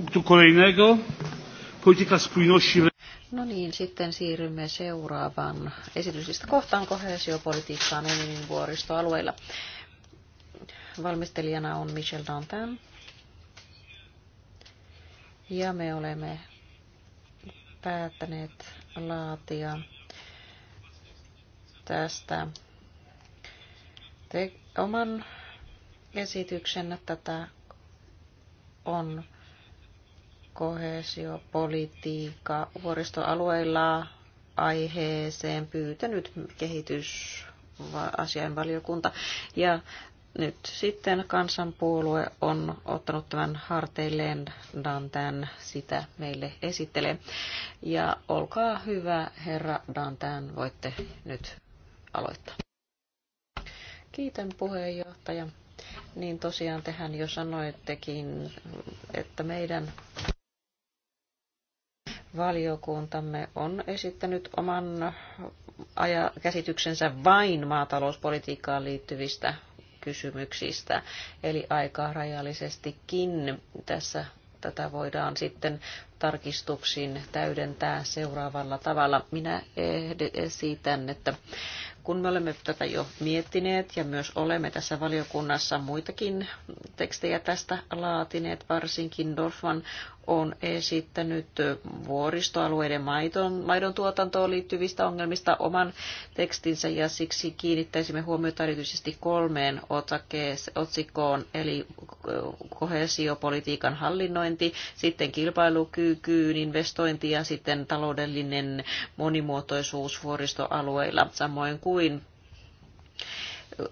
punktu kolejnego. Polityka spójności. No niin, sitten siirrymme seuraavaan esityksestä kohtaan kohesiopolitiikkaan vuoristoalueilla. Valmistelijana on Michel Dantin. Ja me olemme päättäneet laatia tästä te- oman esityksen. Tätä on kohesiopolitiikka vuoristoalueilla aiheeseen pyytänyt kehitysasianvaliokunta. Ja nyt sitten kansanpuolue on ottanut tämän harteilleen Dantan, sitä meille esittelee. Ja olkaa hyvä, herra Dantan, voitte nyt aloittaa. Kiitän puheenjohtaja. Niin tosiaan tehän jo sanoittekin, että meidän valiokuntamme on esittänyt oman käsityksensä vain maatalouspolitiikkaan liittyvistä kysymyksistä, eli aika rajallisestikin tässä tätä voidaan sitten tarkistuksiin täydentää seuraavalla tavalla. Minä esitän, että kun me olemme tätä jo miettineet ja myös olemme tässä valiokunnassa muitakin tekstejä tästä laatineet, varsinkin Dorfman on esittänyt vuoristoalueiden maidon, maidon tuotantoon liittyvistä ongelmista oman tekstinsä ja siksi kiinnittäisimme huomiota erityisesti kolmeen otsikkoon, eli kohesiopolitiikan hallinnointi, sitten kilpailukykyyn investointi ja sitten taloudellinen monimuotoisuus vuoristoalueilla, samoin kuin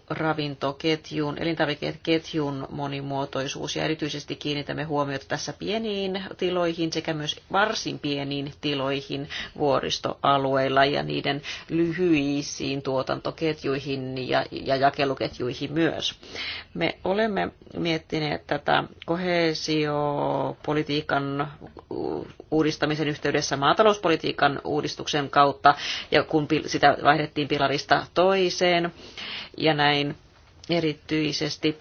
ravintoketjun, elintarvikeketjun monimuotoisuus ja erityisesti kiinnitämme huomiota tässä pieniin tiloihin sekä myös varsin pieniin tiloihin vuoristoalueilla ja niiden lyhyisiin tuotantoketjuihin ja, ja jakeluketjuihin myös. Me olemme miettineet tätä kohesiopolitiikan uudistamisen yhteydessä maatalouspolitiikan uudistuksen kautta ja kun sitä vaihdettiin pilarista toiseen ja näin erityisesti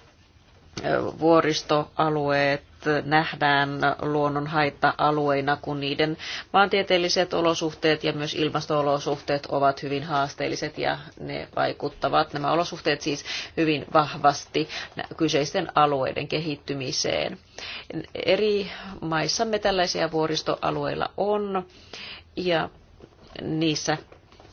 vuoristoalueet nähdään luonnon haitta-alueina, kun niiden maantieteelliset olosuhteet ja myös ilmastoolosuhteet ovat hyvin haasteelliset ja ne vaikuttavat nämä olosuhteet siis hyvin vahvasti kyseisten alueiden kehittymiseen. Eri maissamme tällaisia vuoristoalueilla on ja niissä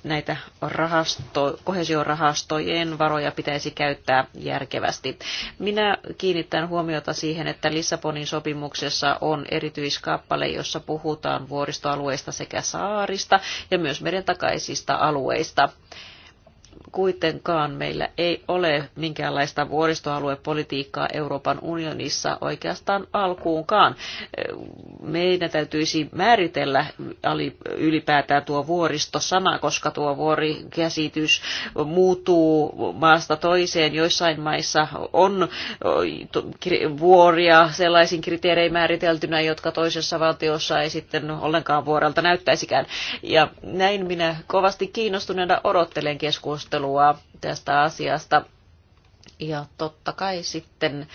näitä rahasto, kohesiorahastojen varoja pitäisi käyttää järkevästi. Minä kiinnitän huomiota siihen, että Lissabonin sopimuksessa on erityiskappale, jossa puhutaan vuoristoalueista sekä saarista ja myös meren takaisista alueista kuitenkaan meillä ei ole minkäänlaista vuoristoaluepolitiikkaa Euroopan unionissa oikeastaan alkuunkaan. Meidän täytyisi määritellä ylipäätään tuo vuoristosana, koska tuo vuorikäsitys muuttuu maasta toiseen. Joissain maissa on vuoria sellaisin kriteerein määriteltynä, jotka toisessa valtiossa ei sitten ollenkaan vuorelta näyttäisikään. Ja näin minä kovasti kiinnostuneena odottelen keskustelua keskustelua tästä asiasta. Ja totta kai sitten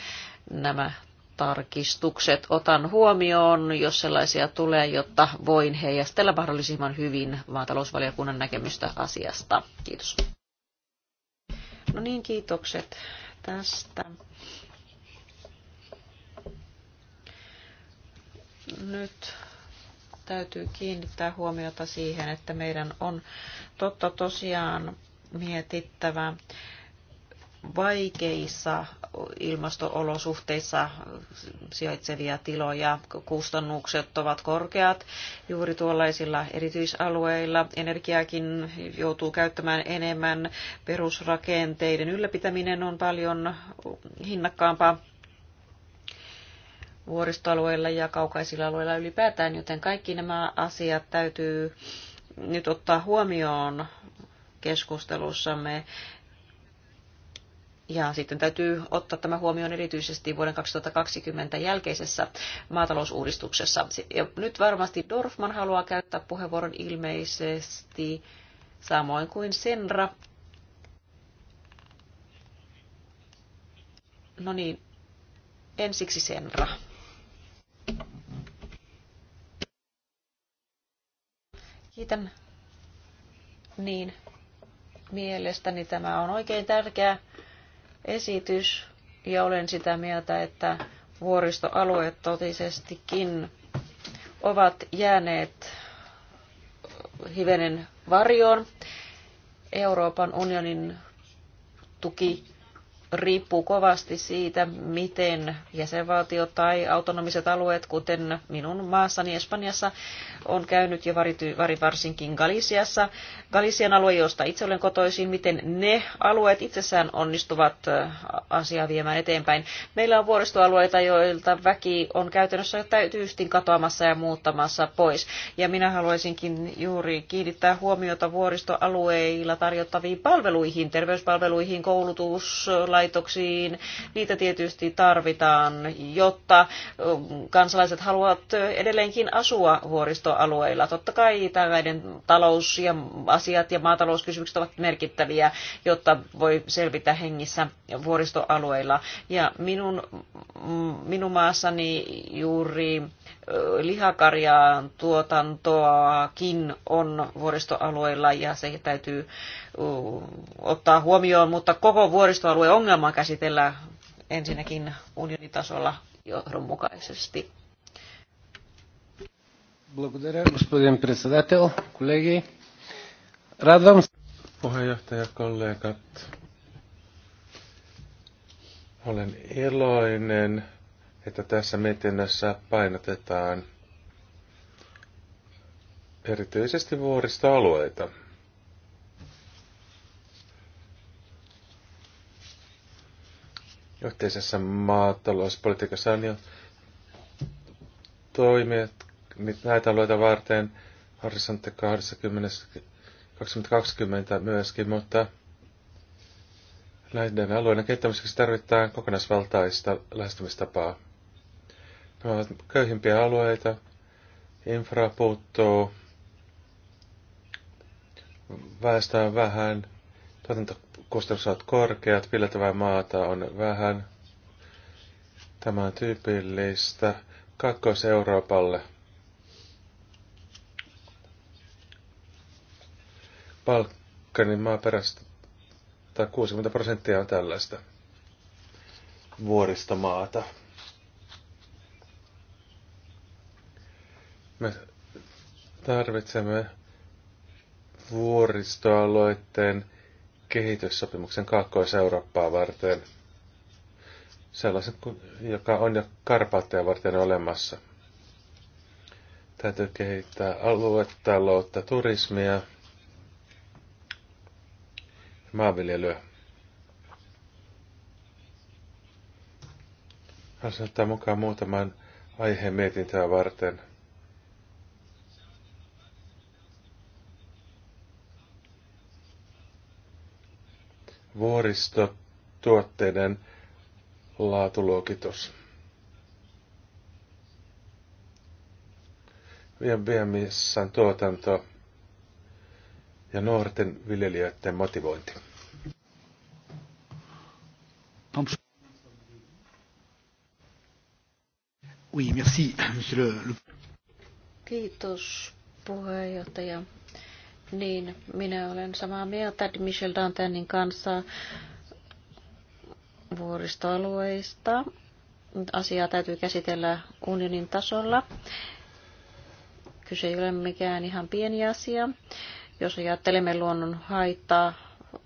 nämä tarkistukset otan huomioon, jos sellaisia tulee, jotta voin heijastella mahdollisimman hyvin maatalousvaliokunnan näkemystä asiasta. Kiitos. No niin, kiitokset tästä. Nyt täytyy kiinnittää huomiota siihen, että meidän on totta tosiaan mietittävä vaikeissa ilmastoolosuhteissa sijaitsevia tiloja. Kustannukset ovat korkeat juuri tuollaisilla erityisalueilla. Energiaakin joutuu käyttämään enemmän. Perusrakenteiden ylläpitäminen on paljon hinnakkaampaa vuoristoalueilla ja kaukaisilla alueilla ylipäätään, joten kaikki nämä asiat täytyy nyt ottaa huomioon keskustelussamme. Ja sitten täytyy ottaa tämä huomioon erityisesti vuoden 2020 jälkeisessä maatalousuudistuksessa. Ja nyt varmasti Dorfman haluaa käyttää puheenvuoron ilmeisesti, samoin kuin Senra. No niin, ensiksi Senra. Kiitän. Niin, Mielestäni tämä on oikein tärkeä esitys ja olen sitä mieltä, että vuoristoalueet totisestikin ovat jääneet hivenen varjoon. Euroopan unionin tuki riippuu kovasti siitä, miten jäsenvaltio tai autonomiset alueet, kuten minun maassani Espanjassa, on käynyt ja varsinkin Galisiassa, Galisian alue, josta itse olen kotoisin, miten ne alueet itsessään onnistuvat asiaa viemään eteenpäin. Meillä on vuoristoalueita, joilta väki on käytännössä täytyystin katoamassa ja muuttamassa pois. Ja minä haluaisinkin juuri kiinnittää huomiota vuoristoalueilla tarjottaviin palveluihin, terveyspalveluihin, koulutus, oppilaitoksiin. Niitä tietysti tarvitaan, jotta um, kansalaiset haluavat edelleenkin asua vuoristoalueilla. Totta kai tällainen talous ja asiat ja maatalouskysymykset ovat merkittäviä, jotta voi selvitä hengissä vuoristoalueilla. Ja minun, minun maassani juuri lihakarjaan tuotantoakin on vuoristoalueilla ja se täytyy ottaa huomioon, mutta koko vuoristoalueen ongelma käsitellä ensinnäkin unionitasolla johdonmukaisesti. Благодаря, господин председател, колеги. Радвам се. Puheenjohtaja, kollegat. Olen iloinen että tässä mietinnössä painotetaan erityisesti vuoristoalueita. Yhteisessä maatalouspolitiikassa on jo toimijat näitä alueita varten horisontti 20, 2020 myöskin, mutta näiden alueiden kehittämiseksi tarvitaan kokonaisvaltaista lähestymistapaa köyhimpiä alueita, infra puuttuu, väestöä on vähän, tuotantokustannukset ovat korkeat, viljeltävää maata on vähän. Tämä on tyypillistä Kakkois-Euroopalle. Balkanin maaperästä tai 60 prosenttia on tällaista vuoristomaata. maata. Me tarvitsemme vuoristoalueiden kehityssopimuksen Kaakkois-Eurooppaa varten. Sellaisen, joka on jo Karpaatteja varten olemassa. Täytyy kehittää aluetaloutta, turismia ja maanviljelyä. Haluaisin ottaa mukaan muutaman aiheen mietintää varten. vuoristotuotteiden laatuluokitus. Viemissään tuotanto ja nuorten viljelijöiden motivointi. Kiitos puheenjohtaja. Niin, minä olen samaa mieltä Michel Dantenin kanssa vuoristoalueista. Asiaa täytyy käsitellä unionin tasolla. Kyse ei ole mikään ihan pieni asia. Jos ajattelemme luonnon haittaa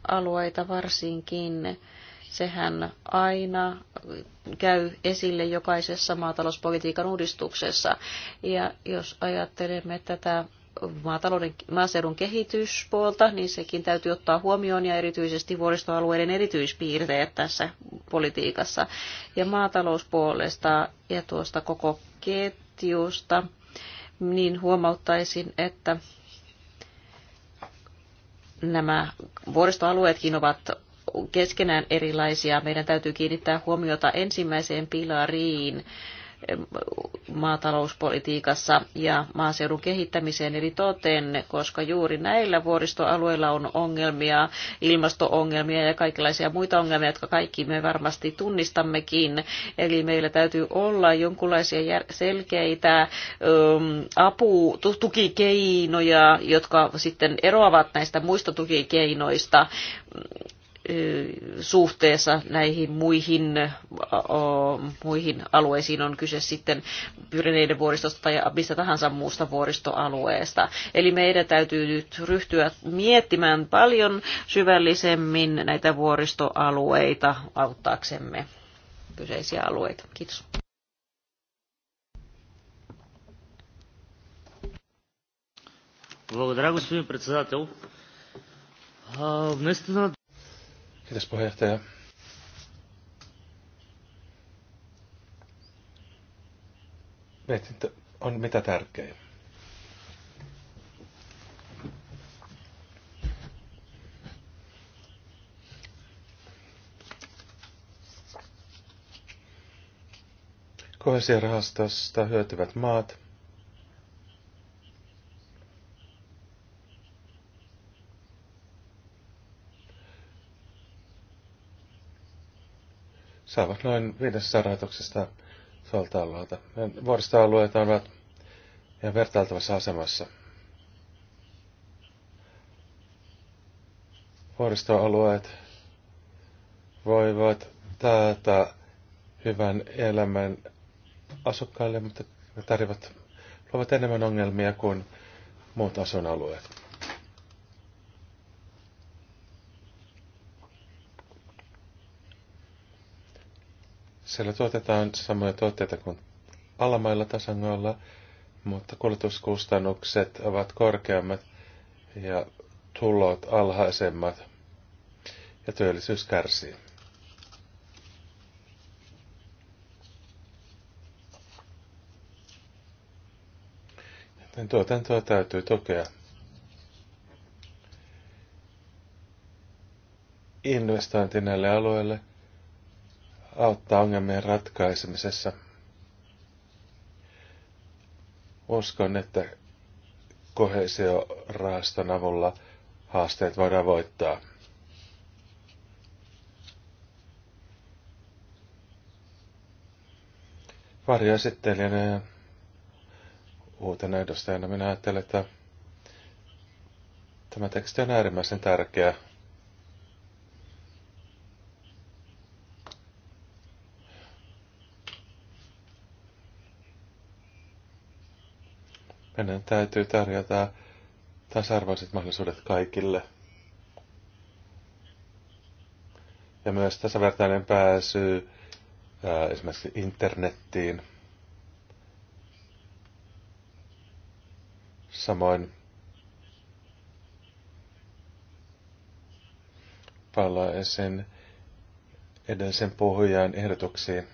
alueita varsinkin, sehän aina käy esille jokaisessa maatalouspolitiikan uudistuksessa. Ja jos ajattelemme tätä maatalouden, maaseudun kehityspuolta, niin sekin täytyy ottaa huomioon ja erityisesti vuoristoalueiden erityispiirteet tässä politiikassa. Ja maatalouspuolesta ja tuosta koko ketjusta, niin huomauttaisin, että nämä vuoristoalueetkin ovat keskenään erilaisia. Meidän täytyy kiinnittää huomiota ensimmäiseen pilariin, maatalouspolitiikassa ja maaseudun kehittämiseen, eli toteen, koska juuri näillä vuoristoalueilla on ongelmia, ilmastoongelmia ja kaikenlaisia muita ongelmia, jotka kaikki me varmasti tunnistammekin. Eli meillä täytyy olla jonkinlaisia selkeitä apu, tukikeinoja, jotka sitten eroavat näistä muista tukikeinoista suhteessa näihin muihin, muihin alueisiin on kyse sitten Pyreneiden vuoristosta tai mistä tahansa muusta vuoristoalueesta. Eli meidän täytyy nyt ryhtyä miettimään paljon syvällisemmin näitä vuoristoalueita auttaaksemme kyseisiä alueita. Kiitos. Благодаря, господин председател. А, наистина Kiitos puheenjohtaja. Mietintö on mitä tärkein. Kohesiorahastosta hyötyvät maat saavat noin 500 rahoituksesta solta-alueelta. Vuoristoalueet ovat ihan vertailtavassa asemassa. Vuoristoalueet voivat taata hyvän elämän asukkaille, mutta tarjoavat luovat enemmän ongelmia kuin muut asuinalueet. Siellä tuotetaan samoja tuotteita kuin alamailla tasangoilla, mutta kulutuskustannukset ovat korkeammat ja tulot alhaisemmat ja työllisyys kärsii. Joten tuotantoa täytyy tukea. Investointi näille alueille – auttaa ongelmien ratkaisemisessa. Uskon, että kohesiorahaston avulla haasteet voidaan voittaa. Varjoesittelijänä ja uutena edustajana minä ajattelen, että tämä teksti on äärimmäisen tärkeä. hänen täytyy tarjota tasa-arvoiset mahdollisuudet kaikille. Ja myös tasavertainen pääsy ää, esimerkiksi internettiin. Samoin palaisin edellisen puhujan ehdotuksiin.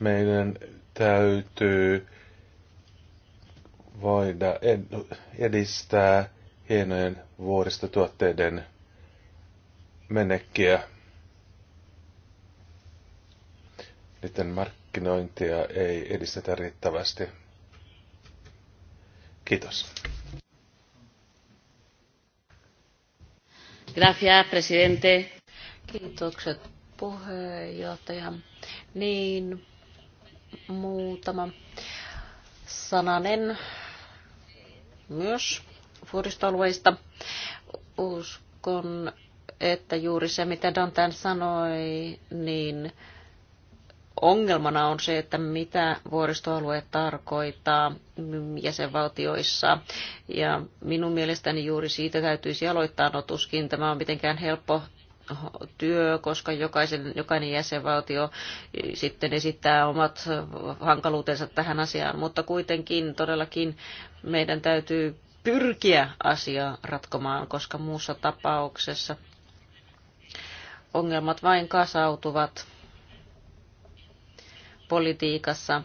Meidän täytyy voida edistää hienojen vuoristotuotteiden menekkiä. Niiden markkinointia ei edistetä riittävästi. Kiitos. Gracias, presidente. Kiitokset puheenjohtaja. Niin, muutama sananen myös vuoristoalueista. Uskon, että juuri se, mitä Dantan sanoi, niin ongelmana on se, että mitä vuoristoalue tarkoittaa jäsenvaltioissa. Ja minun mielestäni juuri siitä täytyisi aloittaa. No tuskin tämä on mitenkään helppo työ, koska jokaisen, jokainen jäsenvaltio sitten esittää omat hankaluutensa tähän asiaan, mutta kuitenkin todellakin meidän täytyy pyrkiä asiaa ratkomaan, koska muussa tapauksessa ongelmat vain kasautuvat politiikassa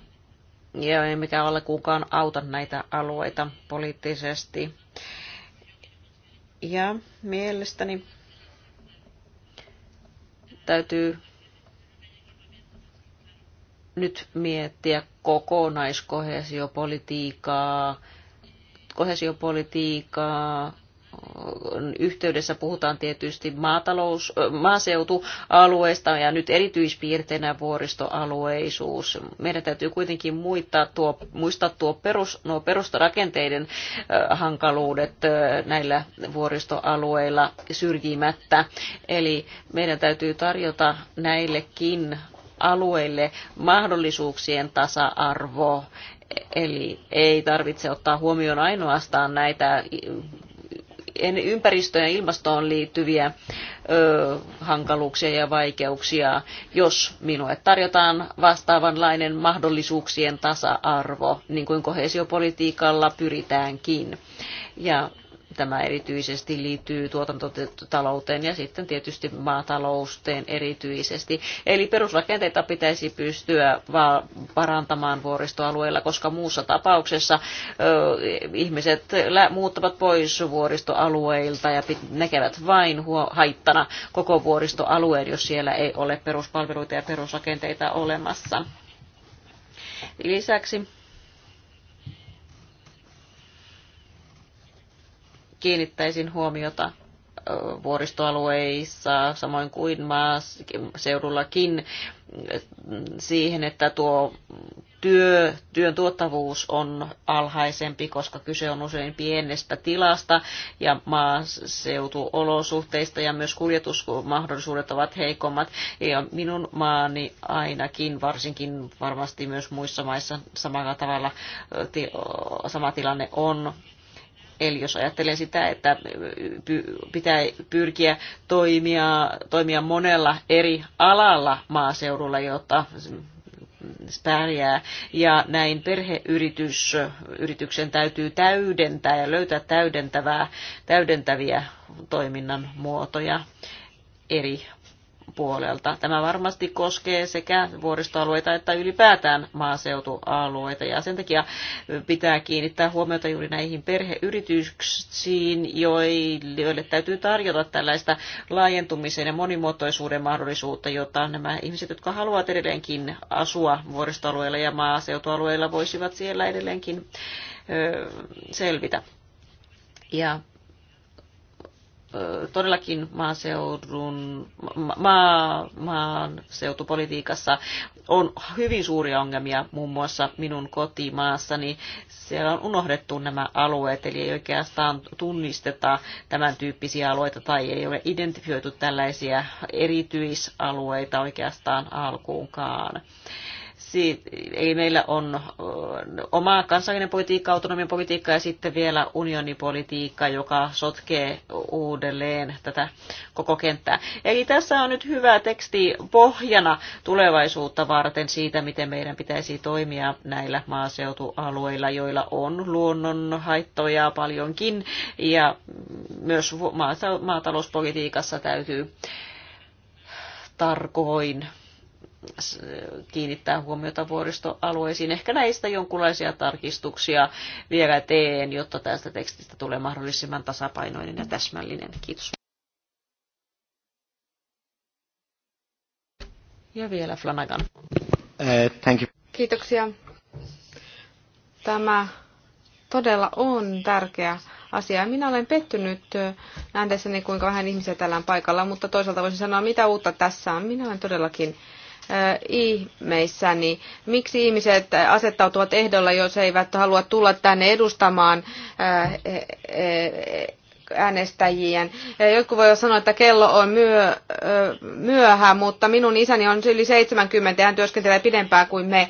ja ei mikä ole kukaan auta näitä alueita poliittisesti. Ja mielestäni täytyy nyt miettiä kokonaiskohesiopolitiikkaa, kohesiopolitiikkaa, yhteydessä puhutaan tietysti maatalous, maaseutualueista ja nyt erityispiirteinä vuoristoalueisuus. Meidän täytyy kuitenkin muistaa tuo, muistaa tuo perus, nuo perustarakenteiden hankaluudet näillä vuoristoalueilla syrjimättä. Eli meidän täytyy tarjota näillekin alueille mahdollisuuksien tasa-arvo, Eli ei tarvitse ottaa huomioon ainoastaan näitä ympäristöön ja ilmastoon liittyviä ö, hankaluuksia ja vaikeuksia, jos minulle tarjotaan vastaavanlainen mahdollisuuksien tasa-arvo, niin kuin kohesiopolitiikalla pyritäänkin. Ja Tämä erityisesti liittyy tuotantotalouteen ja sitten tietysti maatalouteen erityisesti. Eli perusrakenteita pitäisi pystyä parantamaan vuoristoalueilla, koska muussa tapauksessa ihmiset muuttavat pois vuoristoalueilta ja näkevät vain haittana koko vuoristoalueen, jos siellä ei ole peruspalveluita ja perusrakenteita olemassa. Lisäksi kiinnittäisin huomiota vuoristoalueissa, samoin kuin maaseudullakin, siihen, että tuo työ, työn tuottavuus on alhaisempi, koska kyse on usein pienestä tilasta ja maaseutuolosuhteista ja myös kuljetusmahdollisuudet ovat heikommat. Ja minun maani ainakin, varsinkin varmasti myös muissa maissa samalla tavalla sama tilanne on Eli jos ajattelee sitä, että pitää pyrkiä toimia, toimia monella eri alalla maaseudulla, jotta pärjää. Ja näin perheyrityksen täytyy täydentää ja löytää täydentävää, täydentäviä toiminnan muotoja eri puolelta. Tämä varmasti koskee sekä vuoristoalueita että ylipäätään maaseutualueita ja sen takia pitää kiinnittää huomiota juuri näihin perheyrityksiin, joille täytyy tarjota tällaista laajentumisen ja monimuotoisuuden mahdollisuutta, jotta nämä ihmiset, jotka haluavat edelleenkin asua vuoristoalueilla ja maaseutualueilla, voisivat siellä edelleenkin selvitä. Ja todellakin maaseudun, ma, maaseutupolitiikassa on hyvin suuria ongelmia muun muassa minun kotimaassani. Siellä on unohdettu nämä alueet, eli ei oikeastaan tunnisteta tämän tyyppisiä alueita tai ei ole identifioitu tällaisia erityisalueita oikeastaan alkuunkaan siitä, ei meillä on oma kansallinen politiikka, autonomian politiikka ja sitten vielä unionipolitiikka, joka sotkee uudelleen tätä koko kenttää. Eli tässä on nyt hyvä teksti pohjana tulevaisuutta varten siitä, miten meidän pitäisi toimia näillä maaseutualueilla, joilla on luonnonhaittoja paljonkin ja myös maatalouspolitiikassa täytyy tarkoin kiinnittää huomiota vuoristoalueisiin. Ehkä näistä jonkinlaisia tarkistuksia vielä teen, jotta tästä tekstistä tulee mahdollisimman tasapainoinen ja täsmällinen. Kiitos. Ja vielä Flanagan. Uh, thank you. Kiitoksia. Tämä todella on tärkeä asia. Minä olen pettynyt nähdessäni, kuinka vähän ihmisiä täällä on paikalla, mutta toisaalta voisin sanoa, mitä uutta tässä on. Minä olen todellakin ihmeissäni. Miksi ihmiset asettautuvat ehdolla, jos eivät halua tulla tänne edustamaan e, e, äänestäjien. Joku voi sanoa, että kello on myö, myöhä, mutta minun isäni on yli 70 ja hän työskentelee pidempään kuin me.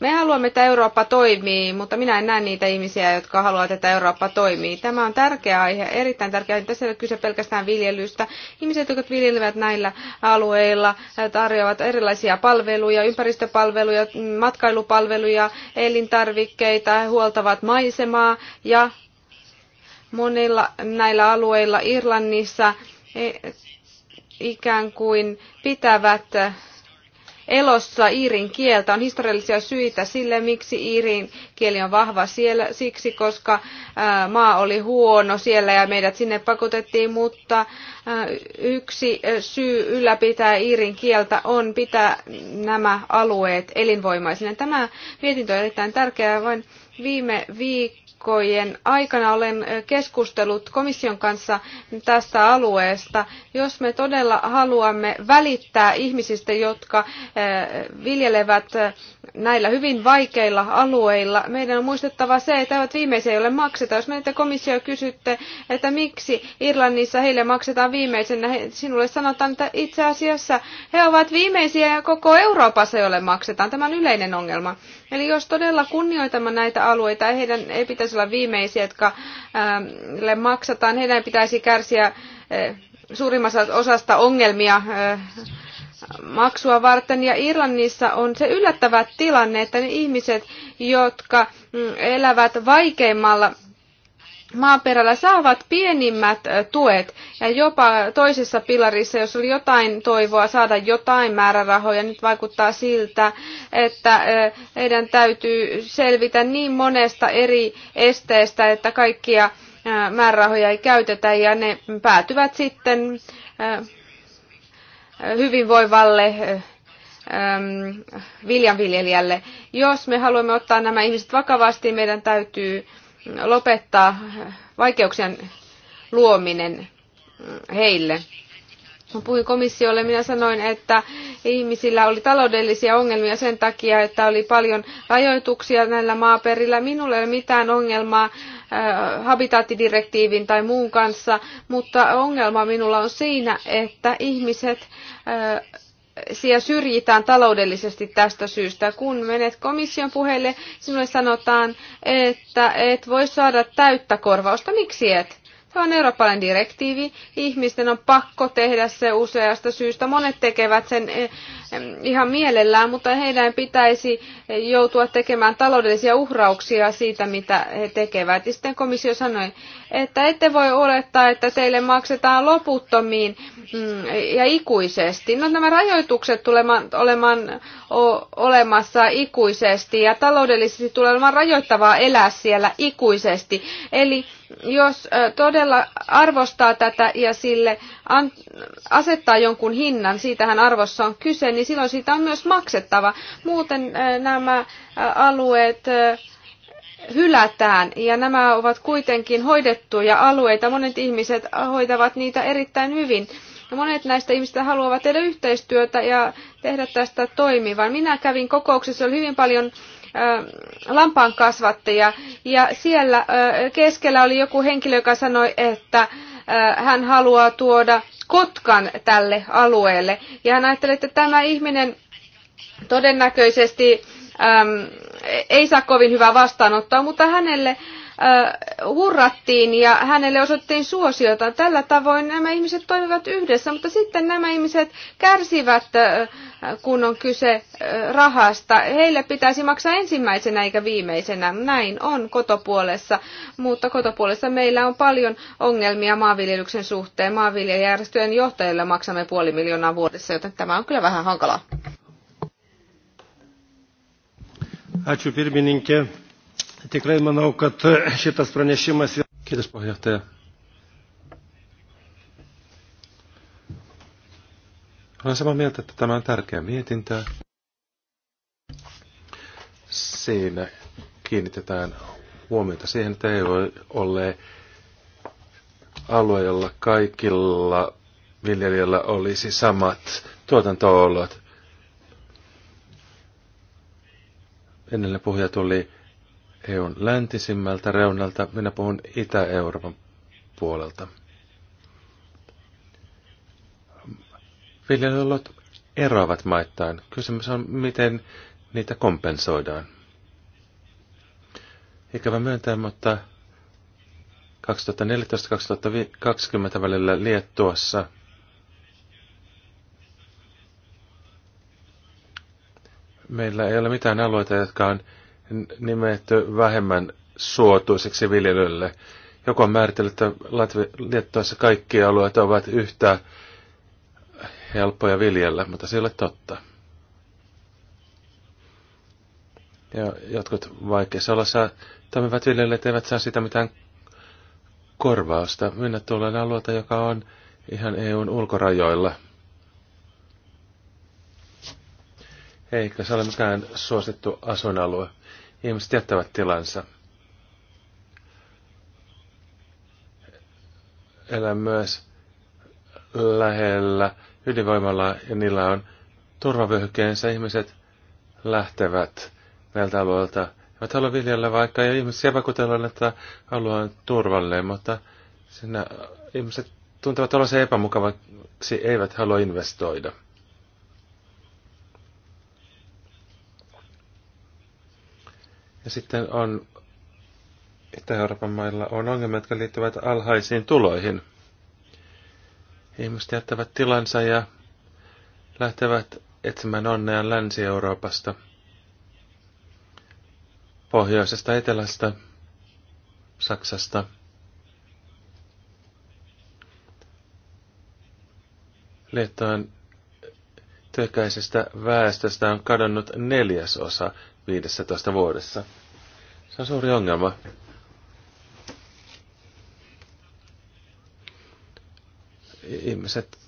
Me haluamme, että Eurooppa toimii, mutta minä en näe niitä ihmisiä, jotka haluavat, että Eurooppa toimii. Tämä on tärkeä aihe, erittäin tärkeä. Tässä ei ole kyse pelkästään viljelystä. Ihmiset, jotka viljelevät näillä alueilla, tarjoavat erilaisia palveluja, ympäristöpalveluja, matkailupalveluja, elintarvikkeita, huoltavat maisemaa ja monilla näillä alueilla Irlannissa e, ikään kuin pitävät elossa iirin kieltä. On historiallisia syitä sille, miksi iirin kieli on vahva siellä, siksi koska maa oli huono siellä ja meidät sinne pakotettiin, mutta yksi syy ylläpitää iirin kieltä on pitää nämä alueet elinvoimaisina. Tämä mietintö on erittäin tärkeä, vain viime viikolla viikkojen aikana olen eh, keskustellut komission kanssa tästä alueesta. Jos me todella haluamme välittää ihmisistä, jotka eh, viljelevät eh, näillä hyvin vaikeilla alueilla, meidän on muistettava se, että eivät viimeisiä ole makseta. Jos meiltä komissio kysytte, että miksi Irlannissa heille maksetaan viimeisenä, sinulle sanotaan, että itse asiassa he ovat viimeisiä ja koko Euroopassa, ole maksetaan. Tämä on yleinen ongelma. Eli jos todella kunnioitamme näitä alueita, heidän ei pitäisi olla viimeisiä, jotka ähm, maksataan. Heidän pitäisi kärsiä äh, suurimmassa osasta ongelmia äh, maksua varten. Ja Irlannissa on se yllättävä tilanne, että ne ihmiset, jotka mm, elävät vaikeimmalla maaperällä saavat pienimmät tuet ja jopa toisessa pilarissa, jos oli jotain toivoa saada jotain määrärahoja, nyt vaikuttaa siltä, että heidän täytyy selvitä niin monesta eri esteestä, että kaikkia määrärahoja ei käytetä ja ne päätyvät sitten hyvinvoivalle viljanviljelijälle. Jos me haluamme ottaa nämä ihmiset vakavasti, meidän täytyy lopettaa vaikeuksien luominen heille. Mä puhuin komissiolle, minä sanoin, että ihmisillä oli taloudellisia ongelmia sen takia, että oli paljon rajoituksia näillä maaperillä. Minulla ei ole mitään ongelmaa äh, habitaattidirektiivin tai muun kanssa, mutta ongelma minulla on siinä, että ihmiset äh, siellä syrjitään taloudellisesti tästä syystä. Kun menet komission puheelle, sinulle sanotaan, että et voi saada täyttä korvausta. Miksi et? Tämä on eurooppalainen direktiivi. Ihmisten on pakko tehdä se useasta syystä. Monet tekevät sen eh, ihan mielellään, mutta heidän pitäisi joutua tekemään taloudellisia uhrauksia siitä, mitä he tekevät. Ja sitten komissio sanoi, että ette voi olettaa, että teille maksetaan loputtomiin mm, ja ikuisesti. No nämä rajoitukset tulevat olemaan olemassa ikuisesti ja taloudellisesti tulee olemaan rajoittavaa elää siellä ikuisesti. Eli jos todella arvostaa tätä ja sille asettaa jonkun hinnan, siitähän arvossa on kyse, niin silloin siitä on myös maksettava. Muuten äh, nämä äh, alueet äh, hylätään ja nämä ovat kuitenkin hoidettuja alueita. Monet ihmiset hoitavat niitä erittäin hyvin. Ja monet näistä ihmistä haluavat tehdä yhteistyötä ja tehdä tästä toimivan. Minä kävin kokouksessa, oli hyvin paljon lampaan kasvattajia ja siellä keskellä oli joku henkilö, joka sanoi, että Äh, hän haluaa tuoda Kotkan tälle alueelle. Ja hän ajattelee, että tämä ihminen todennäköisesti äm, ei saa kovin hyvää vastaanottoa, mutta hänelle hurrattiin ja hänelle osoittiin suosiota. Tällä tavoin nämä ihmiset toimivat yhdessä, mutta sitten nämä ihmiset kärsivät, kun on kyse rahasta. Heille pitäisi maksaa ensimmäisenä eikä viimeisenä. Näin on kotopuolessa, mutta kotopuolessa meillä on paljon ongelmia maanviljelyksen suhteen. Maanviljelijärjestöjen johtajille maksamme puoli miljoonaa vuodessa, joten tämä on kyllä vähän hankalaa. Ačiū pirmininkė. Tikrai manau, kad e, šitas pranešimas... Kitas puheenjohtaja. Olen samaa mieltä, että tämä on tärkeä mietintö. Siinä kiinnitetään huomiota siihen, että ei ole alue, jolla kaikilla viljelijöillä olisi samat tuotanto-olot. Ennen puhuja tuli EUn läntisimmältä reunalta, minä puhun Itä-Euroopan puolelta. Viljelijöllot eroavat maittain. Kysymys on, miten niitä kompensoidaan. Ikävä myöntää, mutta 2014-2020 välillä Liettuassa meillä ei ole mitään alueita, jotka on nimetty vähemmän suotuiseksi viljelylle. Joku on määritellyt, että Liettuassa kaikki alueet ovat yhtä helppoja viljellä, mutta se ei ole totta. Ja jotkut vaikeissa olossa toimivat viljelijät eivät saa sitä mitään korvausta. Minä tulen alueelta, joka on ihan EUn ulkorajoilla – Eikä se ole mikään suosittu asuinalue. Ihmiset jättävät tilansa. Elän myös lähellä ydinvoimalla ja niillä on turvavyöhykkeensä. Ihmiset lähtevät näiltä alueilta. Eivät halua viljellä vaikka ja ihmisiä vakuutellaan, että alue on turvallinen, mutta sinä ihmiset tuntevat olla se epämukavaksi, eivät halua investoida. Ja sitten on Itä-Euroopan mailla on ongelmia, jotka liittyvät alhaisiin tuloihin. Ihmiset jättävät tilansa ja lähtevät etsimään onnea Länsi-Euroopasta, pohjoisesta, etelästä, Saksasta. Liettuan työkäisestä väestöstä on kadonnut neljäsosa 15 vuodessa. Se on suuri ongelma. Ihmiset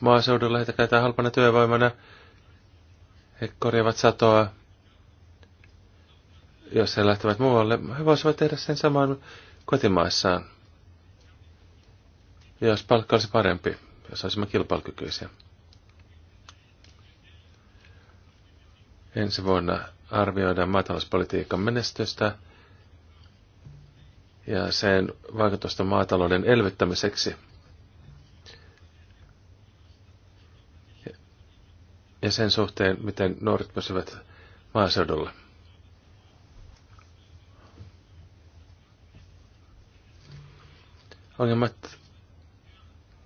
maaseudulla heitä käytetään halpana työvoimana. He korjaavat satoa. Jos he lähtevät muualle, he voisivat tehdä sen saman kotimaassaan. Jos palkka olisi parempi, jos olisimme kilpailukykyisiä. Ensi vuonna arvioidaan maatalouspolitiikan menestystä ja sen vaikutusta maatalouden elvyttämiseksi. Ja sen suhteen, miten nuoret pysyvät maaseudulla. Ongelmat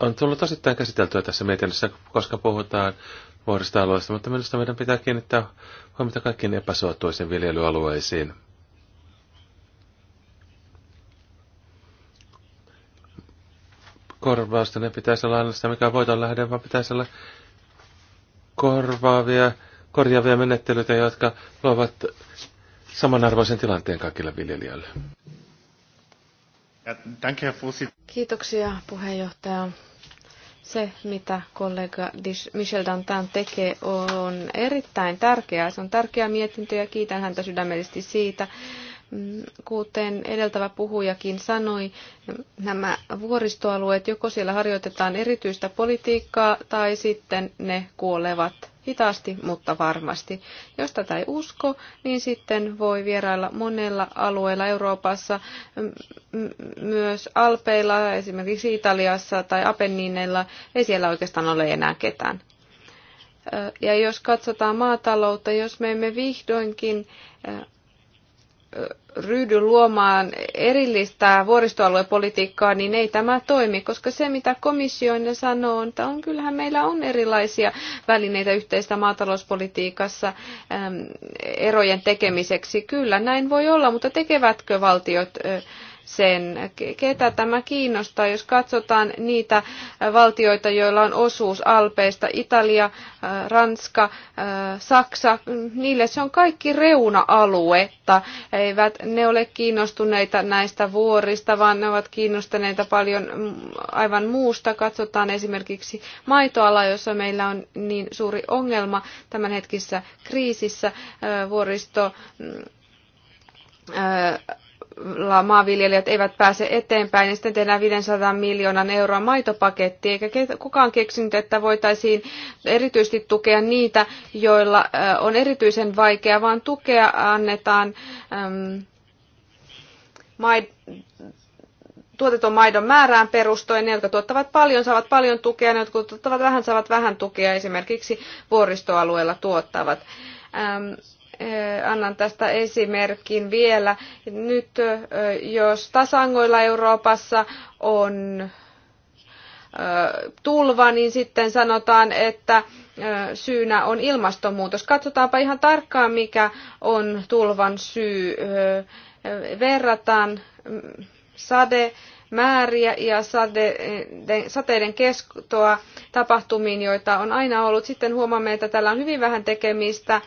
on tullut osittain käsiteltyä tässä mietinnössä, koska puhutaan vuoristoalueista, mutta minusta meidän pitää kiinnittää huomiota kaikkiin epäsuotuisiin viljelyalueisiin. Korvausta ne pitäisi olla aina sitä, mikä voiton lähde, vaan pitäisi olla korvaavia, korjaavia menettelyitä, jotka luovat samanarvoisen tilanteen kaikille viljelijöille. Kiitoksia puheenjohtaja se, mitä kollega Michel Dantan tekee, on erittäin tärkeää. Se on tärkeä mietintö ja kiitän häntä sydämellisesti siitä. Kuten edeltävä puhujakin sanoi, nämä vuoristoalueet, joko siellä harjoitetaan erityistä politiikkaa tai sitten ne kuolevat hitaasti, mutta varmasti. Jos tätä ei usko, niin sitten voi vierailla monella alueella Euroopassa, myös Alpeilla, esimerkiksi Italiassa tai Apenniineilla, ei siellä oikeastaan ole enää ketään. Ja jos katsotaan maataloutta, jos me emme vihdoinkin ryhdy luomaan erillistä vuoristoaluepolitiikkaa, niin ei tämä toimi, koska se mitä komissioinne sanoo, että on kyllähän meillä on erilaisia välineitä yhteistä maatalouspolitiikassa äm, erojen tekemiseksi. Kyllä, näin voi olla, mutta tekevätkö valtiot äh, sen, ketä tämä kiinnostaa. Jos katsotaan niitä valtioita, joilla on osuus Alpeista, Italia, äh, Ranska, äh, Saksa, niille se on kaikki reuna-aluetta. Eivät ne ole kiinnostuneita näistä vuorista, vaan ne ovat kiinnostuneita paljon mm, aivan muusta. Katsotaan esimerkiksi maitoala, jossa meillä on niin suuri ongelma tämänhetkisessä kriisissä. Äh, vuoristo mm, maanviljelijät eivät pääse eteenpäin, ja sitten tehdään 500 miljoonan euroa maitopaketti, eikä kukaan keksinyt, että voitaisiin erityisesti tukea niitä, joilla on erityisen vaikea, vaan tukea annetaan ähm, maid- tuotetun maidon määrään perustuen. Ne, jotka tuottavat paljon, saavat paljon tukea, ne, jotka tuottavat vähän, saavat vähän tukea, esimerkiksi vuoristoalueella tuottavat. Ähm, annan tästä esimerkin vielä. Nyt jos tasangoilla Euroopassa on tulva, niin sitten sanotaan, että syynä on ilmastonmuutos. Katsotaanpa ihan tarkkaan, mikä on tulvan syy. Verrataan mm, sade määriä ja sateiden kestoa tapahtumiin, joita on aina ollut. Sitten huomaamme, että tällä on hyvin vähän tekemistä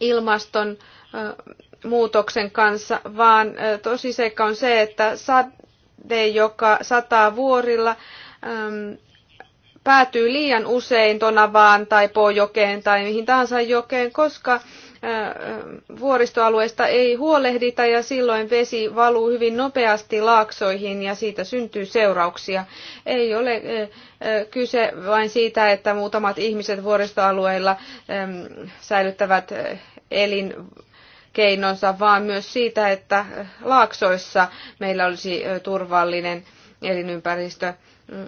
ilmaston muutoksen kanssa, vaan tosiseikka on se, että sade, joka sataa vuorilla, päätyy liian usein Tonavaan tai Pojokeen tai mihin tahansa jokeen, koska vuoristoalueista ei huolehdita ja silloin vesi valuu hyvin nopeasti laaksoihin ja siitä syntyy seurauksia. Ei ole kyse vain siitä, että muutamat ihmiset vuoristoalueilla säilyttävät elin keinonsa, vaan myös siitä, että laaksoissa meillä olisi turvallinen elinympäristö.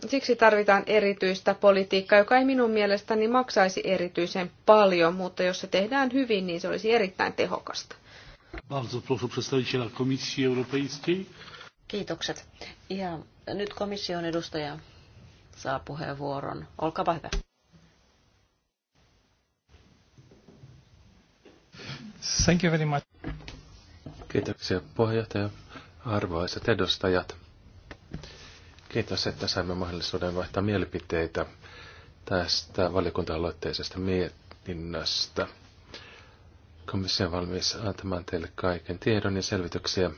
Siksi tarvitaan erityistä politiikkaa, joka ei minun mielestäni maksaisi erityisen paljon, mutta jos se tehdään hyvin, niin se olisi erittäin tehokasta. Kiitokset. Ja nyt komission edustaja saa puheenvuoron. Olkaapa hyvä. Thank you very much. Kiitoksia puheenjohtaja. Arvoisat edustajat. Kiitos, että saimme mahdollisuuden vaihtaa mielipiteitä tästä valiokunta-aloitteisesta mietinnöstä. Komissio on valmis antamaan teille kaiken tiedon ja selvityksiä.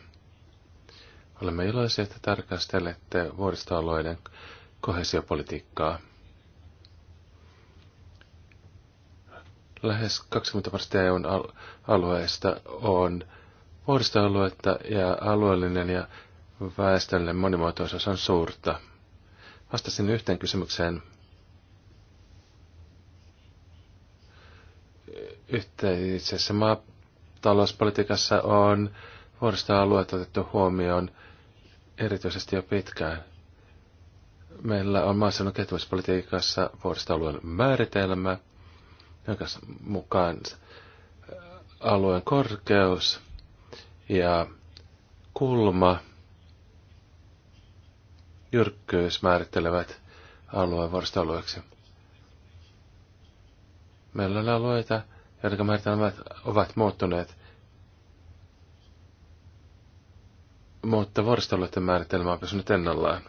Olemme iloisia, että tarkastelette vuoristoalueiden kohesiopolitiikkaa. Lähes 20 prosenttia EUn alueesta on vuoristoalueetta ja alueellinen ja väestölle monimuotoisuus on suurta. Vastasin yhteen kysymykseen yhteisessä maatalouspolitiikassa on vuoristoalueet otettu huomioon erityisesti jo pitkään. Meillä on maaseudun kehittämispolitiikassa vuoristoalueen määritelmä, jonka mukaan alueen korkeus ja kulma – jyrkkyys määrittelevät alueen vuoristoalueeksi. Meillä on alueita, joiden määritelmät ovat muuttuneet, mutta vuoristoalueiden määritelmä on pysynyt ennallaan.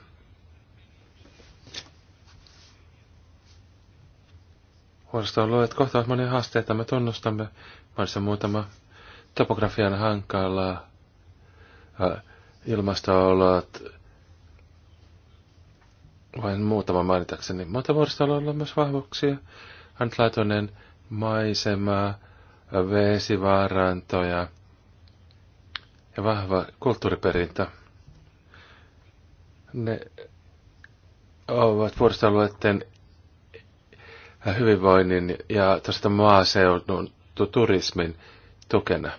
Vuoristoalueet kohtaavat monia haasteita, me tunnustamme monissa muutama topografian hankalaa, ilmastoolot, vain muutama mainitakseni. Mutta on myös vahvuuksia. Antlaatuinen maisema, vesivaarantoja ja vahva kulttuuriperintö. Ne ovat vuoristoalueiden hyvinvoinnin ja tuosta maaseudun turismin tukena.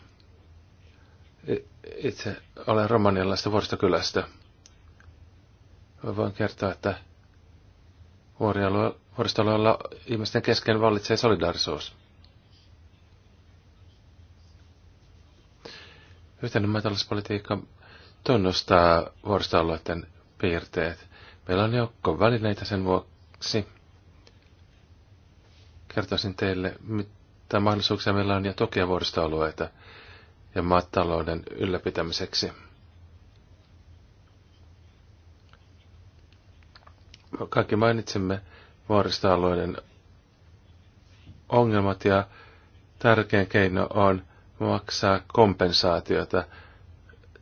Itse olen romanialaista vuoristokylästä voin kertoa, että vuoristoalueella ihmisten kesken vallitsee solidarisuus. Yhtenä maatalouspolitiikka tunnustaa vuoristoalueiden piirteet. Meillä on joukko välineitä sen vuoksi. Kertoisin teille, mitä mahdollisuuksia meillä on ja tokia vuoristoalueita ja maatalouden ylläpitämiseksi. kaikki mainitsemme vuoristoalueiden ongelmat ja tärkein keino on maksaa kompensaatiota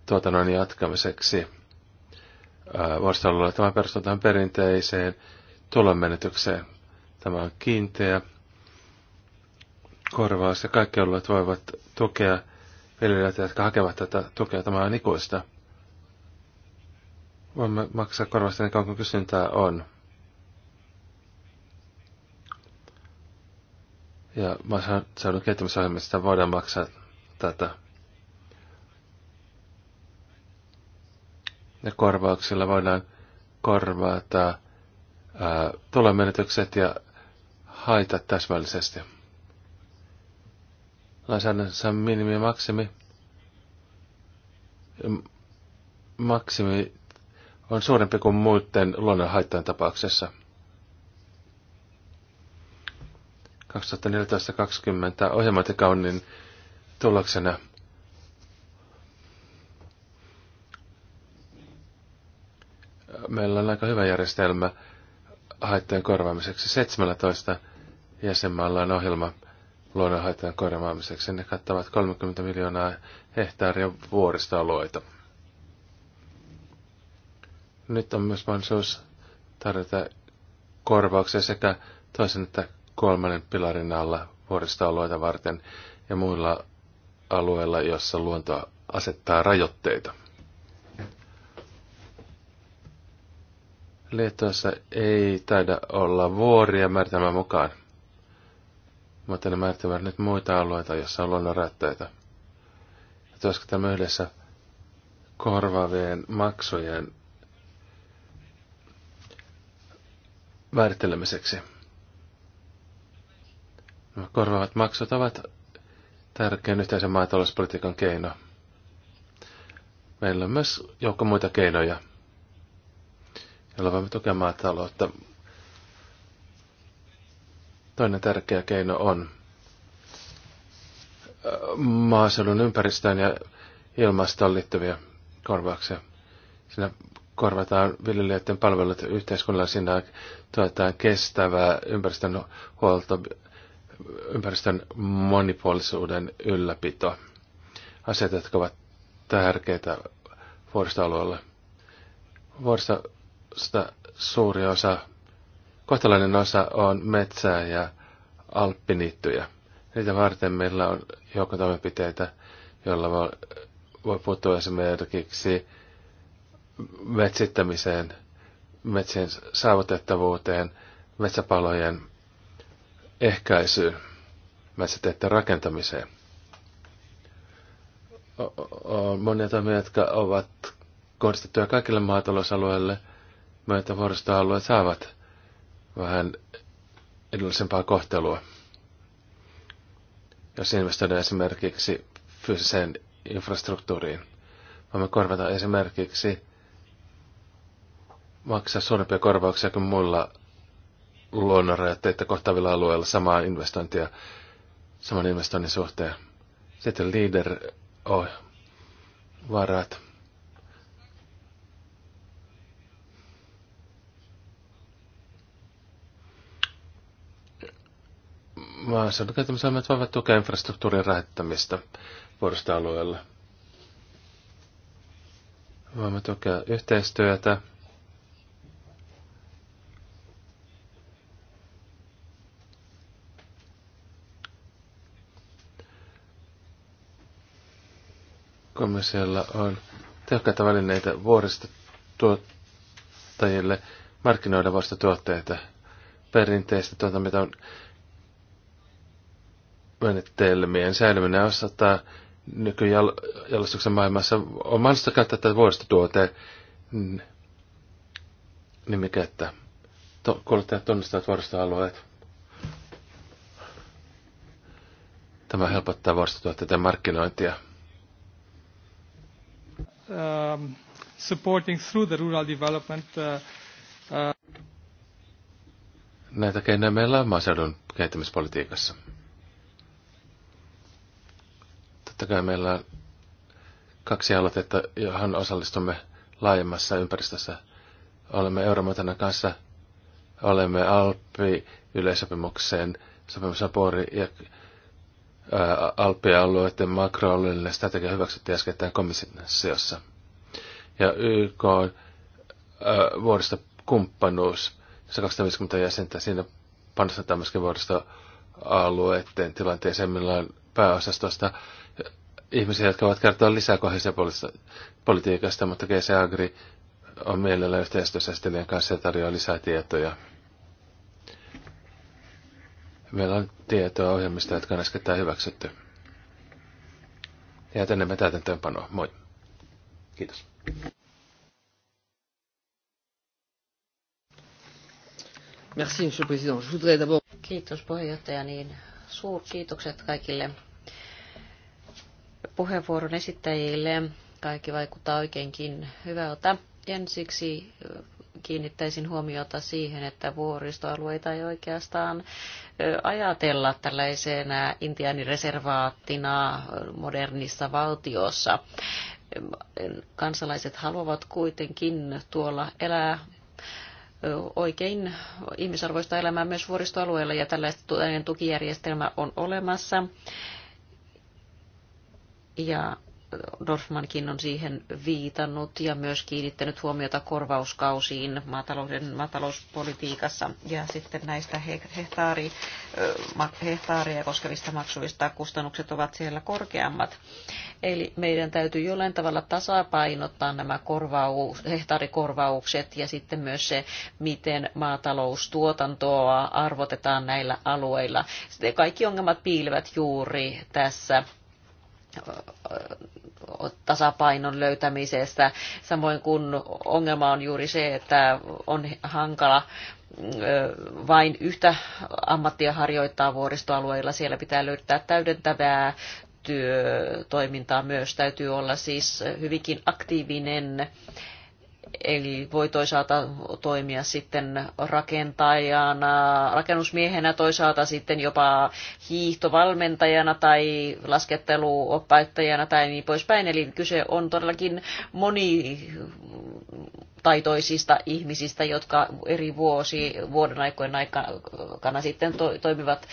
tuotannon jatkamiseksi vuoristoalueella. Tämä perustuu tähän perinteiseen tulonmenetykseen. Tämä on kiinteä korvaus ja kaikki alueet voivat tukea viljelijöitä, jotka hakevat tätä tukea. Tämä on ikuista. Voimme maksaa korvasta niin kauan kuin kysyntää on. Ja maaseudun kehittämisohjelmista voidaan maksaa tätä. Ja korvauksilla voidaan korvata tulonmenetykset ja haita täsmällisesti. Lainsäädännössä on minimi ja maksimi. Maksimi on suurempi kuin muiden luonnonhaittojen tapauksessa. 2014-2020 ohjelmointikaunnin tuloksena meillä on aika hyvä järjestelmä haittojen korvaamiseksi. 17 jäsenmaalla on ohjelma luonnonhaittojen korvaamiseksi. Ne kattavat 30 miljoonaa hehtaaria vuoristoalueita. Nyt on myös mahdollisuus tarjota korvauksia sekä toisen että kolmannen pilarin alla vuoristoalueita varten ja muilla alueilla, jossa luonto asettaa rajoitteita. Liettuassa ei taida olla vuoria määritelmän mukaan, mutta ne määrittävät nyt muita alueita, joissa on luonnonrajoitteita. Ja tuosko tämä yhdessä korvaavien maksujen määrittelemiseksi. Nämä korvaavat maksut ovat tärkeä yhteisen maatalouspolitiikan keino. Meillä on myös joukko muita keinoja, joilla voimme tukea maataloutta. Toinen tärkeä keino on äh, maaseudun ympäristöön ja ilmastoon liittyviä korvauksia. Siinä korvataan viljelijöiden palvelut yhteiskunnallisina, tuetaan kestävää ympäristön huolto, ympäristön monipuolisuuden ylläpito. Asiat, jotka ovat tärkeitä vuoristoalueella. Vuoristosta suuri osa, kohtalainen osa on metsää ja alppiniittyjä. Niitä varten meillä on joukko toimenpiteitä, joilla voi, voi puuttua esimerkiksi metsittämiseen, metsien saavutettavuuteen, metsäpalojen ehkäisyyn, metsäteiden rakentamiseen. On monia toimia, jotka ovat kohdistettuja kaikille maatalousalueille, mutta vuoristoalueet saavat vähän edullisempaa kohtelua. Jos investoidaan esimerkiksi fyysiseen infrastruktuuriin, voimme korvata esimerkiksi maksaa suurempia korvauksia kuin muilla luonnonrajoitteita kohtavilla alueilla samaa investointia, saman investoinnin suhteen. Sitten leader oh, varat. Maaseudun käyttämisaimet voivat tukea infrastruktuurin rahoittamista vuoristoalueella. Voimme tukea yhteistyötä, Komissiolla on tehokkaita välineitä vuorista tuottajille markkinoida vasta tuotteita perinteistä tuota, mitä on menetelmien säilyminen osataan nykyjalostuksen maailmassa on mahdollista käyttää tätä vuodesta tuote, nimikettä. Niin kuluttajat tunnistavat vuoristoalueet. Tämä helpottaa vuoristotuotteiden markkinointia um, supporting through the rural development. Uh, uh, Näitä keinoja meillä on maaseudun kehittämispolitiikassa. Totta kai meillä on kaksi aloitetta, johon osallistumme laajemmassa ympäristössä. Olemme Euromatana kanssa, olemme alppi yleisopimukseen, sopimusapuori ja Alpia-alueiden makroalueellinen strategia hyväksyttiin äskettäin komissiossa. Ja YK on vuodesta kumppanuus, 250 jäsentä, siinä panostetaan myöskin vuoristoalueiden tilanteeseen, millä on pääosastosta ihmisiä, jotka ovat kertoa lisää politiikasta, mutta GC Agri on mielellä yhteistyössä kanssa ja tarjoaa lisää tietoja. Meillä on tietoa ohjelmista, jotka on äskettäin hyväksytty. Ja tänne me täytäntöönpanoa. Moi. Kiitos. Merci, monsieur le président. Je voudrais d'abord... Kiitos puheenjohtaja. Niin kiitokset kaikille puheenvuoron esittäjille. Kaikki vaikuttaa oikeinkin hyvältä. Ensiksi kiinnittäisin huomiota siihen, että vuoristoalueita ei oikeastaan ajatella tällaisena intiaanireservaattina modernissa valtiossa. Kansalaiset haluavat kuitenkin tuolla elää oikein ihmisarvoista elämää myös vuoristoalueella ja tällainen tukijärjestelmä on olemassa. Ja Dorfmankin on siihen viitannut ja myös kiinnittänyt huomiota korvauskausiin maatalouden, maatalouspolitiikassa ja sitten näistä hehtaari, hehtaaria koskevista maksuista kustannukset ovat siellä korkeammat. Eli meidän täytyy jollain tavalla tasapainottaa nämä korvaus, hehtaarikorvaukset ja sitten myös se, miten maataloustuotantoa arvotetaan näillä alueilla. Kaikki ongelmat piilevät juuri tässä tasapainon löytämisestä, samoin kun ongelma on juuri se, että on hankala vain yhtä ammattia harjoittaa vuoristoalueilla. Siellä pitää löytää täydentävää työtoimintaa myös. Täytyy olla siis hyvinkin aktiivinen Eli voi toisaalta toimia sitten rakentajana, rakennusmiehenä, toisaalta sitten jopa hiihtovalmentajana tai lasketteluoppaittajana tai niin poispäin. Eli kyse on todellakin moni, taitoisista ihmisistä, jotka eri vuosi, vuoden aikojen aikana sitten to, toimivat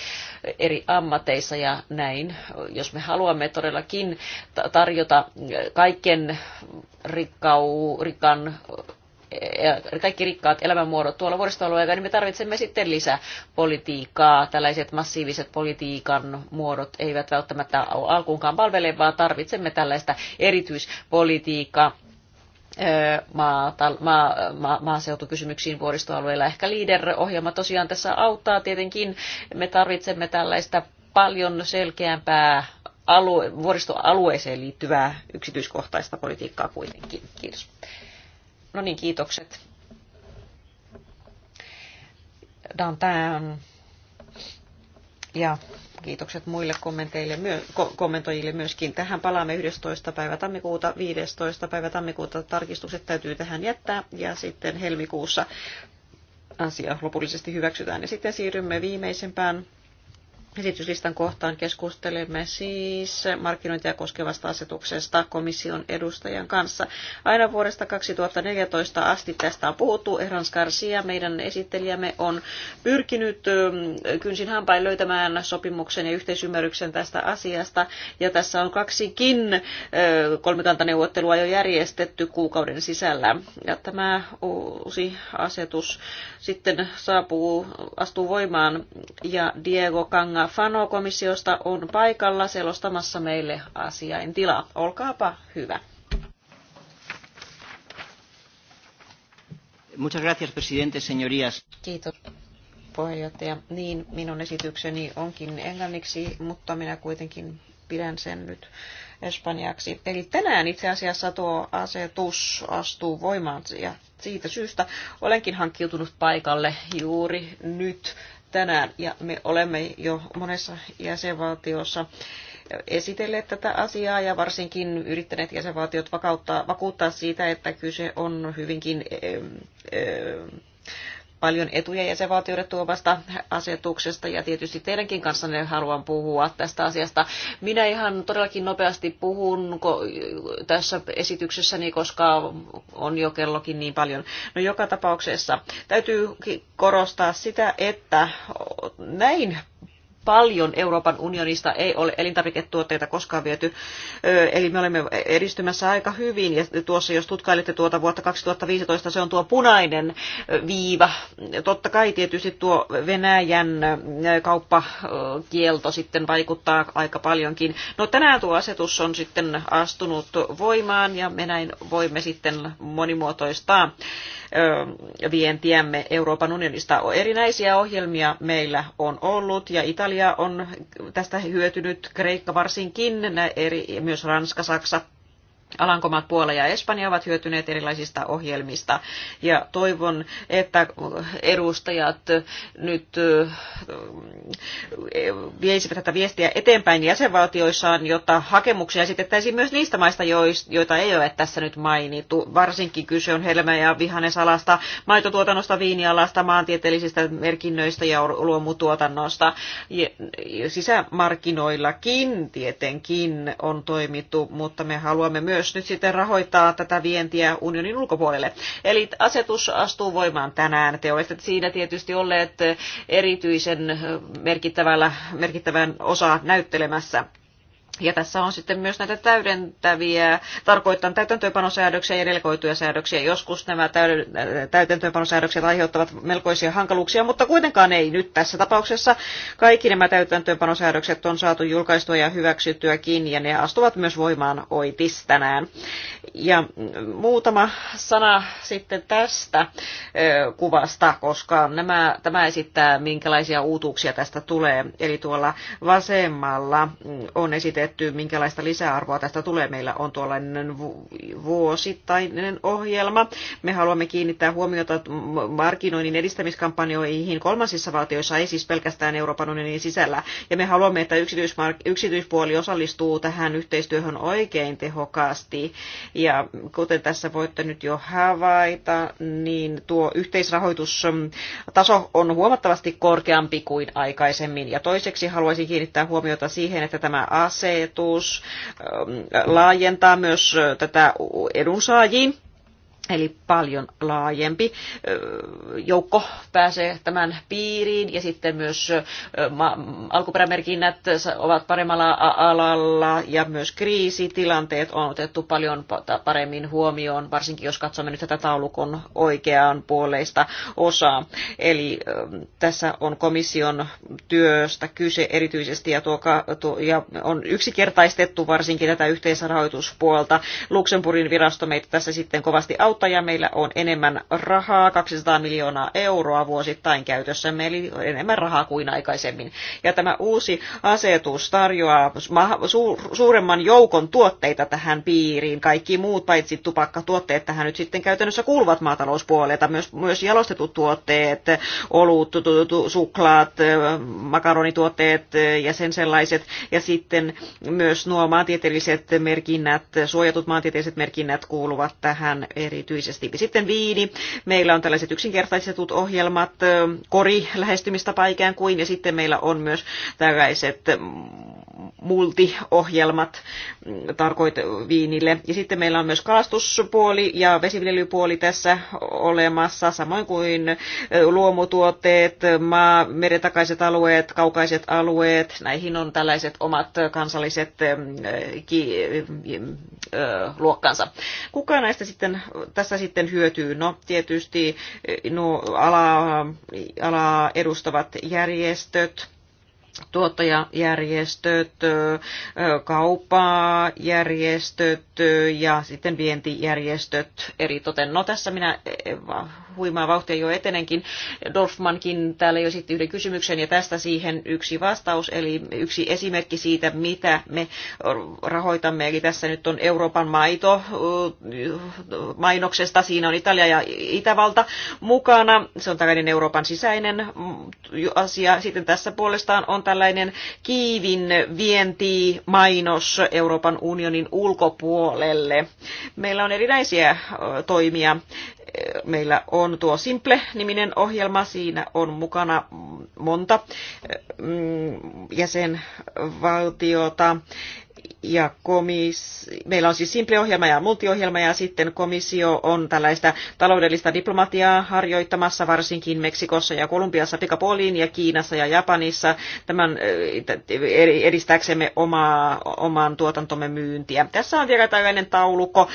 eri ammateissa ja näin. Jos me haluamme todellakin tarjota kaiken rikkau, rikkaan e, kaikki rikkaat elämänmuodot tuolla vuoristoalueella, niin me tarvitsemme sitten lisäpolitiikkaa. Tällaiset massiiviset politiikan muodot eivät välttämättä alkuunkaan palvele, vaan tarvitsemme tällaista erityispolitiikkaa maata, maa, maa, maaseutukysymyksiin vuoristoalueilla. Ehkä LEADER-ohjelma tosiaan tässä auttaa tietenkin. Me tarvitsemme tällaista paljon selkeämpää alue, vuoristoalueeseen liittyvää yksityiskohtaista politiikkaa kuitenkin. Kiitos. No niin, kiitokset. Dantan ja kiitokset muille kommenteille, myö, kommentoijille myöskin. Tähän palaamme 11. päivä tammikuuta, 15. päivä tammikuuta tarkistukset täytyy tähän jättää ja sitten helmikuussa asia lopullisesti hyväksytään. Ja sitten siirrymme viimeisempään Esityslistan kohtaan keskustelemme siis markkinointia koskevasta asetuksesta komission edustajan kanssa. Aina vuodesta 2014 asti tästä on puhuttu. Erans Garcia, meidän esittelijämme, on pyrkinyt ähm, kynsin hampain löytämään sopimuksen ja yhteisymmärryksen tästä asiasta. Ja tässä on kaksikin äh, kolmikantaneuvottelua jo järjestetty kuukauden sisällä. Ja tämä uusi asetus sitten saapuu, astuu voimaan ja Diego Kanga Inga Fano komissiosta on paikalla selostamassa meille asiain tilaa. Olkaapa hyvä. Muchas gracias, presidente, señorías. Kiitos puheenjohtaja. Niin, minun esitykseni onkin englanniksi, mutta minä kuitenkin pidän sen nyt espanjaksi. Eli tänään itse asiassa tuo asetus astuu voimaan ja siitä syystä olenkin hankkiutunut paikalle juuri nyt tänään ja me olemme jo monessa jäsenvaltiossa esitelleet tätä asiaa ja varsinkin yrittäneet jäsenvaltiot vakauttaa, vakuuttaa siitä, että kyse on hyvinkin paljon etuja jäsenvaltioiden tuomasta asetuksesta ja tietysti teidänkin kanssa ne haluan puhua tästä asiasta. Minä ihan todellakin nopeasti puhun tässä esityksessäni, koska on jo kellokin niin paljon. No joka tapauksessa täytyy korostaa sitä, että näin paljon Euroopan unionista ei ole elintarviketuotteita koskaan viety. Eli me olemme edistymässä aika hyvin. Ja tuossa, jos tutkailette tuota vuotta 2015, se on tuo punainen viiva. Totta kai tietysti tuo Venäjän kauppakielto sitten vaikuttaa aika paljonkin. No tänään tuo asetus on sitten astunut voimaan ja me näin voimme sitten monimuotoistaa vientiämme Euroopan unionista. Erinäisiä ohjelmia meillä on ollut ja Italia on tästä hyötynyt, Kreikka varsinkin, eri, myös Ranska, Saksa, Alankomaat, Puola ja Espanja ovat hyötyneet erilaisista ohjelmista. Ja toivon, että edustajat nyt viesivät tätä viestiä eteenpäin jäsenvaltioissaan, jotta hakemuksia esitettäisiin myös niistä maista, joita ei ole tässä nyt mainittu. Varsinkin kyse on helmä- ja vihannesalasta, maitotuotannosta, viinialasta, maantieteellisistä merkinnöistä ja luomutuotannosta. Sisämarkkinoillakin tietenkin on toimittu, mutta me haluamme myös myös nyt sitten rahoittaa tätä vientiä unionin ulkopuolelle. Eli asetus astuu voimaan tänään. Te olette siinä tietysti olleet erityisen merkittävällä, merkittävän osaa näyttelemässä. Ja tässä on sitten myös näitä täydentäviä, tarkoittan täytäntöönpanosäädöksiä ja delegoituja säädöksiä. Joskus nämä täytäntöönpanosäädökset aiheuttavat melkoisia hankaluuksia, mutta kuitenkaan ei nyt tässä tapauksessa. Kaikki nämä täytäntöönpanosäädökset on saatu julkaistua ja kiinni ja ne astuvat myös voimaan oitis tänään. Ja muutama sana sitten tästä kuvasta, koska nämä, tämä esittää minkälaisia uutuuksia tästä tulee. Eli tuolla vasemmalla on esitetty tiedetty, minkälaista lisäarvoa tästä tulee. Meillä on tuollainen vuosittainen ohjelma. Me haluamme kiinnittää huomiota markkinoinnin edistämiskampanjoihin kolmansissa valtioissa, ei siis pelkästään Euroopan unionin sisällä. Ja me haluamme, että yksityispuoli osallistuu tähän yhteistyöhön oikein tehokkaasti. Ja kuten tässä voitte nyt jo havaita, niin tuo yhteisrahoitustaso on huomattavasti korkeampi kuin aikaisemmin. Ja toiseksi haluaisin kiinnittää huomiota siihen, että tämä ASE asetus ähm, laajentaa myös tätä edunsaajiin Eli paljon laajempi joukko pääsee tämän piiriin ja sitten myös alkuperämerkinnät ovat paremmalla alalla ja myös kriisitilanteet on otettu paljon paremmin huomioon, varsinkin jos katsomme nyt tätä taulukon oikeaan puoleista osaa. Eli tässä on komission työstä kyse erityisesti ja, tuo, ja on yksikertaistettu varsinkin tätä yhteisrahoituspuolta. Luxemburgin virasto meitä tässä sitten kovasti auttaa taloutta ja meillä on enemmän rahaa, 200 miljoonaa euroa vuosittain käytössämme, eli enemmän rahaa kuin aikaisemmin. Ja tämä uusi asetus tarjoaa suuremman joukon tuotteita tähän piiriin. Kaikki muut paitsi tupakkatuotteet tähän nyt sitten käytännössä kuuluvat maatalouspuolelta, myös, myös jalostetut tuotteet, olut, suklaat, makaronituotteet ja sen sellaiset. Ja sitten myös nuo maantieteelliset merkinnät, suojatut maantieteelliset merkinnät kuuluvat tähän eri erityisesti. Sitten viini. Meillä on tällaiset yksinkertaistetut ohjelmat, kori lähestymistapa ikään kuin, ja sitten meillä on myös tällaiset multiohjelmat mm, tarkoit- viinille. Ja sitten meillä on myös kalastuspuoli ja vesiviljelypuoli tässä olemassa, samoin kuin luomutuotteet, maa, meretakaiset alueet, kaukaiset alueet. Näihin on tällaiset omat kansalliset ki- luokkansa. Kuka näistä sitten tässä sitten hyötyy? No tietysti eh, no, ala, ala edustavat järjestöt, tuottajajärjestöt, eh, kauppajärjestöt eh, ja sitten vientijärjestöt eri toten. No tässä minä huimaa vauhtia jo etenenkin. Dorfmankin täällä jo sitten yhden kysymyksen ja tästä siihen yksi vastaus, eli yksi esimerkki siitä, mitä me rahoitamme. Eli tässä nyt on Euroopan maito mainoksesta, siinä on Italia ja Itävalta mukana. Se on tällainen Euroopan sisäinen asia. Sitten tässä puolestaan on tällainen Kiivin vientimainos Euroopan unionin ulkopuolelle. Meillä on erinäisiä toimia meillä on tuo Simple-niminen ohjelma. Siinä on mukana monta mm, jäsenvaltiota ja komis... meillä on siis Simple-ohjelma ja multiohjelma ja sitten komissio on tällaista taloudellista diplomatiaa harjoittamassa varsinkin Meksikossa ja Kolumbiassa pikapuoliin ja Kiinassa ja Japanissa tämän eh, edistääksemme omaa, oman tuotantomme myyntiä. Tässä on vielä tällainen taulukko,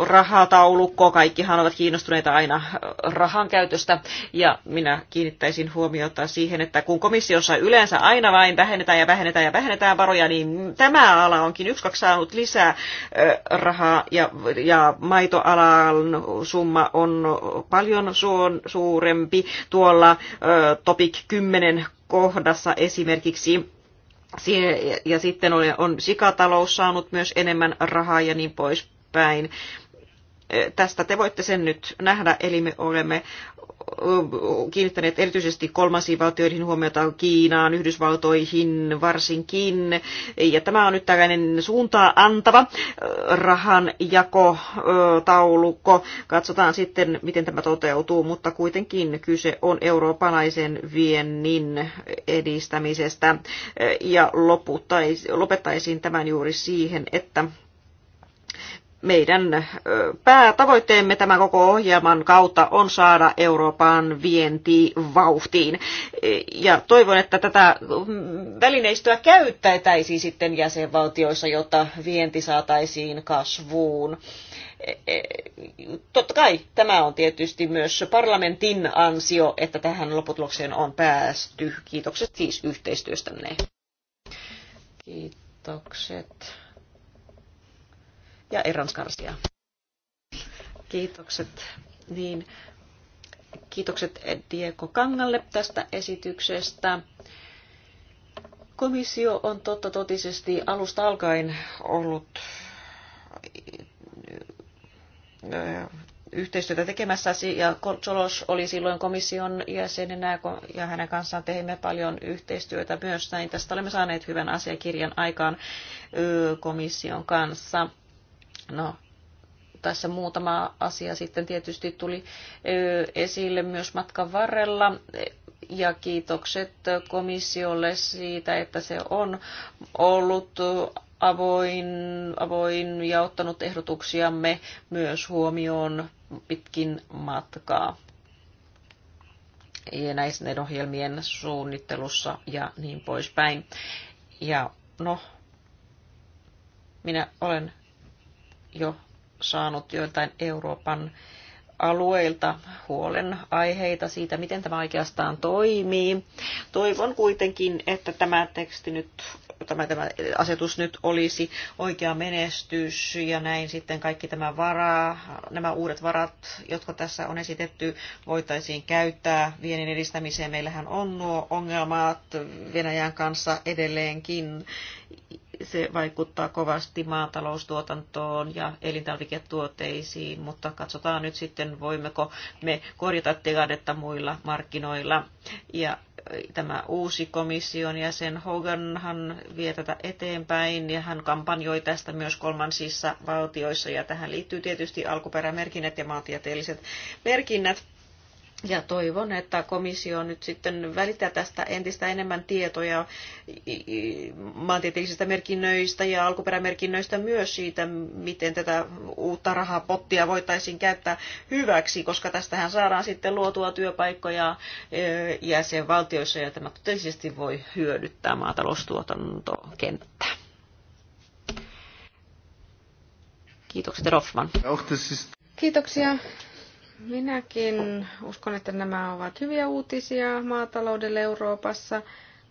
rahataulukko, kaikkihan ovat kiinnostuneita aina rahan käytöstä ja minä kiinnittäisin huomiota siihen, että kun komissiossa yleensä aina vain vähennetään ja vähennetään ja vähennetään varoja, niin tämä ala onkin yksi kaksi saanut lisää rahaa ja, ja maitoalan summa on paljon suurempi tuolla Topic 10 kohdassa esimerkiksi ja sitten on, on sikatalous saanut myös enemmän rahaa ja niin poispäin. Tästä te voitte sen nyt nähdä, eli me olemme kiinnittäneet erityisesti kolmansiin valtioihin huomiota Kiinaan, Yhdysvaltoihin varsinkin. Ja tämä on nyt tällainen suuntaa antava rahanjakotaulukko. Katsotaan sitten, miten tämä toteutuu, mutta kuitenkin kyse on eurooppalaisen viennin edistämisestä. Ja lopettaisin tämän juuri siihen, että meidän päätavoitteemme tämän koko ohjelman kautta on saada Euroopan vienti vauhtiin. E, ja toivon, että tätä välineistöä käyttäisiin sitten jäsenvaltioissa, jotta vienti saataisiin kasvuun. E, e, totta kai tämä on tietysti myös parlamentin ansio, että tähän lopputulokseen on päästy. Kiitokset siis yhteistyöstänne. Kiitokset ja eranskarsia. Kiitokset. Niin, kiitokset Diego Kangalle tästä esityksestä. Komissio on totta totisesti alusta alkaen ollut eh, yhteistyötä tekemässä ja Solos oli silloin komission jäsenenä ja hänen kanssaan teimme paljon yhteistyötä myös näin. Tästä olemme saaneet hyvän asiakirjan aikaan eh, komission kanssa No, tässä muutama asia sitten tietysti tuli esille myös matkan varrella. Ja kiitokset komissiolle siitä, että se on ollut avoin, avoin ja ottanut ehdotuksiamme myös huomioon pitkin matkaa ja näiden ohjelmien suunnittelussa ja niin poispäin. Ja no, minä olen jo saanut joitain Euroopan alueilta huolenaiheita siitä, miten tämä oikeastaan toimii. Toivon kuitenkin, että tämä teksti nyt, tämä, tämä asetus nyt olisi oikea menestys ja näin sitten kaikki tämä varaa, nämä uudet varat, jotka tässä on esitetty, voitaisiin käyttää viennin edistämiseen. Meillähän on nuo ongelmat Venäjän kanssa edelleenkin se vaikuttaa kovasti maataloustuotantoon ja elintarviketuotteisiin, mutta katsotaan nyt sitten, voimmeko me korjata tilannetta muilla markkinoilla. Ja äh, tämä uusi komission jäsen Hoganhan vie tätä eteenpäin ja hän kampanjoi tästä myös kolmansissa valtioissa ja tähän liittyy tietysti alkuperämerkinnät ja maantieteelliset merkinnät ja toivon, että komissio nyt sitten välittää tästä entistä enemmän tietoja maantieteellisistä merkinnöistä ja alkuperämerkinnöistä myös siitä, miten tätä uutta rahapottia voitaisiin käyttää hyväksi, koska tästähän saadaan sitten luotua työpaikkoja e, jäsenvaltioissa ja tämä totisesti voi hyödyttää maataloustuotantokenttää. Kiitokset, Roffman. Kiitoksia Minäkin uskon, että nämä ovat hyviä uutisia maataloudelle Euroopassa,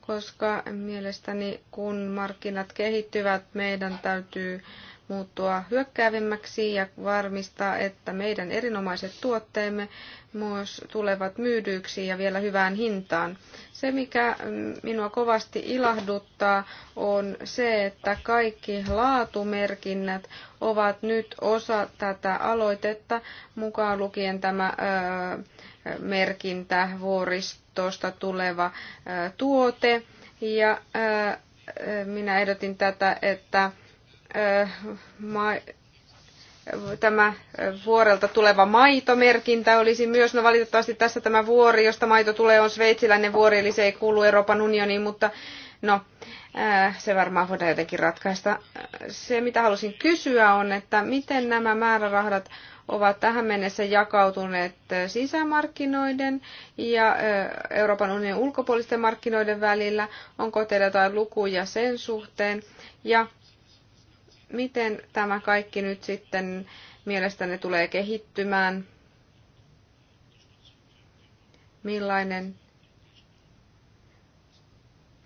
koska mielestäni kun markkinat kehittyvät, meidän täytyy muuttua hyökkäävimmäksi ja varmistaa, että meidän erinomaiset tuotteemme myös tulevat myydyiksi ja vielä hyvään hintaan. Se, mikä mm, minua kovasti ilahduttaa, on se, että kaikki laatumerkinnät ovat nyt osa tätä aloitetta, mukaan lukien tämä merkintä vuoristosta tuleva tuote. Ja minä ehdotin tätä, että Äh, tämä vuorelta tuleva maitomerkintä olisi myös, no valitettavasti tässä tämä vuori, josta maito tulee, on sveitsiläinen vuori, eli se ei kuulu Euroopan unioniin, mutta no, äh, se varmaan voidaan jotenkin ratkaista. Se, mitä halusin kysyä, on, että miten nämä määrärahat ovat tähän mennessä jakautuneet äh, sisämarkkinoiden ja Euroopan unionin ulkopuolisten markkinoiden välillä. Onko teillä jotain lukuja sen suhteen? Ja Miten tämä kaikki nyt sitten mielestäni tulee kehittymään? Millainen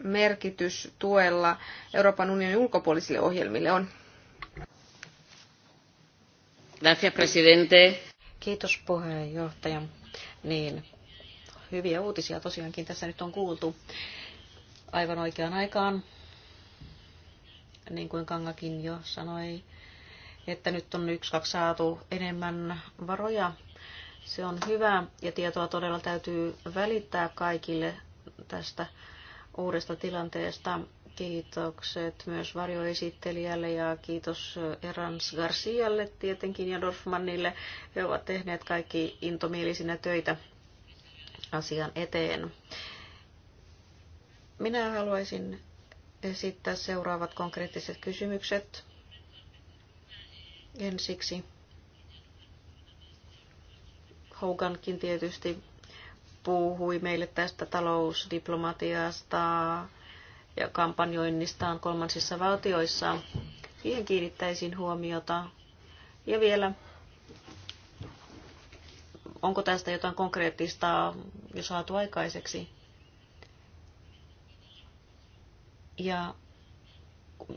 merkitys tuella Euroopan unionin ulkopuolisille ohjelmille on? Gracias, presidente. Kiitos puheenjohtaja. Niin, hyviä uutisia tosiaankin tässä nyt on kuultu aivan oikeaan aikaan niin kuin Kangakin jo sanoi, että nyt on yksi, kaksi saatu enemmän varoja. Se on hyvä ja tietoa todella täytyy välittää kaikille tästä uudesta tilanteesta. Kiitokset myös varjoesittelijälle ja kiitos Erans Garcialle tietenkin ja Dorfmannille. He ovat tehneet kaikki intomielisinä töitä asian eteen. Minä haluaisin esittää seuraavat konkreettiset kysymykset. Ensiksi Hogankin tietysti puhui meille tästä talousdiplomatiasta ja kampanjoinnistaan kolmansissa valtioissa. Siihen kiinnittäisin huomiota. Ja vielä, onko tästä jotain konkreettista jo saatu aikaiseksi? Ja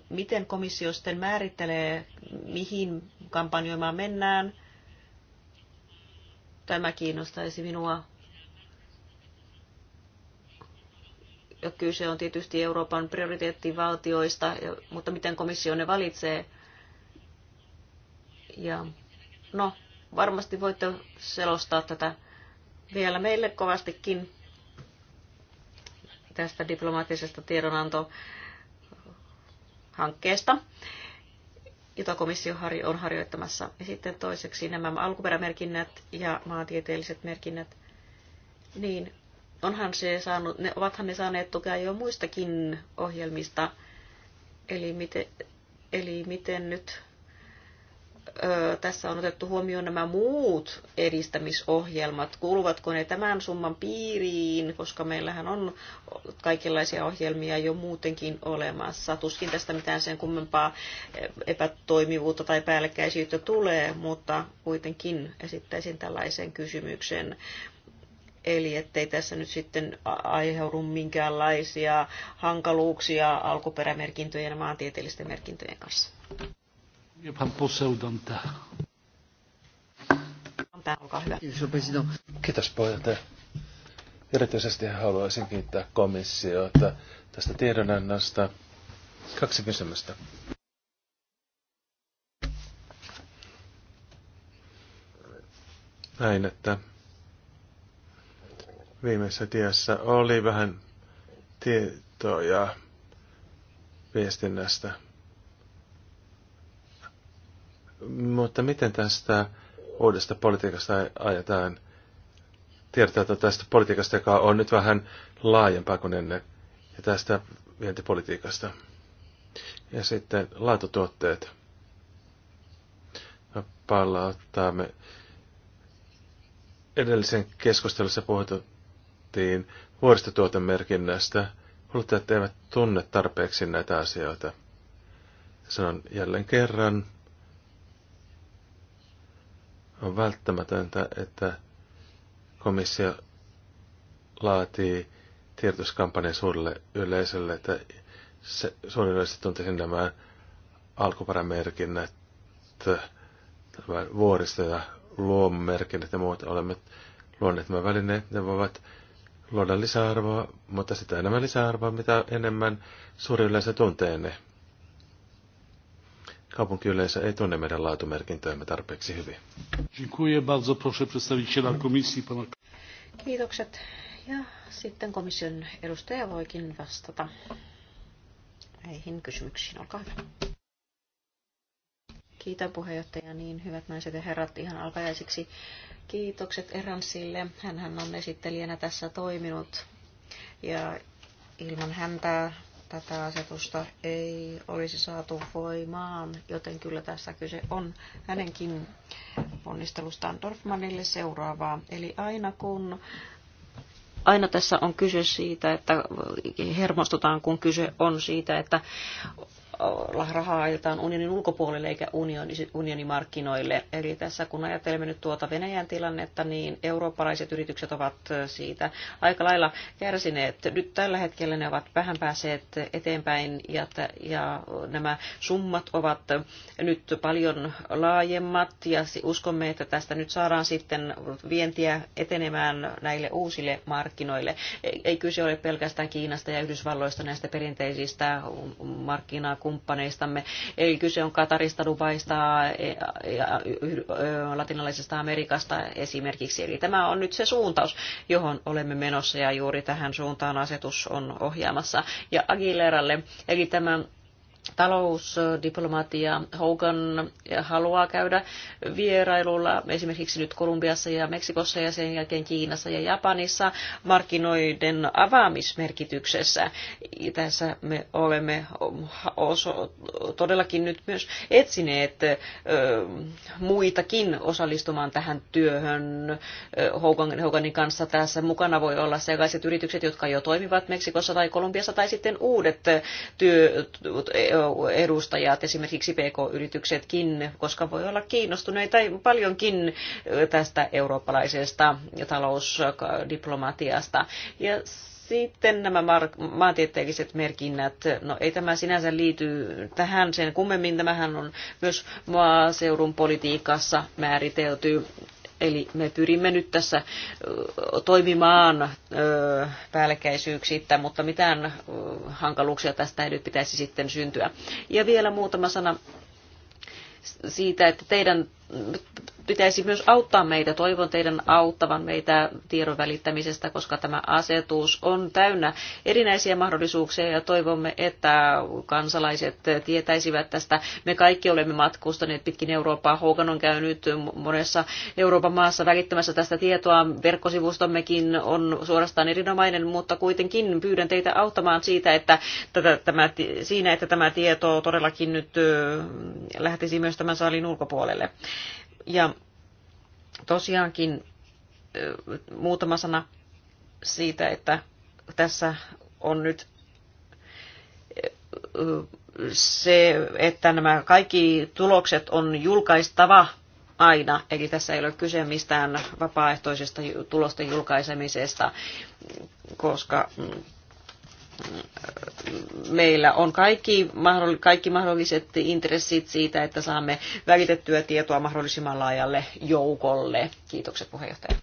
miten komissio sitten määrittelee, mihin kampanjoimaan mennään, tämä kiinnostaisi minua. Ja kyse on tietysti Euroopan prioriteettivaltioista, mutta miten komissio ne valitsee. Ja no, varmasti voitte selostaa tätä vielä meille kovastikin tästä diplomaattisesta tiedonantohankkeesta, jota komissio on harjoittamassa. Ja sitten toiseksi nämä alkuperämerkinnät ja maantieteelliset merkinnät, niin onhan se saanut, ne, ovathan ne saaneet tukea jo muistakin ohjelmista. Eli miten, eli miten nyt tässä on otettu huomioon nämä muut edistämisohjelmat. Kuuluvatko ne tämän summan piiriin, koska meillähän on kaikenlaisia ohjelmia jo muutenkin olemassa. Tuskin tästä mitään sen kummempaa epätoimivuutta tai päällekkäisyyttä tulee, mutta kuitenkin esittäisin tällaisen kysymyksen. Eli ettei tässä nyt sitten aiheudu minkäänlaisia hankaluuksia alkuperämerkintöjen ja maantieteellisten merkintöjen kanssa. Pan poseł Dante. Olkaa hyvä. Kiitos puheenjohtaja. Erityisesti haluaisin kiittää komissiota tästä tiedonannosta. Kaksi kysymystä. Näin, että viimeisessä tiessä oli vähän tietoja viestinnästä. Mutta miten tästä uudesta politiikasta ajetaan tiedetään tästä politiikasta, joka on nyt vähän laajempaa kuin ennen, ja tästä vientipolitiikasta. Ja sitten laatutuotteet. No, Palauttaamme. Edellisen keskustelussa puhuttiin vuoristotuotemerkinnästä. Kuluttajat eivät tunne tarpeeksi näitä asioita. Sanon jälleen kerran, on välttämätöntä, että komissio laatii tiedotuskampanjan suurelle yleisölle, että se yleisö tuntisi nämä alkuperämerkinnät, vuoristo ja luomumerkinnät ja muut. Olemme luoneet nämä välineet, ne voivat luoda lisäarvoa, mutta sitä enemmän lisäarvoa, mitä enemmän suuri yleisö tuntee ne yleensä ei tunne meidän laatumerkintöjämme tarpeeksi hyvin. Kiitokset. Ja sitten komission edustaja voikin vastata näihin kysymyksiin. Olkaa hyvä. Kiitän puheenjohtaja niin hyvät naiset ja herrat ihan alkajaisiksi. Kiitokset Eransille. Hänhän on esittelijänä tässä toiminut ja ilman häntä tätä asetusta ei olisi saatu voimaan, joten kyllä tässä kyse on hänenkin ponnistelustaan Dorfmanille seuraavaa. Eli aina kun aina tässä on kyse siitä, että hermostutaan, kun kyse on siitä, että rahaa ajetaan unionin ulkopuolelle eikä unionimarkkinoille. Eli tässä kun ajattelemme nyt tuota Venäjän tilannetta, niin eurooppalaiset yritykset ovat siitä aika lailla kärsineet. Nyt tällä hetkellä ne ovat vähän päässeet eteenpäin ja, ja nämä summat ovat nyt paljon laajemmat ja uskomme, että tästä nyt saadaan sitten vientiä etenemään näille uusille markkinoille. Ei kyse ole pelkästään Kiinasta ja Yhdysvalloista näistä perinteisistä markkinoista kumppaneistamme. Eli kyse on Katarista, Dubaista e, ja latinalaisesta Amerikasta esimerkiksi. Eli tämä on nyt se suuntaus, johon olemme menossa ja juuri tähän suuntaan asetus on ohjaamassa. Ja Aguileralle, eli tämän talousdiplomatia Hogan haluaa käydä vierailulla esimerkiksi nyt Kolumbiassa ja Meksikossa ja sen jälkeen Kiinassa ja Japanissa markkinoiden avaamismerkityksessä. Tässä me olemme todellakin nyt myös etsineet muitakin osallistumaan tähän työhön Hoganin kanssa. Tässä mukana voi olla sellaiset yritykset, jotka jo toimivat Meksikossa tai Kolumbiassa tai sitten uudet työ, edustajat, esimerkiksi PK-yrityksetkin, koska voi olla kiinnostuneita paljonkin tästä eurooppalaisesta talousdiplomatiasta. Ja sitten nämä maantieteelliset merkinnät, no ei tämä sinänsä liity tähän sen kummemmin, tämähän on myös maaseudun politiikassa määritelty Eli me pyrimme nyt tässä toimimaan päällekkäisyyksittä, mutta mitään hankaluuksia tästä ei nyt pitäisi sitten syntyä. Ja vielä muutama sana siitä, että teidän pitäisi myös auttaa meitä. Toivon teidän auttavan meitä tiedon välittämisestä, koska tämä asetus on täynnä erinäisiä mahdollisuuksia ja toivomme, että kansalaiset tietäisivät tästä. Me kaikki olemme matkustaneet pitkin Eurooppaa. Hogan on käynyt monessa Euroopan maassa välittämässä tästä tietoa. Verkkosivustommekin on suorastaan erinomainen, mutta kuitenkin pyydän teitä auttamaan siitä, että tätä, tämä, siinä, että tämä tieto todellakin nyt lähtisi myös tämän salin ulkopuolelle. Ja tosiaankin muutama sana siitä, että tässä on nyt se, että nämä kaikki tulokset on julkaistava aina, eli tässä ei ole kyse mistään vapaaehtoisesta tulosten julkaisemisesta, koska mm, meillä on kaikki, kaikki mahdolliset intressit siitä, että saamme välitettyä tietoa mahdollisimman laajalle joukolle. Kiitokset puheenjohtaja.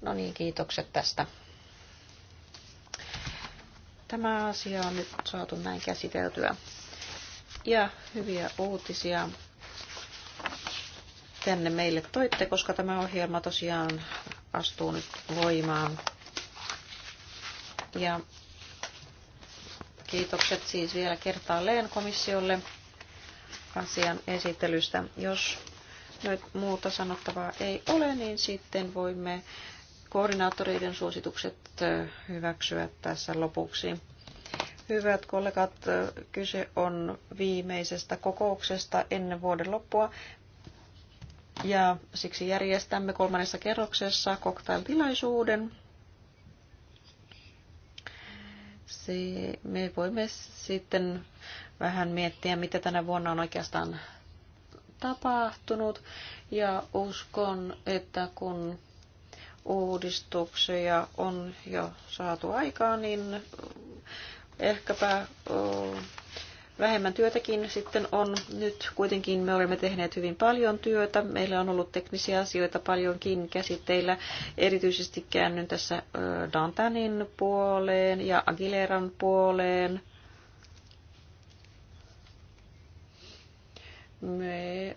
No niin, kiitokset tästä. Tämä asia on nyt saatu näin käsiteltyä ja hyviä uutisia tänne meille toitte, koska tämä ohjelma tosiaan astuu nyt voimaan. Ja kiitokset siis vielä kertaalleen komissiolle asian esittelystä. Jos nyt muuta sanottavaa ei ole, niin sitten voimme koordinaattoreiden suositukset hyväksyä tässä lopuksi. Hyvät kollegat, kyse on viimeisestä kokouksesta ennen vuoden loppua. Ja siksi järjestämme kolmannessa kerroksessa koktailtilaisuuden. Se, me voimme sitten vähän miettiä, mitä tänä vuonna on oikeastaan tapahtunut. Ja uskon, että kun uudistuksia on jo saatu aikaan, niin ehkäpä vähemmän työtäkin sitten on. Nyt kuitenkin me olemme tehneet hyvin paljon työtä. Meillä on ollut teknisiä asioita paljonkin käsitteillä. Erityisesti käännyn tässä Dantanin puoleen ja Aguileran puoleen. Me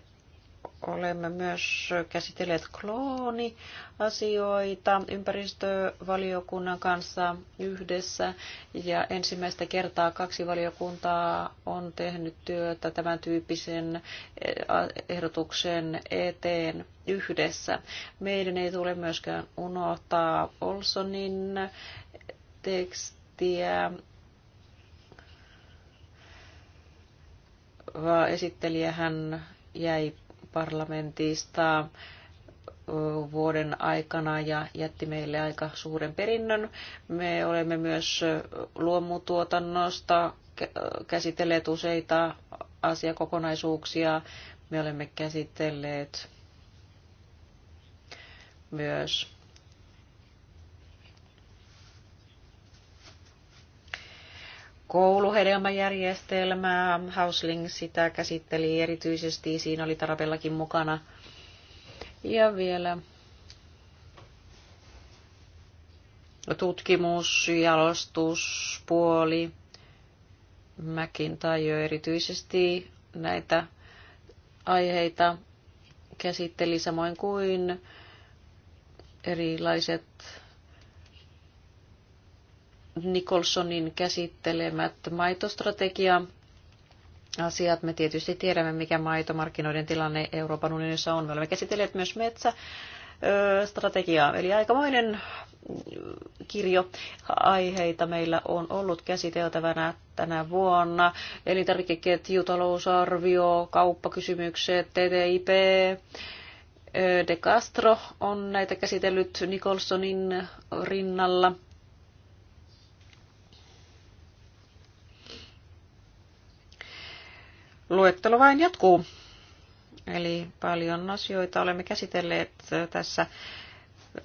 olemme myös käsitelleet klooniasioita ympäristövaliokunnan kanssa yhdessä. Ja ensimmäistä kertaa kaksi valiokuntaa on tehnyt työtä tämän tyyppisen eh, ehdotuksen eteen yhdessä. Meidän ei tule myöskään unohtaa Olsonin tekstiä esittelijä hän jäi parlamentista vuoden aikana ja jätti meille aika suuren perinnön. Me olemme myös luomutuotannosta käsitelleet useita asiakokonaisuuksia. Me olemme käsitelleet myös kouluhedelmäjärjestelmää. Hausling sitä käsitteli erityisesti, siinä oli Tarapellakin mukana. Ja vielä tutkimus, puoli. Mäkin jo erityisesti näitä aiheita käsitteli samoin kuin erilaiset Nicholsonin käsittelemät maitostrategia asiat. Me tietysti tiedämme, mikä maitomarkkinoiden tilanne Euroopan unionissa on. Me olemme käsitelleet myös metsä strategiaa. Eli aikamoinen mm, kirjo aiheita meillä on ollut käsiteltävänä tänä vuonna. Elintarvikeketju, talousarvio, kauppakysymykset, TTIP, De Castro on näitä käsitellyt Nicholsonin rinnalla. luettelo vain jatkuu. Eli paljon asioita olemme käsitelleet tässä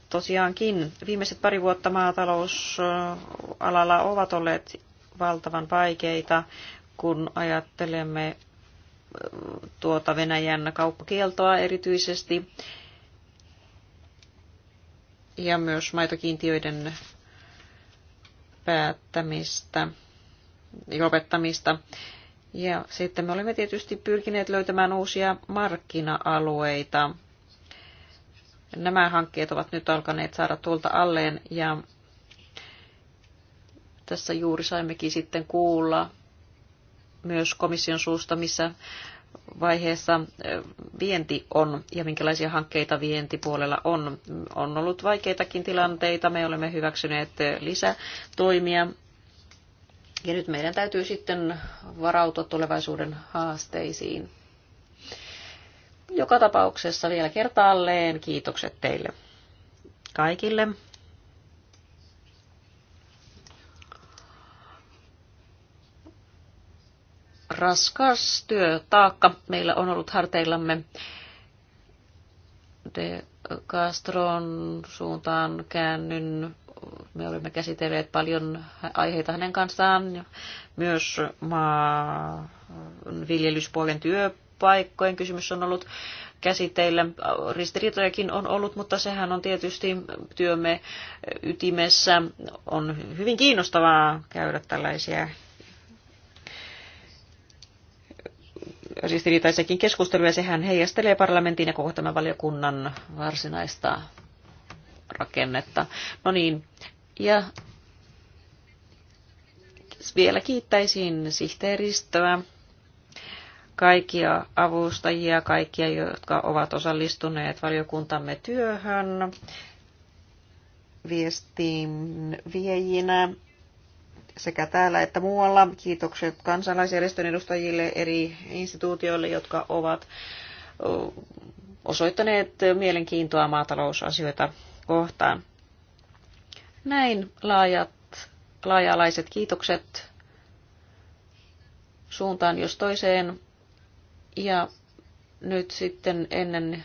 tosiaankin. Viimeiset pari vuotta maatalousalalla ovat olleet valtavan vaikeita, kun ajattelemme äh, tuota Venäjän kauppakieltoa erityisesti ja myös maitokiintiöiden päättämistä ja opettamista. Ja sitten me olemme tietysti pyrkineet löytämään uusia markkina-alueita. Nämä hankkeet ovat nyt alkaneet saada tuolta alleen ja tässä juuri saimmekin sitten kuulla myös komission suusta, missä vaiheessa vienti on ja minkälaisia hankkeita vientipuolella on. On ollut vaikeitakin tilanteita, me olemme hyväksyneet lisätoimia ja nyt meidän täytyy sitten varautua tulevaisuuden haasteisiin. Joka tapauksessa vielä kertaalleen kiitokset teille kaikille. Raskas työtaakka meillä on ollut harteillamme. De Castron suuntaan käännyn me olemme käsitelleet paljon aiheita hänen kanssaan, myös maanviljelyspuolen työpaikkojen kysymys on ollut käsitteillä. Ristiriitojakin on ollut, mutta sehän on tietysti työmme ytimessä. On hyvin kiinnostavaa käydä tällaisia ristiriitaisiakin keskusteluja. Sehän heijastelee parlamentin ja koko tämän valiokunnan varsinaista rakennetta. No niin, ja vielä kiittäisin sihteeristöä, kaikkia avustajia, kaikkia, jotka ovat osallistuneet valiokuntamme työhön viestin viejinä sekä täällä että muualla. Kiitokset kansalaisjärjestön edustajille eri instituutioille, jotka ovat osoittaneet mielenkiintoa maatalousasioita kohtaan. Näin laajat, laajalaiset kiitokset suuntaan jos toiseen. Ja nyt sitten ennen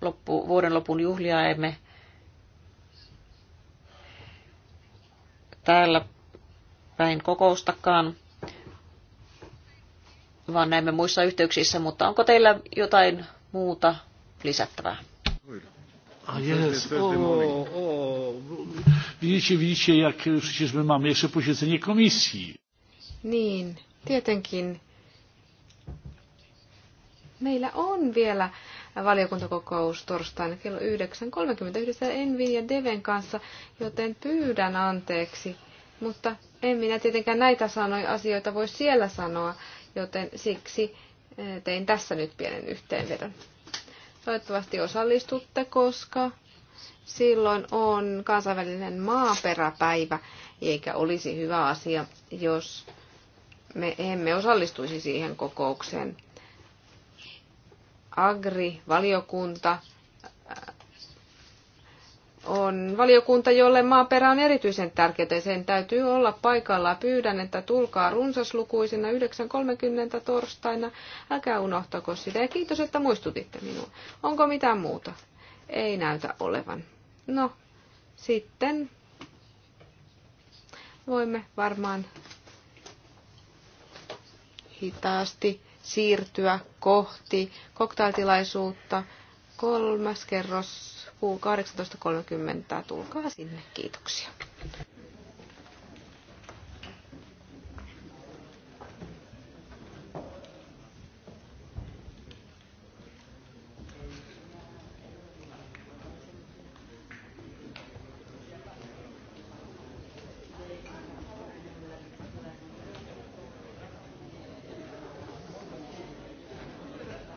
loppu, vuoden lopun juhlia emme täällä päin kokoustakaan, vaan näemme muissa yhteyksissä, mutta onko teillä jotain muuta lisättävää? A jest. O, o. Widzicie, widzicie, jak przecież my mamy jeszcze posiedzenie komisji. Niin, tietenkin. Meillä on vielä valiokuntakokous torstaina kello 9.30 Envin ja Deven kanssa, joten pyydän anteeksi. Mutta en minä tietenkään näitä sanoja asioita voi siellä sanoa, joten siksi eh, tein tässä nyt pienen yhteenvedon. Toivottavasti osallistutte, koska silloin on kansainvälinen maaperäpäivä, eikä olisi hyvä asia, jos me emme osallistuisi siihen kokoukseen. Agri-valiokunta on valiokunta, jolle maaperä on erityisen tärkeää. Sen täytyy olla paikalla. Pyydän, että tulkaa runsaslukuisina 9.30 torstaina. Älkää unohtako sitä. Ja kiitos, että muistutitte minua. Onko mitään muuta? Ei näytä olevan. No, sitten voimme varmaan hitaasti siirtyä kohti koktailtilaisuutta. Kolmas kerros loppuu 18.30. Tulkaa sinne. Kiitoksia.